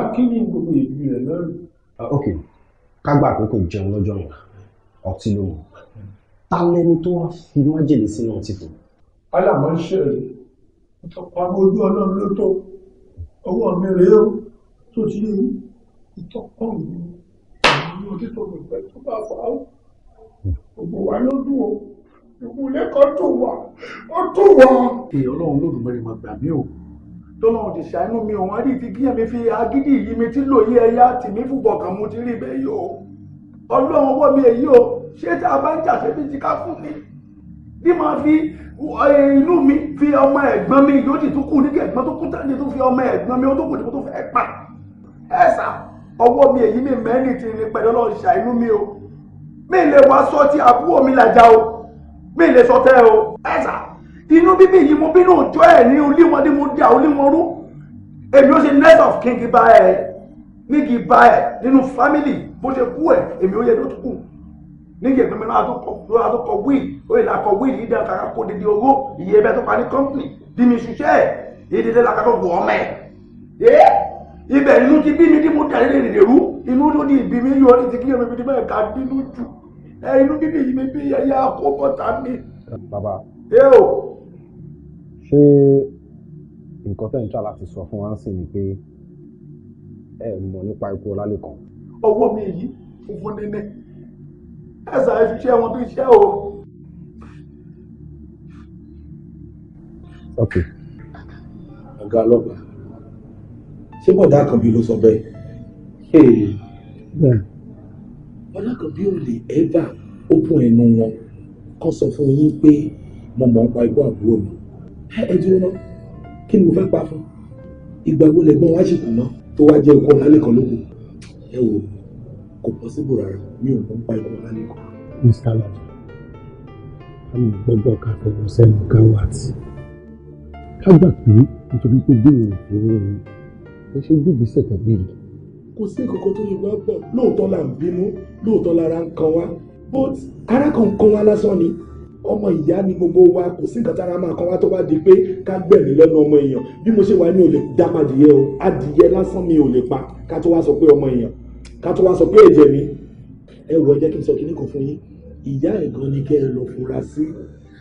S1: a kí ọtí ló mu ta lẹni tó wá fi májèlé sínú ọtí fún. alàmọ́ ṣe rè ìtọ́pọ̀ ojú ọlọ́run ló tó ọwọ́ mi rèé o tó ti rí ìtọ́pọ̀ mi ní ojú tó mi pẹ́ tó bá fà á gbogbo wa ló dùn o gbogbo lẹ́kọ̀ọ́ tó wà ó tó wà. èèyàn ọlọ́run lódùmarè máa gbà mí o tọ́lọ́run ti ṣàánú mi òun àdìí ti kí ẹ̀mí fi agídí yìí mi ti lòye ẹ̀yà tìmí fúbọ̀ kan mo ti rí bẹ́ẹ̀ yìí o ọlọ́run wọ́ mi èyí o ṣé tá a bá ń jà ṣé bí ti ká fún mi bí màá fi inú mi fi ọmọ ẹ̀gbọ́n mi yóò ti tún kú nígbà ẹ̀gbọ́n tó kú tẹ́lẹ̀ tó fi ọmọ ẹ̀gbọ́n mi ó tó kù nípa tó fẹ́ pa ẹ sà ọwọ́ mi èyí mi mẹ́rin ti ní pẹ̀lú ọlọ́run ṣà inú mi o mi lè wá sọ ti àbúrò mi làjà o mi lè sọ tẹ́ o ẹ sà inú bíbí yìí mo bínú òjọ́ ẹ̀ ní olímọ̀ ní mo dà olímọ̀ rú èmi ó ṣe next of king bá ẹ ní kì í bá ẹ nínú family bó ṣe kú ẹ èmi ó yẹ ló tún kù nígbà ìpínlẹ̀ náà tó kọ wíìlì ó lè lakọ wíìlì ìdá kàkà kó dédé owó ìyẹ ẹbẹ tó pa ní kọ́mpìnì bí mi ṣiṣẹ́ ẹ̀ ìdílé làkàtọ̀ wọ̀ ọmọ ẹ̀ ẹ́ ibẹ̀ inú ti bí mi tí mo tẹ̀lé lè dèrú inú ló ní ìbí mi yọ ní ti kílẹ̀ mi fi ti bẹ́ẹ̀ ká bínú jù ẹ inú bíbí yìí mi bí ẹyẹ àkóbọ̀tà mi. bàbá ẹ o. ṣé nǹkan tẹ́ ń tra láti sọ fún wa ń sìn ni pé ẹ mọ̀ nípa ikú ọlálẹ́kan. ọwọ́ mi yìí funfun nínú ẹ sàá ṣiṣẹ́ wọn bí iṣẹ́ o. ok ọ̀gá ọlọ́pàá ṣé bọ̀dá kan bí ló sọ bẹ́ẹ̀. bọ́dá kan bí ò lè ẹ́fà ó kún ẹnu wọn kán sọ fún yín pé mo mọ̀ ń pa ikú àbúrò mi. ẹ dúró ná kí ni mo fẹ́ pa fún ìgbà wo lẹ́gbọ́n wá ṣìkùn tó wá jẹ́ ikú ọ̀nà alẹ́ kan lóko ẹ wò ó kò pọ́sibù rárá mi ò mọ̀ ń pa ẹ̀kọ́ ká ní kọ́. mr lọ́wọ́ àwọn gbọ́gbọ́ ká fọwọ́ sẹ́nu ká wà tí. ká gbà pé nítorí pé gbèrò ìfowó ni ẹ ṣe gbègbèsè tàbí rè. kò sí ìkọ̀kọ̀ tó yẹ wá bọ̀ lóòótọ́ là ń bínú lóòótọ́ lára ń kan wá but ara kan ń kan wá lásán ni ọmọ ìyá ni gbogbo wa kò sí nǹkan tára máa kan wá tó bá di pé ká gbẹ̀mí lẹ́nu ọmọ èèyàn bí mo ṣe wà ní ò lè o adìyẹ lásán mi ò lè pa ká tó wá sọ pé ọmọ èèyàn ká tó wá sọ pé ẹ̀jẹ̀ mi ẹ wọ ẹ jẹ́ kí n sọ kinní kan fún yín ìyá ẹ̀gàn ni kẹ́ ẹ lọ fura sí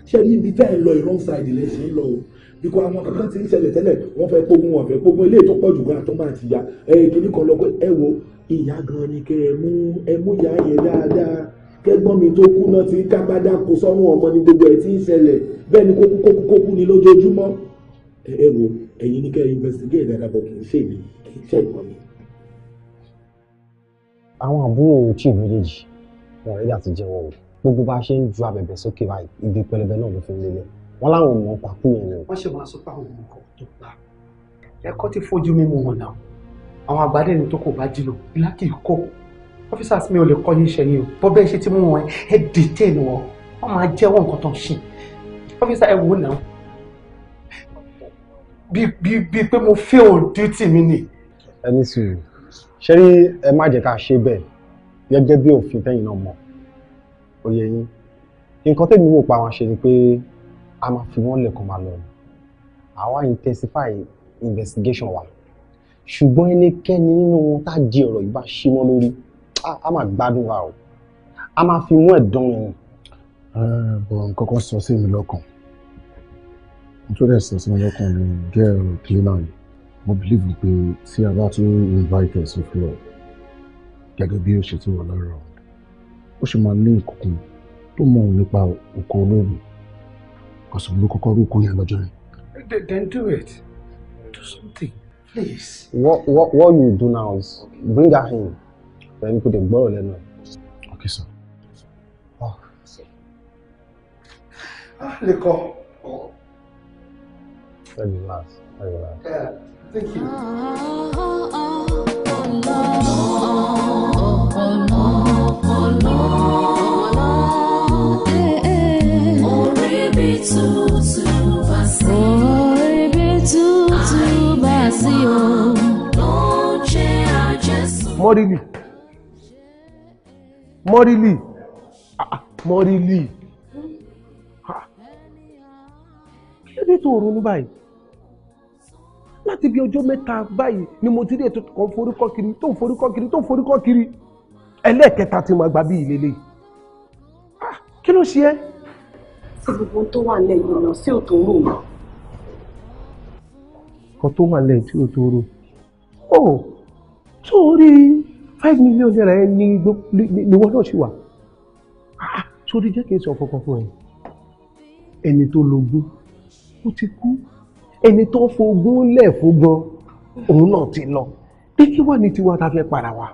S1: ṣé níbi tẹ́ ẹ lọ ìrọ́n ṣáìdì lẹ ṣe ń lọ o bíkọ́ àwọn kankan ti ń ṣẹlẹ̀ tẹ́lẹ̀ wọ́n fẹ́ pógun wọn fẹ́ pógun eléyìí tó pọ̀ jù gan àtọ́mọ àti ìyá ẹ kinní kan lọ pé ẹ wo ìyá gan ni kẹ́ ẹ mú ẹ mú ìyá yẹn dáadáa kẹ́gbọ́n mi tó kú náà ti ń kábádá kó sọ́run ọmọ ni gbogbo ẹ̀ ti ń ṣẹlẹ̀ bẹ́ẹ̀ ni kókú kókú kókú ni lójoojúmọ́ ẹ wo ẹ̀yin ni kẹ́ ẹ investigate dáadáa bọ̀ ṣèlú kì í àwọn àbúrò chief méjèèjì wọn rẹ́dí àti jẹ́wọ́ o gbogbo bá a ṣe ń ju abẹ̀bẹ̀ sókè báyìí ibi pẹlẹbẹ náà ló fi ń lélẹ̀ wọn láwọn ò mọ pàkó yẹn ni. wọ́n ṣe máa sọ pé àwọn ọmọ kan tó gbà ẹ̀kọ́ ti fojú mímu wọn náà àwọn àgbàdo ẹni tó kò bá jìnnà ìlà kì í kó officers mi ò lè kọ́ yín ṣẹ́yìn o bọ́ bẹ́ẹ̀ ṣe ti mú wọn ẹ detain wọn wọ́n máa jẹ́wọ́ nǹkan tó ń ṣe officer ẹ wò náà bí bí bí pé mo fail duty mi ni. ẹni sùúrù ṣé rí ẹ má jẹ́ ká ṣe bẹ́ẹ̀ gẹ́gẹ́ bí òfin tẹ́yìn náà mọ̀ òye yín nǹkan tẹ́mi wò pa àwọn ṣe ni pé a máa fi wọ́n lẹ̀kọ́ máa lọ àwa intensify investigation wa ṣùgbọ́n ẹnikẹ́ni nínú wọn tá a di ọ̀rọ̀ yìí bá ṣí mọ́ lórí a máa gbádùn wa o a máa fi mú ẹ̀dán wọn. bọ̀ nǹkan kan sọ sí mi lọ́kàn nítorí ẹ̀ sọ sí mi lọ́kàn ni gẹ́ẹ̀rù cleaner yìí mo believe pé tí a bá tún invite ẹ sí floor gẹ́gẹ́ bí ó ṣe ti wà lára ọ̀hún ó ṣe máa ní ìkọ̀kùn tó mọ̀ nípa òkú olóògùn kọ̀sùn ló kọ́kọ́ rí òkú yẹn lọ́jọ́ yẹn. then do it do something please. what what what you do now is bring her in then put dé gbọ́rọ̀ lẹ́nu ẹ̀. okay sir. Oh. ah lè last, relax last.
S3: Yeah. Thank you.
S1: Mọ́rílì. Mọ́rílì. Ah, ah, mọ́rílì. Kí ló dé tó ronú báyìí? láti bí ọjọ́ mẹ́ta báyìí ni mo ti rí ètò kan forúkọ kiri tó ń forúkọ kiri tó ń forúkọ kiri ẹlẹ́ẹ̀kẹta tí mo gbà bí ìlélẹ̀ ah, kí ló ṣe é. tí gbogbo tó wà lẹ́yìn lọ sí òtò rò mọ́. kan tó wà lẹ́yìn tí òtò rò ó sórí five million naira yẹn ni wọ́n náà ṣì wà ah, sórí jẹ́ kí n sọ kankan fún ẹ ẹni tó lógún ó ti kú ẹni tó fogún lẹ̀ fógan òun náà ti lọ pé kí wà ní tiwa ta fẹ́ para wa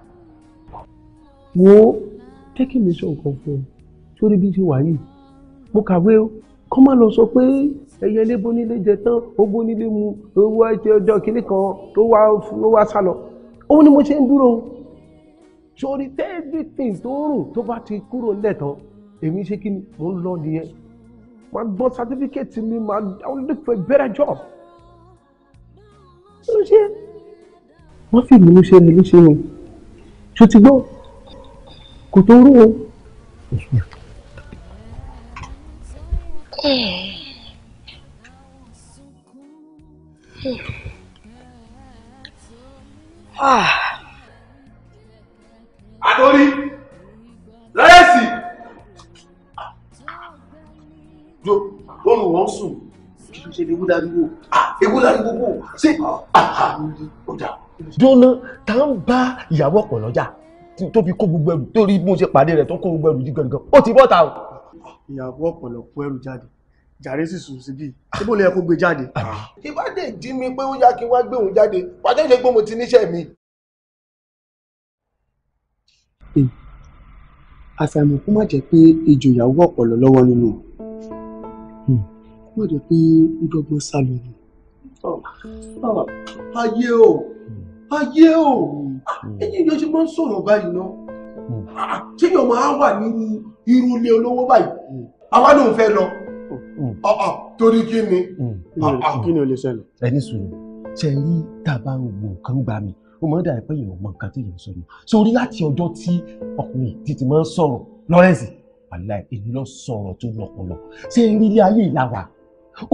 S1: wo tẹ́kì mi sọ nǹkan fún un sórí bí ti wà yìí mo kàwé o kọ́ má lọ sọ pé ẹyẹ ilé bónílé jẹ tán ó bónílé mu ó wá jẹ ọjọ́ kínní kan ó wá ó wá sálọ òun ni mo ṣe ń dúró sórí tẹ́ẹ̀dìtì tó rùn tó bá ti kúrò lẹ́tàn èmi ṣe kí ni mo ń lọ nìyẹn màá gbọ́ sátífíkẹ́ẹ̀tì mi màá I will look for a better job ló ṣe wọ́n fi ìmúlú ṣe ìmúlú ṣe ni ṣó ti gbọ́ kò tó rú o. àtòrí lẹ́yìn sí. jo oorun wọn sùn tún ṣe lè wú dariwo ewu dariwo bò ṣé ọjà. jóná tá ń bá ìyàwó ọ̀pọ̀ lọ́jà tó fi kó gbogbo ẹrù torí mo ṣe pàdé rẹ̀ tó kó gbogbo ẹrù yìí gangan ó ti bọ́ta o. ìyàwó ọ̀pọ̀lọpọ̀ ẹrù jáde jàre sì sùn síbí tí mo lè kó gbé jáde. Ah. kí bá mi pé ó yá kí wá gbé òun jáde wà á jẹ́ mo ti níṣẹ́ mi. Hmm. àṣàmù má jẹ́ pé ejò ìyàwó lọ́wọ́ nínú má jẹ́ pé ó dọ́gbọ́n sá lọ ni. ayé o hmm. ayé o hmm. ẹ̀yin ìjọ ṣe máa ń sọ̀rọ̀ báyìí náà hmm. ṣé yóò máa wà nírú irú ilé olówó báyìí àwa ló ń fẹ́ lọ torí kí ni. kí ni o lè ṣẹlẹ̀. ẹni sùúrù ṣe rí tàbá gbogbo nǹkan gbà mí ó máa ń dàbí pé èèyàn mọ nǹkan tí èèyàn sọ yìí sórí láti ọjọ́ tí ọkùnrin títí máa ń sọ̀rọ̀ lọ́rẹ́sì wàláì èmi lọ sọ̀rọ̀ tó lọ́pọlọ ṣé rí ilé ayé ìlàwà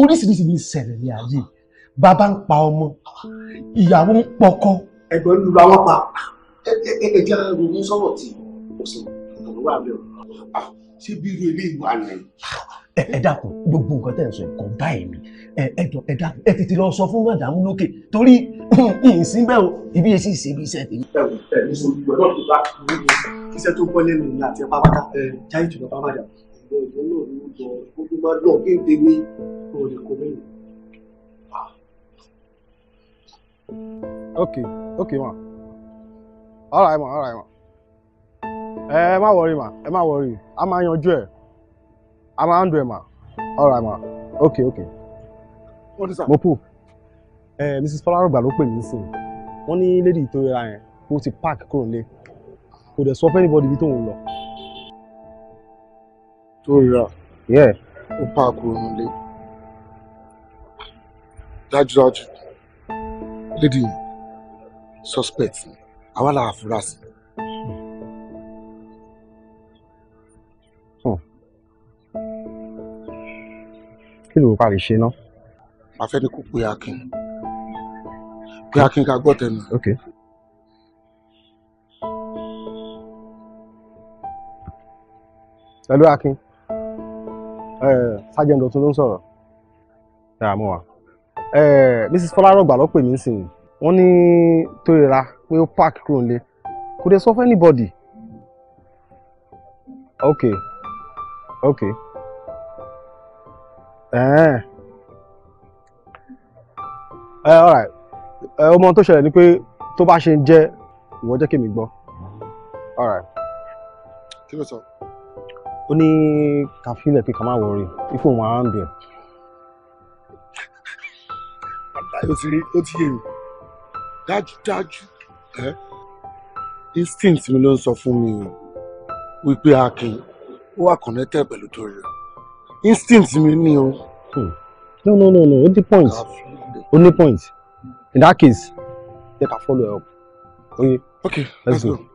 S1: oríṣiríṣi ní ìṣẹ̀lẹ̀ ní ayé bàbá ń pa ọmọ ìyàwó ń pọkọ. ẹ̀gbọ́n ń lu àwọn pa ẹ jẹ́ ronú sọ̀rọ̀ tí òsùn ọ̀rọ̀ wà bẹ́ẹ̀ o ah, ṣé bí irú ilé ìwà ni. ẹ dákun gbogbo nǹkan tẹ̀ ń sọ ẹ̀kọ́ bá ẹ̀mí ẹ jọ ẹ dákun ẹ tètè lọ sọ fún màdàmú lókè torí ìsín bẹ́ẹ̀ o ibi yẹn sì ṣe ibi iṣẹ́ tèmi. ẹ wò ẹ ní sọ ìgbẹ́ náà tó bá kú iṣẹ́ tó gbọ́ lẹ́nu ìyá àti ẹ̀ pápákà ẹ jáì jùlọ bá màdàmú okay okay ma all right ma all right ma Eh, ma worry, ma ẹ má wọrí a máa yanjú I'm on máa ń ma all right ma okay okay What is that? Mopu. Eh, ló pè mí sí i wọ́n lady to rẹra line. kó the park kúrò nílé kò dẹ̀ sọ fẹ́nibọ́dì ibi tóun lọ tó rà ó pààkù oorun lé dájúdájú lédi suspect àwa là àfúrásì. Hmm. kí ló bá lè ṣe ná. a fẹ́ ní kó pe akin pe akin ká gbọ́ tẹnu. Okay. Hello, Akin sergeant ọ̀tún ló ń sọ̀rọ̀ dààmú wa mrs fọlárọ̀gbà ló pè mí sìn wọ́n ní Tóyìnra pé ó park kúrò nílé kò dé sọ fún anybody ok ok ẹ̀ẹ́n ẹ alright ọmọ tó ṣẹlẹ̀ ni pé tó bá ṣe ń jẹ́ ìwọ jẹ́ kí mi gbọ́
S2: alright. kí ló sọ
S1: ó ní kàfílẹ̀ pé ká má wọrí ifo wọn á ń bẹ̀. àbáyọ ti rí ó ti yé mi dájúdájú ẹ instinct mi ló ń sọ fún mi wípé akin ó wà connected pẹ̀lú torí o instinct mi ni o. Hmm. no no no no ó ní point ó ní point in that case jẹ́ ká follow up oye okay let's go. go.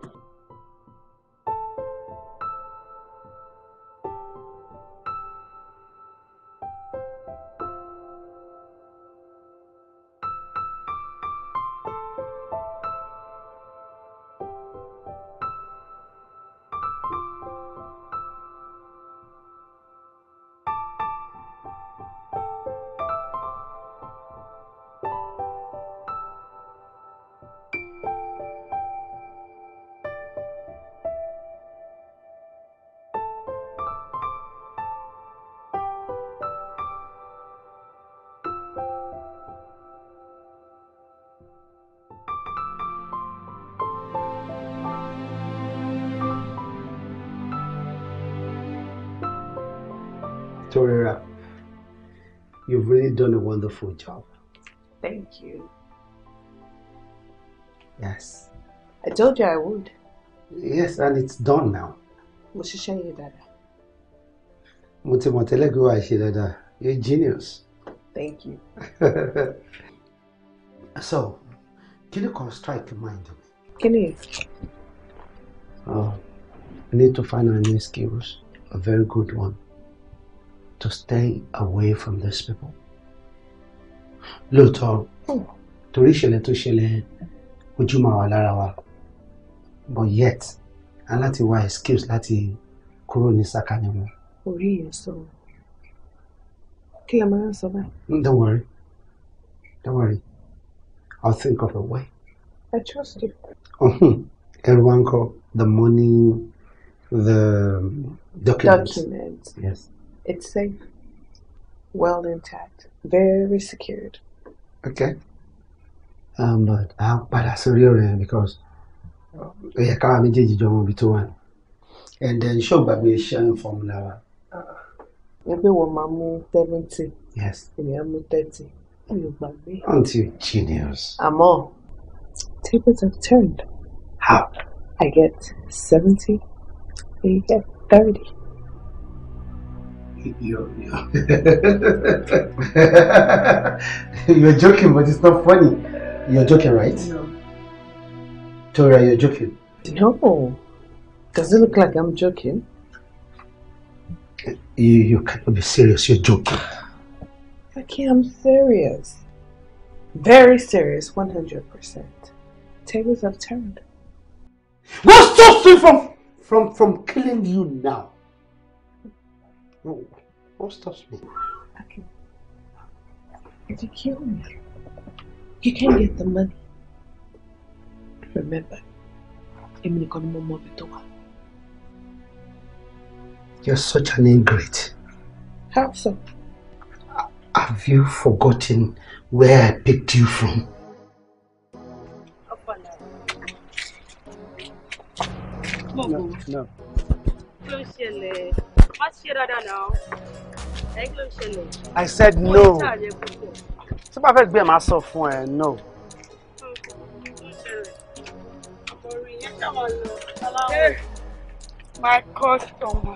S1: job. Thank you. Yes. I
S2: told you I would.
S1: Yes, and it's done now.
S2: dáadáa.
S1: You're a genius. Thank you. so, can you kan strike mind mi? Kí Oh, I need to find a new skills, a very good one, to stay away from these people. lóòótọ́ hmm. torí ìṣẹ̀lẹ̀ tó ṣẹlẹ̀ ojú máa wà lára wa but yet aláti wá excuse láti kúrò ní sàkání wọn.
S2: orí yẹn sọ kí la máa ń sọ báyìí.
S1: Hmm, don't worry don't worry I'll think of a way. I trust you. Mm-hmm. ẹrù wa ń kọ the money the documents.
S3: documents.
S2: yes. it's safe well intact very secured
S1: okay um, but a padà sórí ọ̀rọ̀ yẹn because we are coming to jọ mọ ibi to one, and then ṣó gbàgbé sharing formula wa. ẹ pé wọ́n Yes, mú seventy ènìyàn mú thirty ẹ lè aren't you genius. I'm all
S2: tables have turned. how. I get seventy, you get thirty.
S1: you're, you're joking, but it's not funny. You're joking, right? No. Tora, you're joking. No. Does it look like I'm joking? You, you cannot be serious. You're joking.
S2: Okay, I'm serious.
S1: Very serious, 100%. Tables have turned. What stops me from, from, from killing you now? No, what stops me? Okay. If you kill me, you can't get the money. Remember, I'm ni mo mọ to wà. You're such an ingrate. How so? Have you forgotten where I picked you from?
S3: No, no. no. I said no.
S1: Tí bá fẹ́ gbé ẹ̀ máa sọ fún no.
S3: My customer.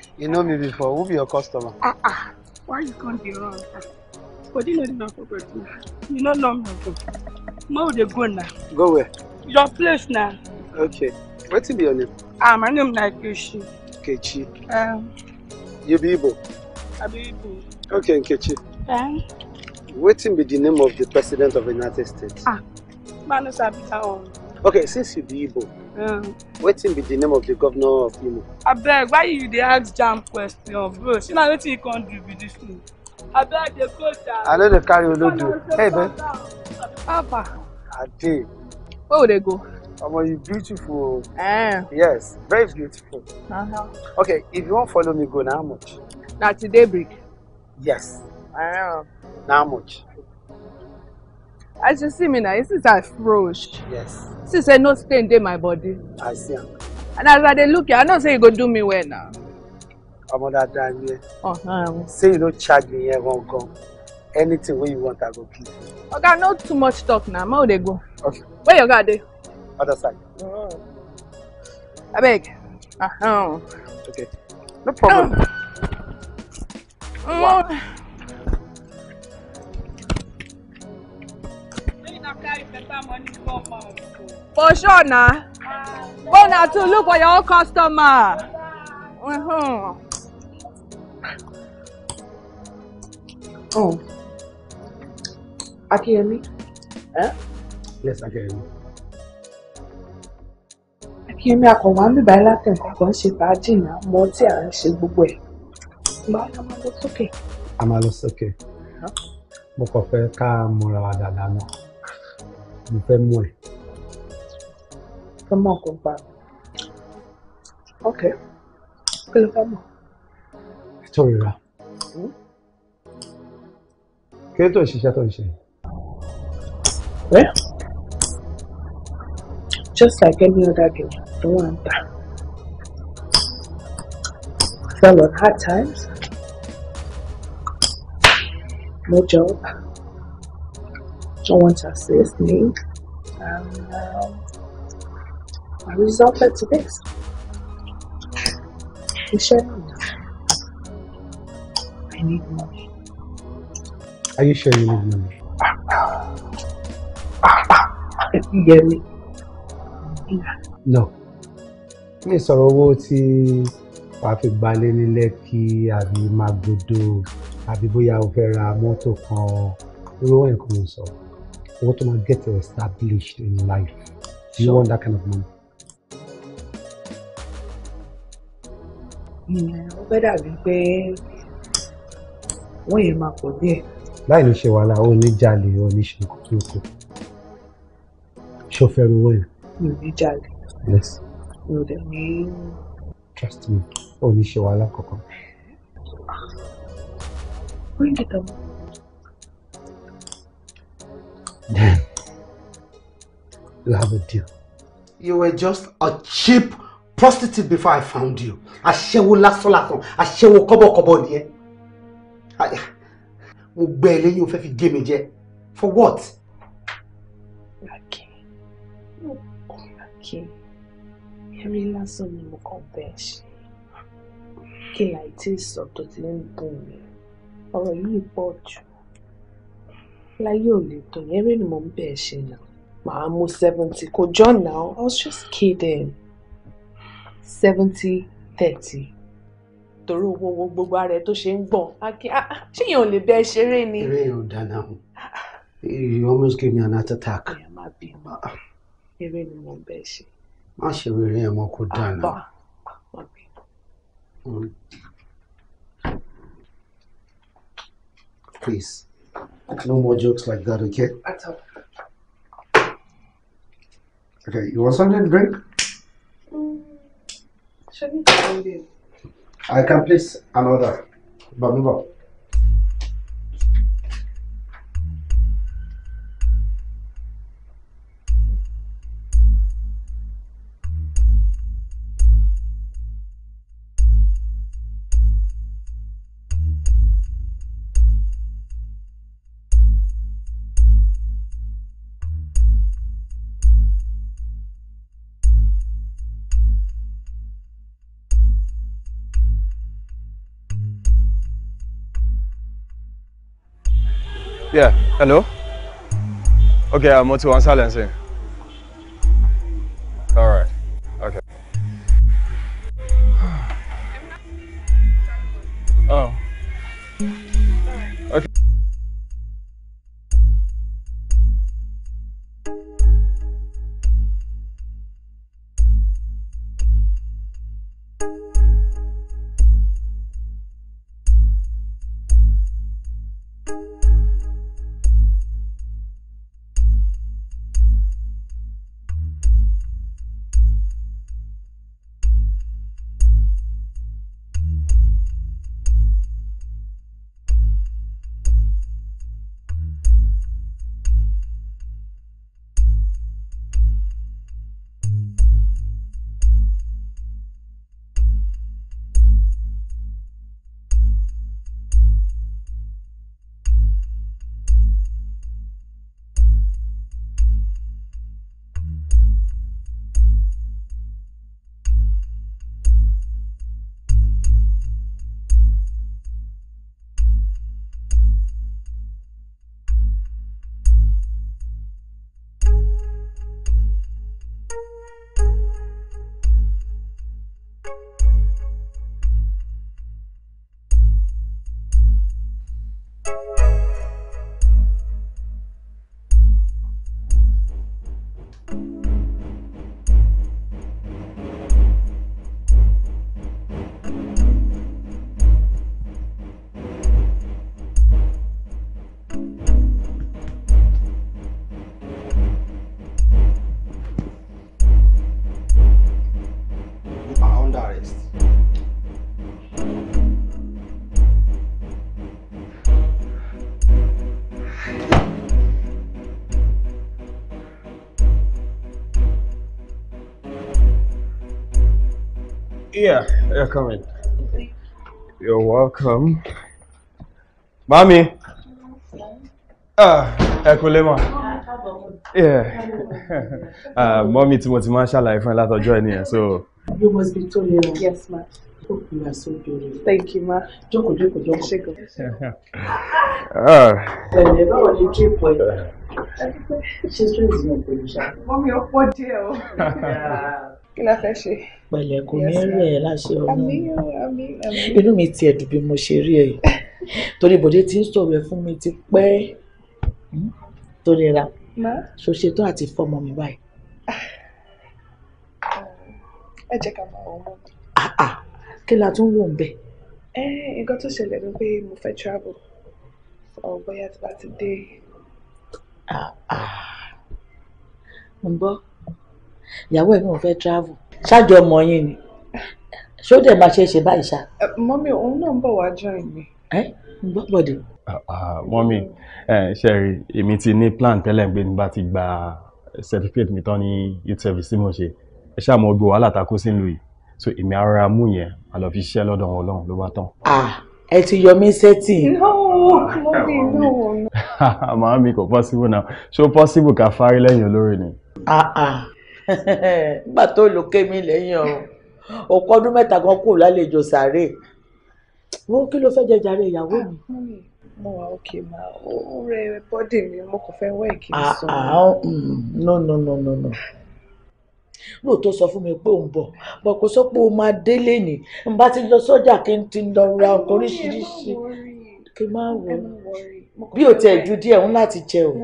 S1: you know me before. Who be your customer? Ah uh -uh. Why you can't be wrong? But you know the property. You no know me. Where would you go now? Go where? Your place now. Okay. What's be your name? Ah, my name is Nikeshi. Nkechi. Um. You be Igbo? I be Igbo. Okay, Nkechi. Um. Wetin be the name of the president of the United States? Ah, Manu Sabita one. Okay, since you be Igbo, um, wetin be the name of the governor of Imo? beg why you dey ask jam question, bro? See na wetin you come do be dis thing. Abeg dey go down. I know the carry olodo. Hey, babe. Papa. Ade. Where would dey go? Omo, you beautiful. Eh. Yes, very beautiful. Uh-huh. Okay, if you wan follow me go, na how much? Na today break. Yes. Uh-huh. Na how much? As you see me now, you see say I frosh. Yes. See say no stain dey my body. I see am. And as I dey look you, I know say you go do me well now. Omo dada n ye. Uh-huh. Say you no charge me here gan gan. Anything wey you want, I go give you.
S2: Oga, no too much talk now. Ma o dey go. Okay. Where your guy dey? Other side. Mm. I beg. Uh -huh. Okay. No problem. Mm. Wow. For sure, nah. Go now to look for your customer. Uh-huh.
S1: Oh. Akiyemi? Eh? Yes, Akiyemi
S2: kí èmi àkànwá ń bìbá láti nǹkan kan ṣe fàájì náà mọ tí à ń ṣe gbogbo
S1: ẹ̀. báwo máa lọ sókè. a máa lọ sókè mo kàn fẹ́ ká múra wa dáadáa náà mo fẹ́ mú ẹ. fẹ́ mọ̀ kó ok kí ló fẹ́ mọ̀. ètò ìrora kí ló tó ń ṣiṣẹ́ tó ń ṣe. ẹ́.
S3: just like any other girl. Don't want that. Fell
S2: on hard times. No job. want to assist me. And um, I resulted to this. You should
S1: I need money. Are you sure you need money? you hear me? visa. no mi sọ̀rọ̀ owó tí wàá fi gbalé ní Lẹ́kì àbí Magodo àbí bóyá o fẹ́ ra mọ́tò kan irú ẹ̀ kò ń sọ owó tó máa get established in life do you want that kind of money.
S2: Hmm, ó fẹ́ dàbí pé wọ́n yẹn máa pọ̀ díẹ̀.
S1: láì ní ṣe wàhálà ó ní jalè ó ní ṣe kókó ṣó fẹ́ ru
S2: You
S3: need ní Yes. You ò dẹ̀ ní.
S1: trust me Only ní ṣe wàhálà kankan. bring it on. then you have a deal. you were just a cheap prostitute before I found you. aṣẹ́wó lásán lásán aṣẹ́wó kọ́bọ̀kọ́bọ̀ nìyẹn. niye. I. ẹ lẹ́yìn o fẹ́ fi gé mi for what? Okay. Eré lásán ni mo kàn bẹ́ẹ̀ ṣe. Kí
S2: láì tí ì sọ tó ti ń dùn mí. Ọ̀rọ̀ yìí pọ̀ jù. Láyé ò lè tó yẹn eré ni mo ń bẹ́ẹ̀ ṣe nà. Màá mú seventy kò jọ now. I was
S1: just kidding. Seventy thirty. Torí owó owó gbogbo ara ẹ tó ṣe ń gbọ̀n. Ṣé èèyàn ò lè bẹ́ẹ̀ ṣeré ni? Eré ò dáná. You almost gave me an heart attack. Yeah, eré ni mo bẹ ṣe. má ṣe wèrè yẹn mọ dáná. Please, no more jokes like that, okay? Okay, you want something to drink? Mm. I can place another. But move Yeah, hello? Okay, I'm on Ansalensin. You're coming. You're welcome. mommy. Ah, ekulema. Yeah. Uh, ah, mommy tí mo ti máa ń ṣàlàyé fún ẹ látọjọ́ ẹ so. You must be tolerant. Yes, ma. Hope you are so beautiful. Thank you, ma. Joko, Joko, Joko. Ṣé kò? Ah. Ẹ̀rẹ̀ báwo ni trip ẹ̀? Ṣé stress náà pẹ̀lú ṣáà? kí la fẹ́ ṣe. pẹ̀lẹ́ kò ní rẹ̀ ẹ́ láṣẹ ọlọ́run inú mi tiẹ̀ dùn bí mo ṣe rí ẹ̀ torí bòde ti ń sọ̀rọ̀ ẹ̀ fún mi ti pẹ́ tó nira so ṣetó àti fọmọ mi báyìí.
S2: ẹ jẹ́ ká máa wọ ọmọ. Ah, ah. kí la tún wò ń bẹ̀. nǹkan tó ṣẹlẹ̀ ni pé mo fẹ́ travel ọ̀ bóyá tí bá ti dé.
S1: Ah, ń gbọ́ ìyàwó ẹ̀ náà fẹ́ travel ṣáàjọ ọmọ yín ni ṣó dẹ̀ máa ṣe é ṣe báyìí ṣá. mọ́mí òun náà ń bọ̀ wá join mi. ẹ ń gbọ́ bọ̀dẹ̀. Ah, ah, mọ́mí ṣẹ́rí èmi ti ní plan tẹ́lẹ̀ pé nígbà tí gba certificate mi tán ní youth service tí mo ṣe ẹ ṣáà mọ gbogbo wàhálà tá a kó sínú yìí so èmi ara mú yẹn a lọ fi ṣiṣẹ́ lọ́dọ̀ wọn lọ́hùn ló bá tán. ẹ ti yọ mí sẹ́tì. màámi kò possible náà ṣó possible ká fárí lẹ́yìn olórí ni. Ah, nígbà tó lò kémi lẹ́yìn ọ̀run òkú ọdún mẹ́ta gan kù lálejò sàárè wo kí ló fẹ́ jẹjàre ìyàwó mi. mo wà òkè mà
S2: ó rẹ bọ́dì
S1: mi mo kò fẹ́ wẹ̀ kí n ah, sọ. Ah, oh, mm, no no no no no lóòótọ́ sọ fún mi pé òun bọ̀ bọ̀ kò sọ pé o máa délé ni n bá ti lọ sọ́jà kí n ti lọ ra nǹkan oríṣiríṣi kí n má wọ bí o tiẹ̀ ju díẹ̀ ń láti jẹ o.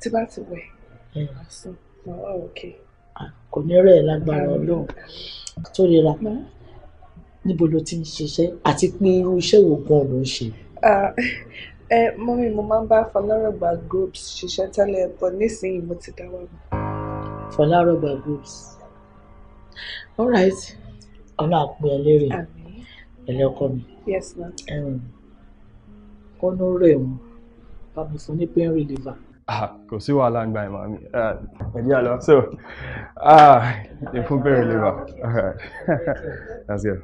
S1: tí bá ti wẹ̀ mm. àsùn màá wà òkè kò ní rẹ̀ lágbára ọlọ́run tó rira níbo ló ti ń ṣiṣẹ́ àti pé irú iṣẹ́ wo gan ló ń ṣe. ẹ mọ́mí mo máa ń bá Fọlárọ̀gbà
S2: groups ṣiṣẹ́ tẹ́lẹ̀ but nísìnyí mo ti dáwọ́ mi.
S1: Fọlárọ̀gbà groups all right ọlọ́run àpè ẹ lérè ẹ̀lẹ́ ọkọ mi. yes ma. kọ́nú rẹ̀ wọ́n bá mi fún ní pain reliever. go see what ń gba ìmọ̀ mi ah, ẹ̀dí àlọ́ so ah, ìfún very lè All right, that's good.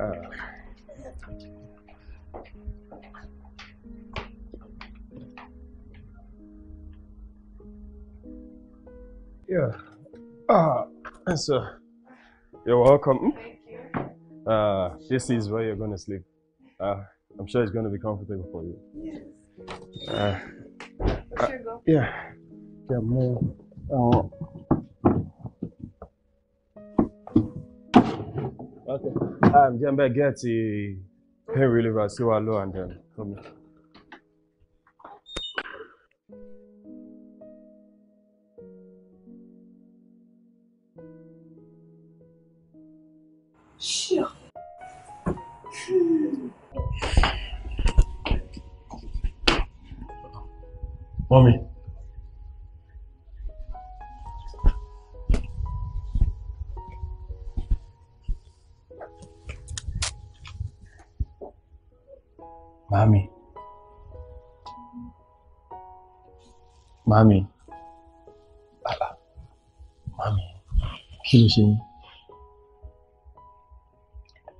S1: Uh,
S3: yeah. Ah,
S1: uh, so you're welcome. Uh, this is where you're going to sleep. Uh, I'm sure it's going to be comfortable for you. Yes. Uh, Uh,
S3: yeah. Yeah, more. Oh.
S1: Okay. Um, ah, Jembe, get the pain reliever, see what low and then come here.
S3: Sure. Hmm.
S1: Mami, Mami. Mami. Bàbá. Mami. Kí ló ṣe yín?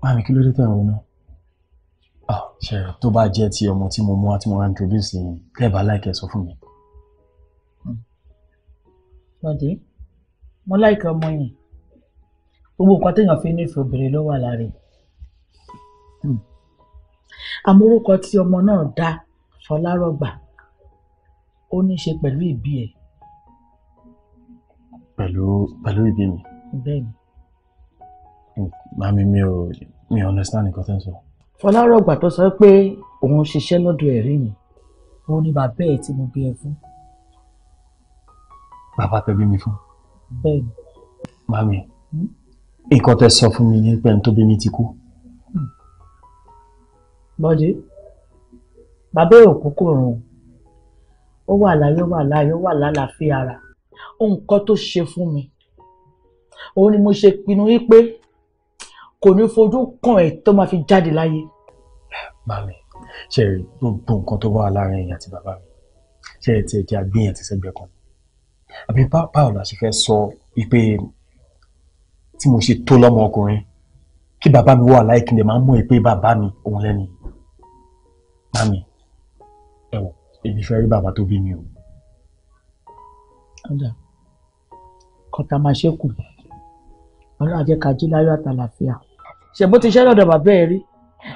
S1: Mami kí ló dé tẹ̀wọ̀n náà? Ah, ṣẹ̀rẹ̀ tó bá jẹ́ ti ọmọ tí mo mú wá tí mo rà introduce yìí kẹ́ẹ̀bá láìkẹ́ sọ fún mi. lọ́dẹ mo láìkẹ́ ọmọ yẹn gbogbo nǹkan téèyàn fi nífẹ̀ẹ́ obìnrin ló wà lára ẹ̀ hmm. àmúrúkọ tí ọmọ náà dá Fọlárọ̀gbà ó ní í ṣe pẹ̀lú ìbí ẹ̀. pẹ̀lú pẹ̀lú ìbí mi. bẹ́ẹ̀ ni. màmí mi ò mi ò understand nǹkan tẹ́ ń sọ fọlárọ̀gbà tó sọ pé òun ṣiṣẹ́ lọ́dọ̀ ẹ̀rí mi òun ni bàbá ẹ̀ tí mo bí ẹ fún. bàbá tẹ́ bí mi fún. bẹ́ẹ̀ni. mami nǹkan tẹ́ sọ fún mi nípa ẹni tó bí mi ti kú. bọ́dé bàbá ẹ̀ òkú kò rùn ó wà láyé wà láyé ó wà lálàáfíà ara nǹkan tó ṣe fún mi òun ni mo ṣe pinnu wípé kò ní fojú kàn ẹ́ tó máa fi jáde láyé. màmí ṣe rí gbogbo nǹkan tó wà láàrin ẹ̀yìn àti bàbá mi ṣe é tiẹ̀ jẹ́ àgbéyàn ti sẹ́gbẹ̀ẹ́ kan àbí báwo la ṣe fẹ́ sọ pé tí mo ṣe tó lọ́mọ ọkùnrin kí bàbá mi wà láì kíndẹ̀ máa ń mú ẹ pé bàbá mi òun lẹ́ni màmí ẹ̀wọ̀n èmi fẹ́ rí bàbá tó bí mi o. kọ́tà máa ṣe kù ọlọ́run àjẹ́ ká jí láyọ̀ àtàlàfíà ṣègbó ti ṣẹ́ lọ́dọ̀ bàbá ẹ rí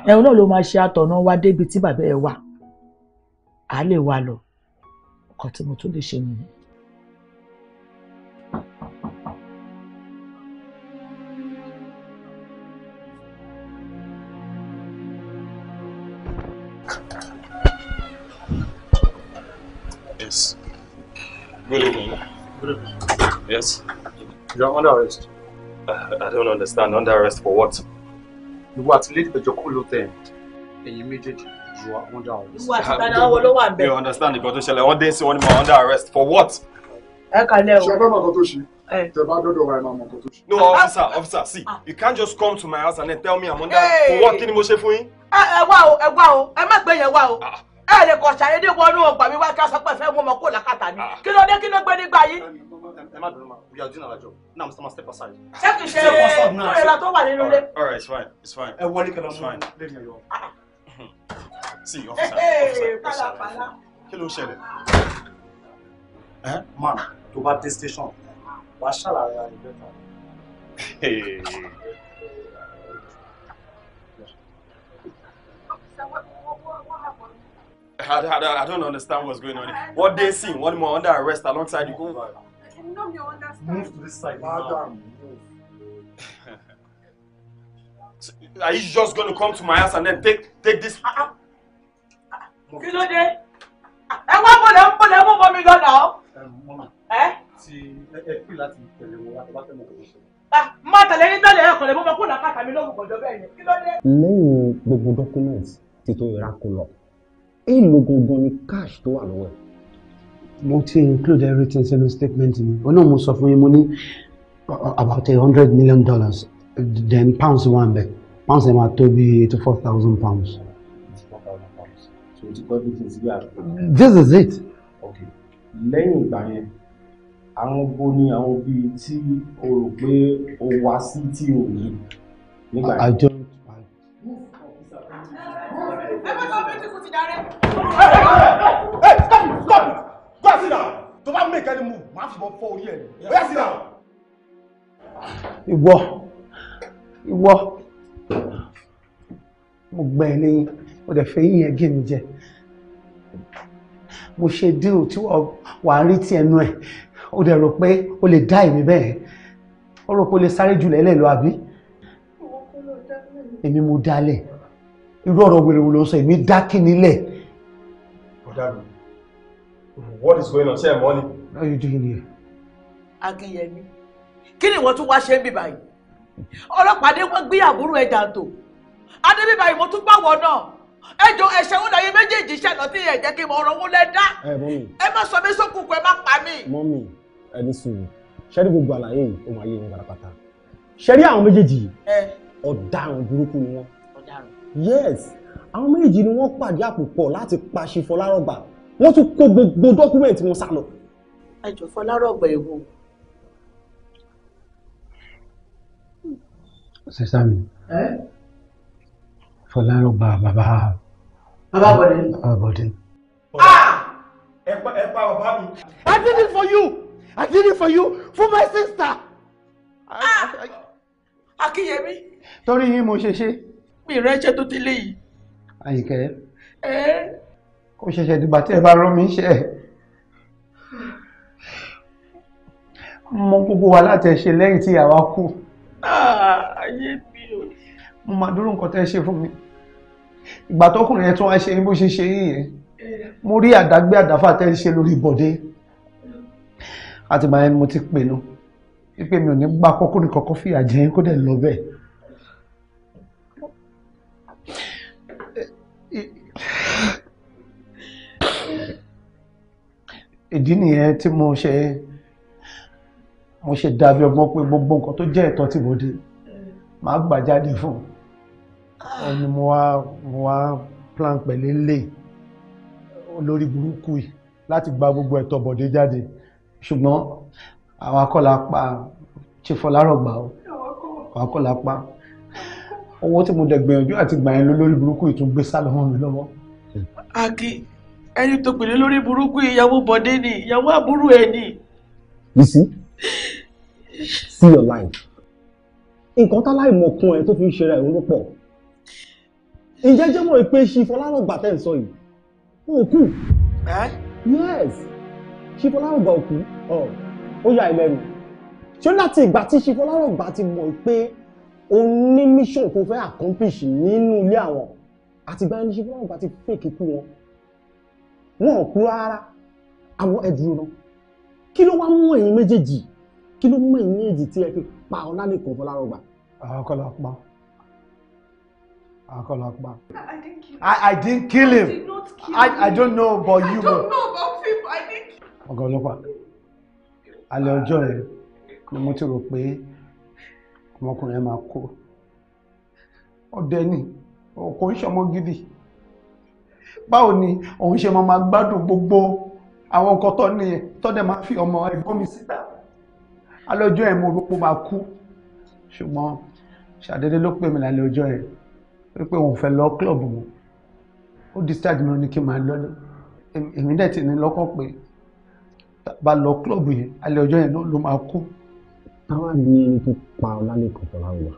S1: ẹ̀hún náà ló máa ṣe àtọ̀nà wa débi tí bàbá ẹ wà á lè wà lọ ọkọ̀ tí mo tún lè ṣe nìyẹn. Good evening. Good evening. Yes. You're under arrest. I, I don't understand. Under arrest for what? Ìwọ àti Lady Bẹ̀jọ kú ló tẹ̀. Ẹ̀yin you are under arrest. Ìwọ àti Tàdá wo ló wà You understand the tó ṣẹlẹ̀, wọ́n dé sí under arrest for what? Ẹ kalẹ̀ o. Ṣé ẹ fẹ́ mọ̀ nǹkan No officer officer see ah. you can't just come to my house and then tell me I'm under arrest for what kí ni mo ṣe fún yín? Ẹ wá o ẹ wá o ẹ má gbé yẹn wá o ah. ẹ lè kọ̀ ṣàyẹ́dẹ́ wọnú ọgbà mi wá kí a sọ pé ẹ fẹ́ mú ọmọ kó làkàtà ni ah. kí ló dé kí ló gbé nígbà yìí. Ẹ má you doing our job now mr man step aside. ṣé kì í ṣe kórela tó wà nínú all right it's fine it's fine. ẹ wọlé kẹlẹ mú lẹni ọyọ. see officer officer Hello, ló ń man to bá dé station wàá ṣàlàyé àyè bẹ́ẹ̀ Hey. I, I, I don't understand what's going on. What they seen, one more under arrest alongside you
S2: no you understand?
S1: Move to this side. Madam, are you just going to come to my house and then take take this? Ah, ah, ah. Kí ló dé? Ẹ wá bọ̀lẹ̀ them bọ̀lẹ̀ mú bọ̀ mi lọ́nà. Mọ́mà. Ẹ. Ti ẹ fi láti tẹ̀lé wọn láti bá tẹ̀lé wọn. Máa tẹ̀lé ní tẹ̀lé ẹ̀kọ́ lè mú ọmọ kúrò àkàtà mi lórúkọ ọjọ́ Lẹ́yìn gbogbo dọ́kúmẹ̀ntì tí tó yẹra kó lọ, èèlò gangan ni cash tó wà lọ́wọ́ ẹ̀ mo ti include everything sínú statement mi ó náà mo sọ fún yín mo ní uh, about a hundred million dollars then pounds wà ń bẹ pounds ẹ̀ máa to bí eighty four thousand pounds. this is it. okay lẹ́yìn ìgbà yẹn àwọn bo ni àwọn bíi tí o rò pé o wá sí tí o ní nígbà yẹn. make any move máa fìbọn fọ́ orí ẹ̀ ni bóyá sí náà. ìwọ ìwọ mo gbẹ ẹ lẹ́yìn mo dẹ̀ fẹ́ yíyan gé mo ṣe díò tí wà á rí tí ẹnu ẹ o dẹ̀ rò pé o lè dá èmi bẹ́ẹ̀ o rò pé o lè sáré jù lẹ́lẹ̀ lọ àbí mo dálẹ̀ irú ọ̀rọ̀ wèrè wo ló ń sọ èmi dá kí what is going on Say é What are you doing here? Akínyẹmí, kí ni ìwọ tún wá ṣe ń bì báyìí? Ọlọ́pàá dé wọ́n gbé àbúrò ẹ̀ dàntò. Adé bì báyìí mo tún bá wọ náà. Ẹ jọ ẹ̀ṣẹ̀ wo láyé méjèèjì iṣẹ́ lọ sí ẹ̀jẹ̀ kí n mọ ọ̀rọ̀ Mommy. lẹ dá. Ẹ mọ́mì. Ẹ má sọ mí sókùnkùn ẹ má pa mí. Mọ́mì ẹni sùúrù, ṣẹ́rí gbogbo àlàyé yìí ó máa yé yín parapata. Ṣẹ́rí àwọn méjèèjì yìí. Ọ̀daràn burúkú ni wọ́n. Ọ̀daràn. Yes, àwọn méjèèjì ni wọ́n pàdé àpò pọ̀ láti pa Ṣifọlárọ̀gbà. Wọ́n tún kó gbogbo dọ́kúmẹ̀ntì wọn sá lọ àjọfọlárọgbà èwo. sísá mi fọlárọgbà bàbá bàbá bọ̀dé. bàbá bọ̀dé. Ah! Ah! ẹ pa ẹ pa bàbá mi. I did it for you I did it for you for my sister. Ah! Akínyẹmí. torí yín mo ṣe ṣe. mi ìrẹ́jẹ tó délé yìí. Àyìnkẹ́. ẹ. ó ṣẹ̀ṣẹ̀ dìgbà tí ẹ bá rán mi ṣe mọ gbogbo wa láti ṣe lẹ́yìn tí àwa kú
S3: ah, ayé mi o
S1: mo máa dúró nǹkan tẹ́ ṣe fún mi ìgbà tọkùnrin yẹn tún wá ṣe bó ṣe ṣe yìí yẹn mo rí àdágbé àdáfà tẹ́ ṣe lórí bọ̀dé àti ìgbà yẹn mo ti pinnu pé mi ò ní gbà kọkùnrin kọ̀ọ̀kan fìyà jẹ kó dẹ̀ lọ bẹ́ẹ̀. ìdí nìyẹn tí mo ṣe mo ṣe dàbí ọgbọ́n pé gbogbo nǹkan tó jẹ́ ẹ̀tọ́ tí mo dé màá gbà jáde fún un ni mo wá mo wá plan pẹ̀lú ilé olórí burúkú yìí láti gba gbogbo ẹ̀tọ́ bọ̀dé jáde ṣùgbọ́n àwọn akọ́lá pa ṣèfọlárọ̀gbà o àwọn akọ́lá pa owó tí mo dẹ̀ gbìyànjú àti gbà yẹn lórí burúkú yìí tún gbé sá lọ́wọ́ mi lọ́wọ́. aki ẹni tó pèlè lórí burúkú ìyàwó bọ̀dé ni ìyàwó àbúrò ẹ̀ ni. yìí sí see your life nǹkan táláìmọ̀kun ẹ tó fi ń ṣe ra ẹ̀rọ ló pọ̀ ǹjẹ́ jẹ́ mọ̀ pé ṣìfọlárọ̀gbà tẹ̀ ń sọ yìí ó kù yes ṣìfọlárọ̀gbà ò kú ó yà ẹ́ lẹ́nu ṣé láti ìgbà tí ṣìfọlárọ̀gbà ti mọ̀ pé o ní mission tó fẹ́ accomplish nínú ilé àwọn àtìgbà ẹni ṣìfọlárọ̀gbà ti fèkì kú wọn wọn ò kú rárá àwọn ẹ̀dùn náà kí ló wá mú ẹ̀yin méjèèjì kí ló mọ̀ ní èjì tí ẹ fi pa ọlálẹ́kùn fọlárọ̀gbà. àwọn kọ́ la pa àwọn kọ́ la pa. I didn't kill him. I did not kill him. I, I don't know about you. I don't know about him. I didn't. kill him. ọ̀gá ọlọ́pàá alẹ́ ọjọ́ yẹn ni mo ti rò pé ọmọkùnrin yẹn máa kó ọdẹ ni kò ń ṣọmọ gidi báwo ni òun ṣe máa gbádùn gbogbo àwọn nǹkan tó ní tọ́dẹ̀ máa fi ọmọ ẹ̀gbọ́n mi síta alọ́jọ́ ẹ̀ mo rò pé ó máa kú ṣùgbọ́n ṣàdédé ló pè mí lálẹ́ ọjọ́ ẹ̀ wípé òun fẹ́ lọ club mu ó discharge mi ó ní kí n máa lọ́lé èmi dẹ̀ ti ní lọ́kàn pé bá lọ club yẹn alẹ́ ọjọ́ yẹn ló máa kú. táwa ní ẹni tó pa ọlálẹ́kọ̀ọ́ fọláwọ́.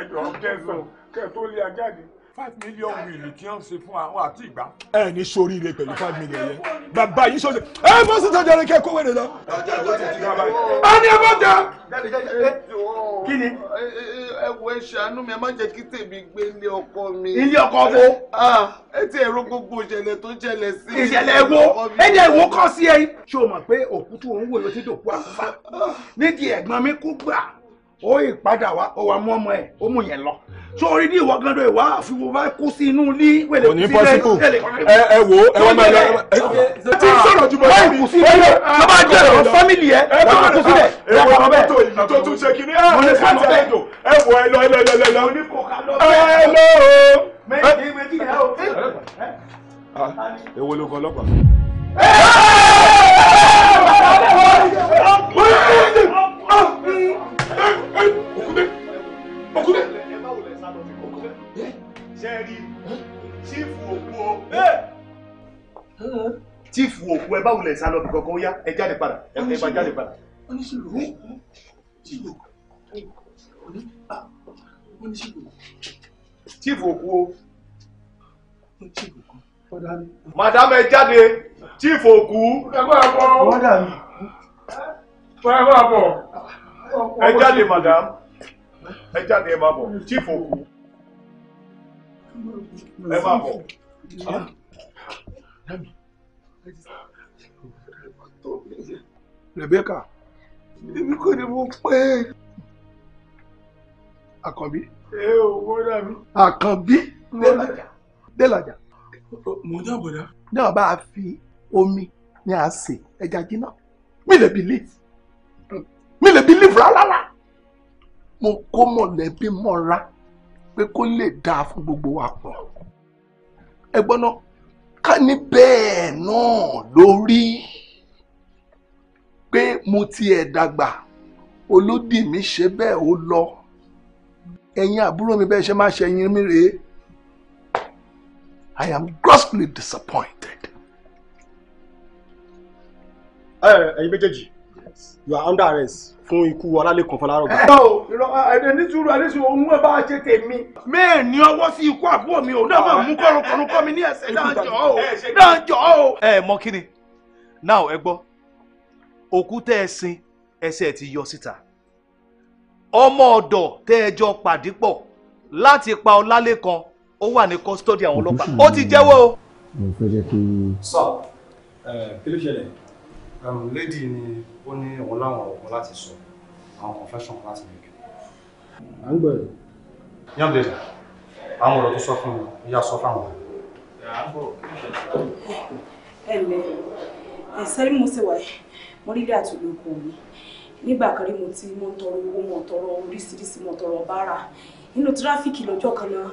S1: ẹjọ́ ẹjọ́ tó yọ kẹ́ tó lé ajáde five million wìlì tí wọ́n ṣe fún àwọn àti ìgbà. ẹ ní sóríire pẹ̀lú five million yẹn bàbá yìí sọ́sẹ̀ ẹ bọ́ síta jẹrẹ kẹ́ kó wẹ̀rẹ̀ lọ. a ní ẹbọ jà. kí ni. ẹ wo ẹ ṣàánú mi ẹ má jẹ́ kí tèmi gbé ilé ọkọ mi. ilé ọkọ wo. ẹ ti ẹ̀rọ gbogbo ìṣẹ̀lẹ̀ tó ṣẹlẹ̀ sí. ìṣẹ̀lẹ̀ wo ẹni ẹ̀wò kọ́ sí ẹ. ṣé o mọ̀ pé òkú tó ń wò ló ti dòkú àkúfà ah. nídìí ẹ̀gbọ́n mi kú gbà ó ìpadà wá ó wá mú ọmọ ẹ̀ ó mú yẹn lọ sórí ní ìwọ gando ìwà àfiwò bá kú sí inú ní wẹlẹ kú sí rẹ ẹ ẹ wo ẹ wá máa lọ ẹ ti sọ̀rọ̀ jù bọ ẹ kú sí rẹ lọ bá jẹ ọ fámìlì ẹ ẹ wá kú sílẹ̀ ẹ wọ ọmọ bẹ́ẹ̀ tó ìlú tó tún ṣe kíní ẹ wọlé sánú bẹ́ẹ̀ ẹ wọ ẹ lọ ẹ lọ ẹ lọ ẹ lọ ẹ lọ o. méjì méjì rẹ o. èwo ló kọ ọlọ́pàá. Okúdé Okúdé. Sẹ́ẹ̀rì tíìfù òkú o. Tíìfù òkú ẹ báwo lẹ̀ sá lọ bí kankan ó yá ẹ jáde padà ẹ bá jáde padà. Oníṣirò tíìfù oníṣirò. Tíìfù òkú o. Oníṣirò òkú. Madame ẹ jáde tíìfù òkú. Ẹ bá bọ̀. Bọ́dà mi. Ẹ bá bọ̀
S3: ẹ jáde
S1: madam ẹ jáde ẹ máa bọ̀ chief òkú ẹ máa bọ̀. Rebecca èmi kò ní mo pẹ́. Àkànbí. ẹ ò wọ́dà mi. Àkànbí. Délàjà. Délàjà. mo dábòdà. náà bá a fi omi ni a sè ẹja jiná mi lè bìlíìfù mi lè believe rárá mo kó mọ̀lẹ́bí mọ́ra pé kó lè dáa fún gbogbo wa pọ̀ ẹ gbọ́n náà ká ní bẹ́ẹ̀ náà lórí pé mo tiẹ̀ dàgbà olódì mi ṣe bẹ́ẹ̀ ó lọ ẹ̀yin àbúrò mi bẹ́ẹ̀ ṣe máa ṣe ẹ̀yin mi rèé I am grossly disappointed. ẹ̀yin méjèèjì you are under arrest fún ikú ọlálẹ́kùn fọlárọ̀gbà. ẹ o ẹni nítorí adéṣu òun ẹ bá ṣe tèmi. mẹ́ẹ̀ ní ọwọ́ sí ikú àbúrò mi ò náà máa mú kọ́rùnkọ́rùn kọ́ mi ní ẹsẹ̀ dáńjọ́ o dáńjọ́ o. ẹ mọ kí ni now ẹ gbọ́ òkú tẹ́ ẹ sin ẹsẹ̀ ti yọ síta ọmọ ọ̀dọ̀ tẹ́ ẹ jọ pàdé pọ̀ láti pa ọlálẹ́kan ó wà ní kọ́sítọ́dì àwọn ọlọ́pàá ó ti jẹ́wọ́ o. mo fẹ́ jẹ́ kí ó ní òun láwọn ọ̀rọ̀ láti sọ àwọn confession láti make. à ń gbọ́ ẹ̀. young lady àwọn ọ̀rọ̀ tó sọ fún mi ìyá sọ fáwọn ọ̀rọ̀. ẹ ǹlẹ́ ẹ sẹ́rí mo ṣe wà ẹ́ mo rí dàtú lóko mi nígbà kan rí mo ti mo ń tọrọ owó mo ń tọrọ oríṣiríṣi mo tọrọ báárà nínú tráfíkì lọ́jọ́ kan náà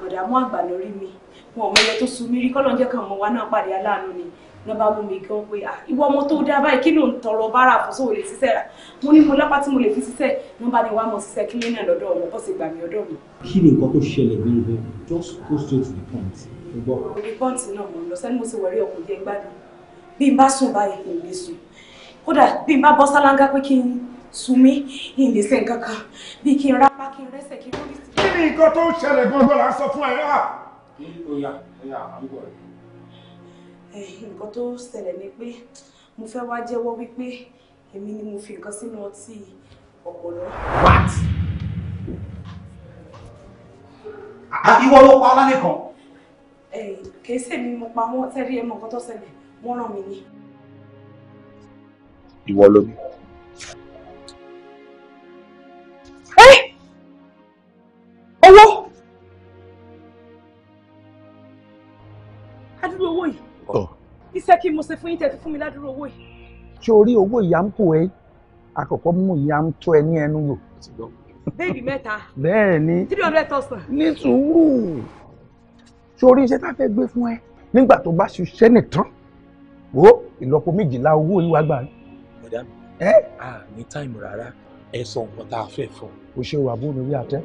S1: mọ̀dàmú àgbà lórí mi wọn ò mọ tó sun mí rí kọ́lọ́njẹ́ kan mọ̀ wá náà pàdé aláàánú ni ní bá mú mi gan pé ah, ìwọ ọmọ tó dá báyìí kí ló ń tọrọ bára fún sóò lè ṣiṣẹ́ rà mo ní mo lápá tí mo lè fi ṣiṣẹ́ ní bá ní wá mọ ṣiṣẹ́ kílínà lọ́dọ̀ wọn bó ṣe gbà mí mi. kí ni nǹkan tó ṣẹlẹ̀ gbẹ̀ngàn just go straight to the point. òbí pọ́ǹtì náà mo lọ sẹ́ni mo ṣe wẹ̀rí ọkùnrin jẹ́ gbádùn bí n bá sùn báyìí kò lè sùn kódà bí n bá bọ́ sálángá pé kí n sunmi
S2: kí n lè ṣe nǹkan kan bí kí n rápá kí n rẹ́sẹ̀ nǹkan tó ṣẹlẹ̀
S1: ni pé mo fẹ́ wá jẹ́wọ́ wípé èmi ni mo fi nǹkan sínú ọtí ọ̀pọ̀lọ́. what ah, ah, ìwọ ló pa ọlálẹ́kan. kì í ṣèmi mo pa wọ́n tẹ́rí ẹ mọ nǹkan tó ṣẹlẹ̀ wọ́n ràn mí ni. ìwọ ló ní. owó adúlówó yìí tọ̀. iṣẹ́ kí mo ṣe fún yín tẹ́ fi fún mi ládùúró owó yìí. ṣé o rí owó ìyàmpò ẹ àkọ́kọ́ mú ìyàmpò ẹ ní ẹnu yò. bẹ́ẹ̀ni mẹ́ta. bẹ́ẹ̀ three hundred thousand. ní sùúrù ṣé o rí iṣẹ́ tá a fẹ́ gbé fún ẹ nígbà tó bá ṣiṣẹ́ nìtàn wo ìlọ́po méjìlá owó ìwà gbà. ọ̀dà mi ẹ ní táìmù rárá ẹ sọ nǹkan tá a fẹ́ fún. o ṣe wà bóun lórí àtẹ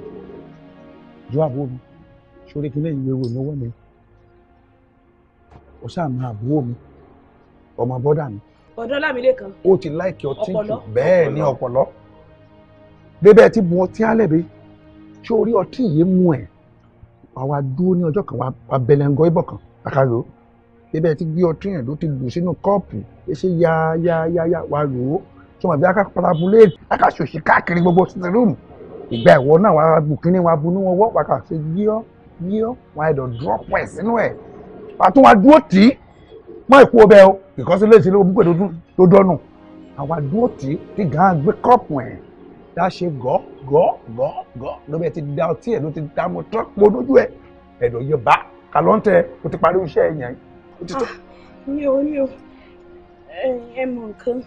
S1: ju àbóun ṣorí kí lẹ́yìn ewu ìnáwó mi ó ṣàmì àbúrò mi ọmọ bọ́dà mi. ọ̀dọ́ lámìlé kan. ó ti láìkí ọtí jù bẹ́ẹ̀ ní ọ̀pọ̀lọ́. débẹ̀ tí bu ọtí alẹ́ bi tí orí ọtí yìí mú ẹ̀ àwa dúró ní ọjọ́ kan wa bẹ̀lẹ̀ngọ́ ibọ̀ kan àkàrò débẹ̀ tí gbé ọtí yẹn ló ti lù sínú kọ́ọ̀pù ẹṣẹ́ ya ya ya ya wa rò ó tí wọn bí aká parabulé aká ṣòṣì káàkiri gbogbo sínú rúùmù ìgbà ẹ̀wọ̀ náà wa bùkínní wa bunú wọn wọ́ wa kà ṣe yíọ́ yíọ́ wa ẹ̀dọ̀ dúrọ́pù ẹ̀ sínú ẹ̀ àtún wa dúró tì í mọ ìkú ọbẹ̀ o because ilé ìsinmi omi pẹ̀lú tó dọ́nù àwa dúró tì í tí gàá gbé kọ́ọ̀pù ẹ̀ dá ṣe gọ́ gọ́ gọ́ gọ́ lóbi ẹ̀ ti da ọtí ẹ̀ ló ti dá mo tán lójú ẹ̀ ẹ̀dọ̀ yẹ bá kàlọ́ńtẹ̀ o ti parí iṣẹ́ ẹ̀yàn yìí o ti tó. Ah, mi ò ní o ẹ mọ nǹkan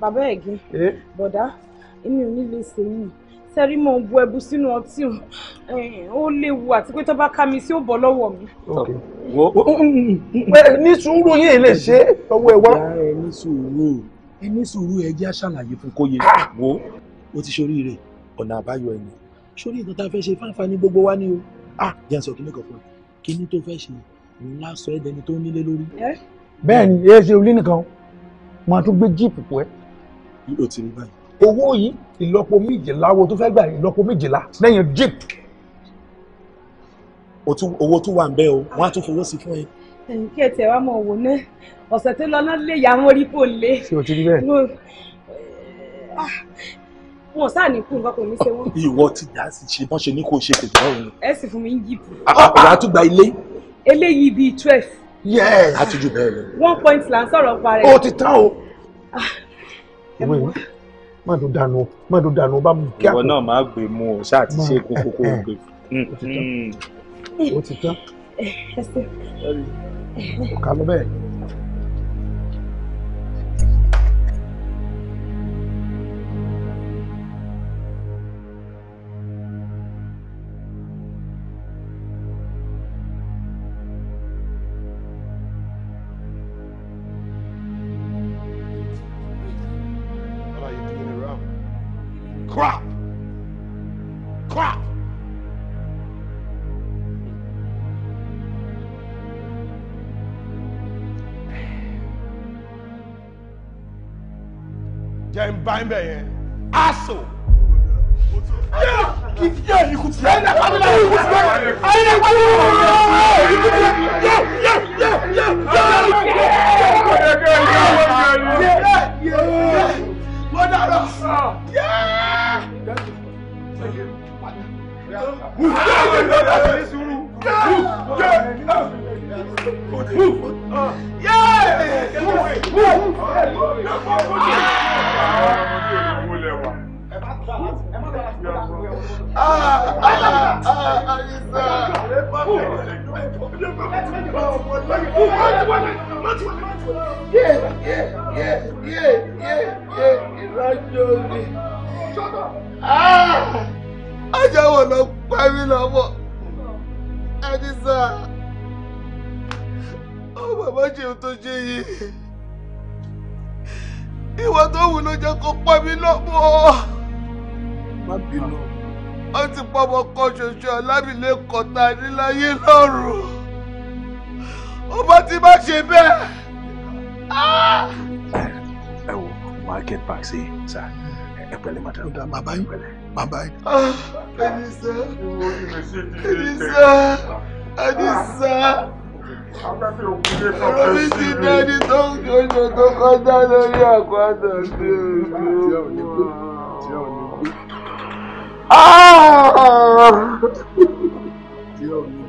S1: bàbá ẹ̀gín bọ̀dá èmi ò ní lè ṣe yìí sẹ́rí mò ń bu ẹbu sínú ọtí ó léwu àti pé tó bá ká mi sí ò bọ́ lọ́wọ́ mi. Mm, mm, mm, ní sùúrù yìí lè ṣe é ọwọ́ ẹ wá. ẹ ní sùúrù ẹ ní sùúrù ẹ jẹ́ àṣàlàyé fún kóye ah! wo ó ti ṣoríire ọ̀nà àbáyọ ẹni ṣorí nǹkan tá a fẹ́ ṣe fáńfà ní gbogbo wa ni o ah jẹ́ sọ kíní kan fún ẹ kíní tó fẹ́ ṣe ńlá sọ ẹ́ dẹni tó nílé lórí. bẹ́ẹ̀ ni ẹ ṣe olú nìkan máa tún gbé jíìpù pọ̀ ẹ́. o ti rí báyìí owó yìí ìlọ́po méjìlá owó tó fẹ́ gbà ìlọ́po méjìlá lẹ́yìn jeep. owó tún wà ń bẹ́ o wọ́n á tún fowó sí fún ẹ. kí ẹ tẹ̀ wá mọ̀ wò ná ọ̀sẹ̀ tó lọ náà lè yà wọ́n rí kò lé. ṣé o ti rí bẹ́ẹ̀. Ah, wọn sáà ní kú nǹkan kò ní ṣe wọn. ìwọ ti dá sí ṣe bọ́n ṣe ní kò ṣe kò tọ́ òun. ẹ sì fún mi ń yíìpù. àpàrà tún gba ilé. eléyìí bíi twelve. yes. àtijọ́ bẹ́ẹ̀ lọ. one point là ń sọ̀rọ̀ parẹ́. o ti tán o. Ah, ẹ mọ̀ má dùn dànù má dùn dànù bá mú kí àpò. ìwọ náà máa gbé mu o ṣáà ti ṣe kókó kó o gbé. ó ti tán. Hmm. ó ká lọ bẹ́ẹ̀. ń bẹ̀ yẹn yín lọ́rùn ọba tí bá ṣe bẹ́ẹ̀. Ah! ẹ wo máa get back sí sá ẹ pẹ̀lẹ́ madam. ó dà bàbá yín bàbá yín. ẹnìṣẹ́ ẹnìṣẹ́ ẹnìṣẹ́ ọ̀rọ̀ mi ti ní tó ń jọjọ tó kọjá lórí àpáta sí ojú wa. Ah!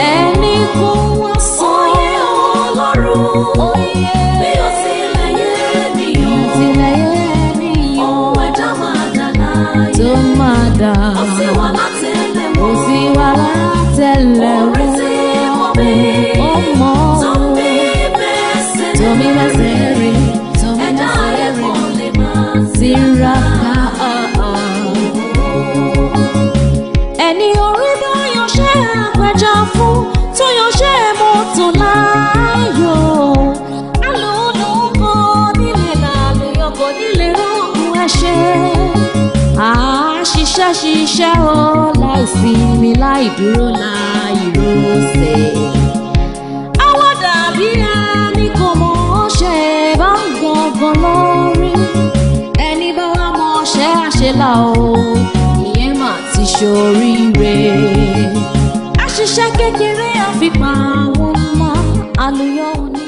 S2: And. ṣe à á ṣiṣẹ́ ṣiṣẹ́ o láìsinmi láìdúró láìrósè. àwọn dàbí ẹni kò mọ ṣe bá ń gangan lórí ẹni bá wà mọ ṣe àṣelà o ìyẹn mà ti ṣoríire. àṣìṣe kékeré àfipá àwọn ọmọ àlùyọ òní.